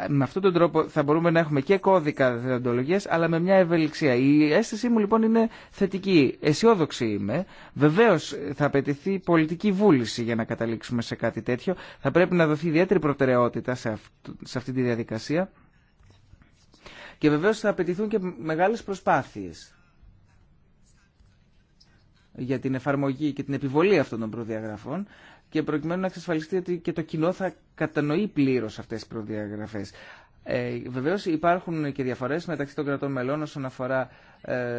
με αυτόν τον τρόπο θα μπορούμε να έχουμε και κώδικα διδαντολογίας αλλά με μια ευελιξία. Η αίσθησή μου λοιπόν είναι θετική. Αισιόδοξη είμαι. Βεβαίως θα απαιτηθεί πολιτική βούληση για να καταλήξουμε σε κάτι τέτοιο. Θα πρέπει να δοθεί ιδιαίτερη προτεραιότητα σε αυτή τη διαδικασία. Και βεβαίως θα απαιτηθούν και μεγάλες προσπάθειες για την εφαρμογή και την επιβολή αυτών των προδιαγραφών και προκειμένου να εξασφαλιστεί ότι και το κοινό θα κατανοεί πλήρω αυτέ τι προδιαγραφέ. Ε, Βεβαίω υπάρχουν και διαφορέ μεταξύ των κρατών μελών όσον αφορά ε,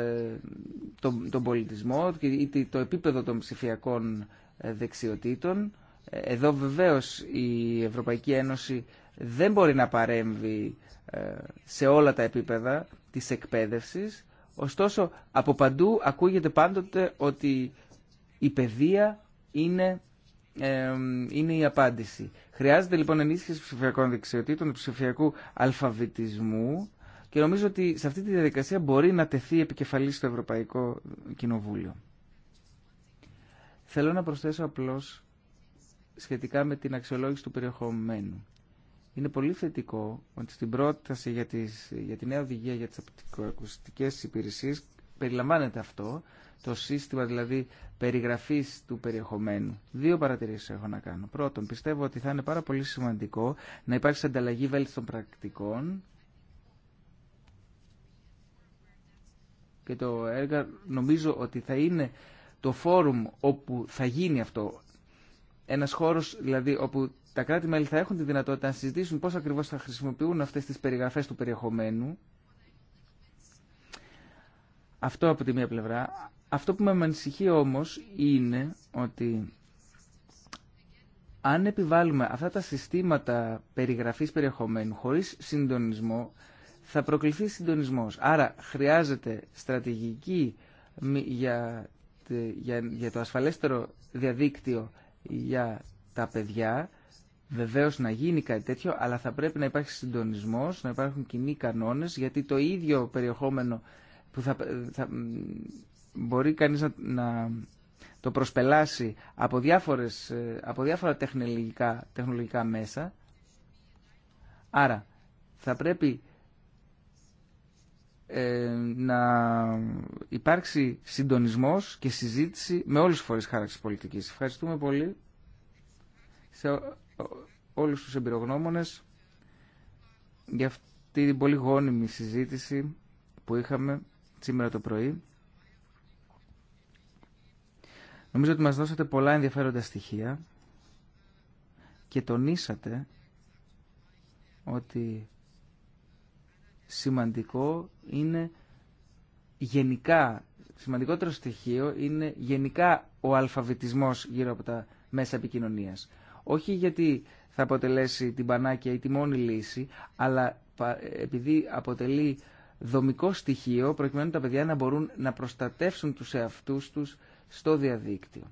τον, τον πολιτισμό ή το επίπεδο των ψηφιακών ε, δεξιοτήτων. Ε, εδώ βεβαίως η Ευρωπαϊκή Ένωση δεν μπορεί να παρέμβει ε, σε όλα τα επίπεδα της εκπαίδευσης Ωστόσο, από παντού ακούγεται πάντοτε ότι η παιδεία είναι, είναι η απάντηση. Χρειάζεται λοιπόν ενίσχυση ψηφιακών δεξιοτήτων, ψηφιακού αλφαβητισμού και νομίζω ότι σε αυτή τη διαδικασία μπορεί να τεθεί επικεφαλή στο Ευρωπαϊκό Κοινοβούλιο. Θέλω να προσθέσω απλώς σχετικά με την αξιολόγηση του περιεχομένου. Είναι πολύ θετικό ότι στην πρόταση για, τις, για τη νέα οδηγία για τις ακουστικές υπηρεσίες περιλαμβάνεται αυτό, το σύστημα δηλαδή περιγραφής του περιεχομένου. Δύο παρατηρήσεις έχω να κάνω. Πρώτον, πιστεύω ότι θα είναι πάρα πολύ σημαντικό να υπάρξει ανταλλαγή βέλτιστων πρακτικών και το έργα νομίζω ότι θα είναι το φόρουμ όπου θα γίνει αυτό. Ένας χώρος δηλαδή όπου τα κράτη-μέλη θα έχουν τη δυνατότητα να συζητήσουν πώς ακριβώς θα χρησιμοποιούν αυτές τις περιγραφές του περιεχομένου. Αυτό από τη μία πλευρά. Αυτό που με ανησυχεί όμως είναι ότι αν επιβάλλουμε αυτά τα συστήματα περιγραφής περιεχομένου χωρίς συντονισμό, θα προκληθεί συντονισμός. Άρα χρειάζεται στρατηγική για το ασφαλέστερο διαδίκτυο για τα παιδιά βεβαίω να γίνει κάτι τέτοιο, αλλά θα πρέπει να υπάρχει συντονισμό, να υπάρχουν κοινοί κανόνε, γιατί το ίδιο περιεχόμενο που θα, θα μπορεί κανεί να, να το προσπελάσει από, διάφορες, ε, από διάφορα τεχνολογικά, τεχνολογικά μέσα. Άρα, θα πρέπει ε, να υπάρξει συντονισμός και συζήτηση με όλες τις φορές χάραξης πολιτικής. Ευχαριστούμε πολύ. Σε όλους τους εμπειρογνώμονες για αυτή την πολύ γόνιμη συζήτηση που είχαμε σήμερα το πρωί. Νομίζω ότι μας δώσατε πολλά ενδιαφέροντα στοιχεία και τονίσατε ότι σημαντικό είναι γενικά, σημαντικότερο στοιχείο είναι γενικά ο αλφαβητισμός γύρω από τα μέσα επικοινωνίας όχι γιατί θα αποτελέσει την πανάκια ή τη μόνη λύση, αλλά επειδή αποτελεί δομικό στοιχείο προκειμένου τα παιδιά να μπορούν να προστατεύσουν τους εαυτούς τους στο διαδίκτυο.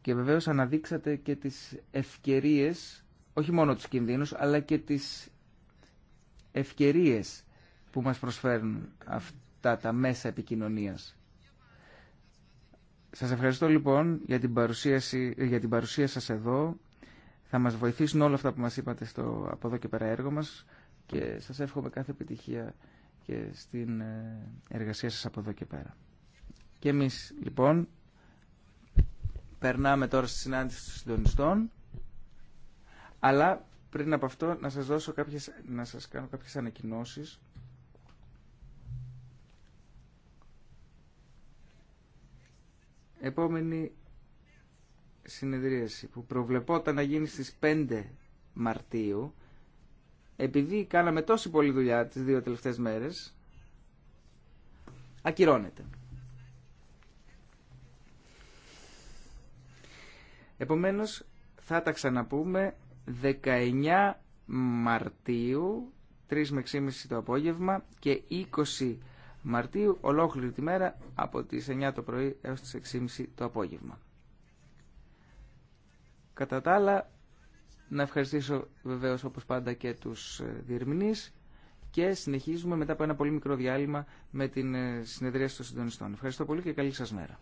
Και βεβαίως αναδείξατε και τις ευκαιρίες, όχι μόνο τους κινδύνους, αλλά και τις ευκαιρίες που μας προσφέρουν αυτά τα μέσα επικοινωνίας. Σας ευχαριστώ λοιπόν για την, παρουσίαση, για την παρουσία σας εδώ. Θα μας βοηθήσουν όλα αυτά που μας είπατε στο από εδώ και πέρα έργο μας και σας εύχομαι κάθε επιτυχία και στην ε, εργασία σας από εδώ και πέρα. Και εμείς λοιπόν περνάμε τώρα στη συνάντηση των συντονιστών αλλά πριν από αυτό να σας, δώσω κάποιες, να σας κάνω κάποιες ανακοινώσεις επόμενη συνεδρίαση που προβλεπόταν να γίνει στις 5 Μαρτίου επειδή κάναμε τόση πολλή δουλειά τις δύο τελευταίες μέρες ακυρώνεται. Επομένως θα τα ξαναπούμε 19 Μαρτίου 3 με 6.30 το απόγευμα και 20 Μαρτίου ολόκληρη τη μέρα από τις 9 το πρωί έως τις 6.30 το απόγευμα. Κατά τα άλλα, να ευχαριστήσω βεβαίως όπως πάντα και τους ε, διερμηνείς και συνεχίζουμε μετά από ένα πολύ μικρό διάλειμμα με την ε, συνεδρία των συντονιστών. Ευχαριστώ πολύ και καλή σας μέρα.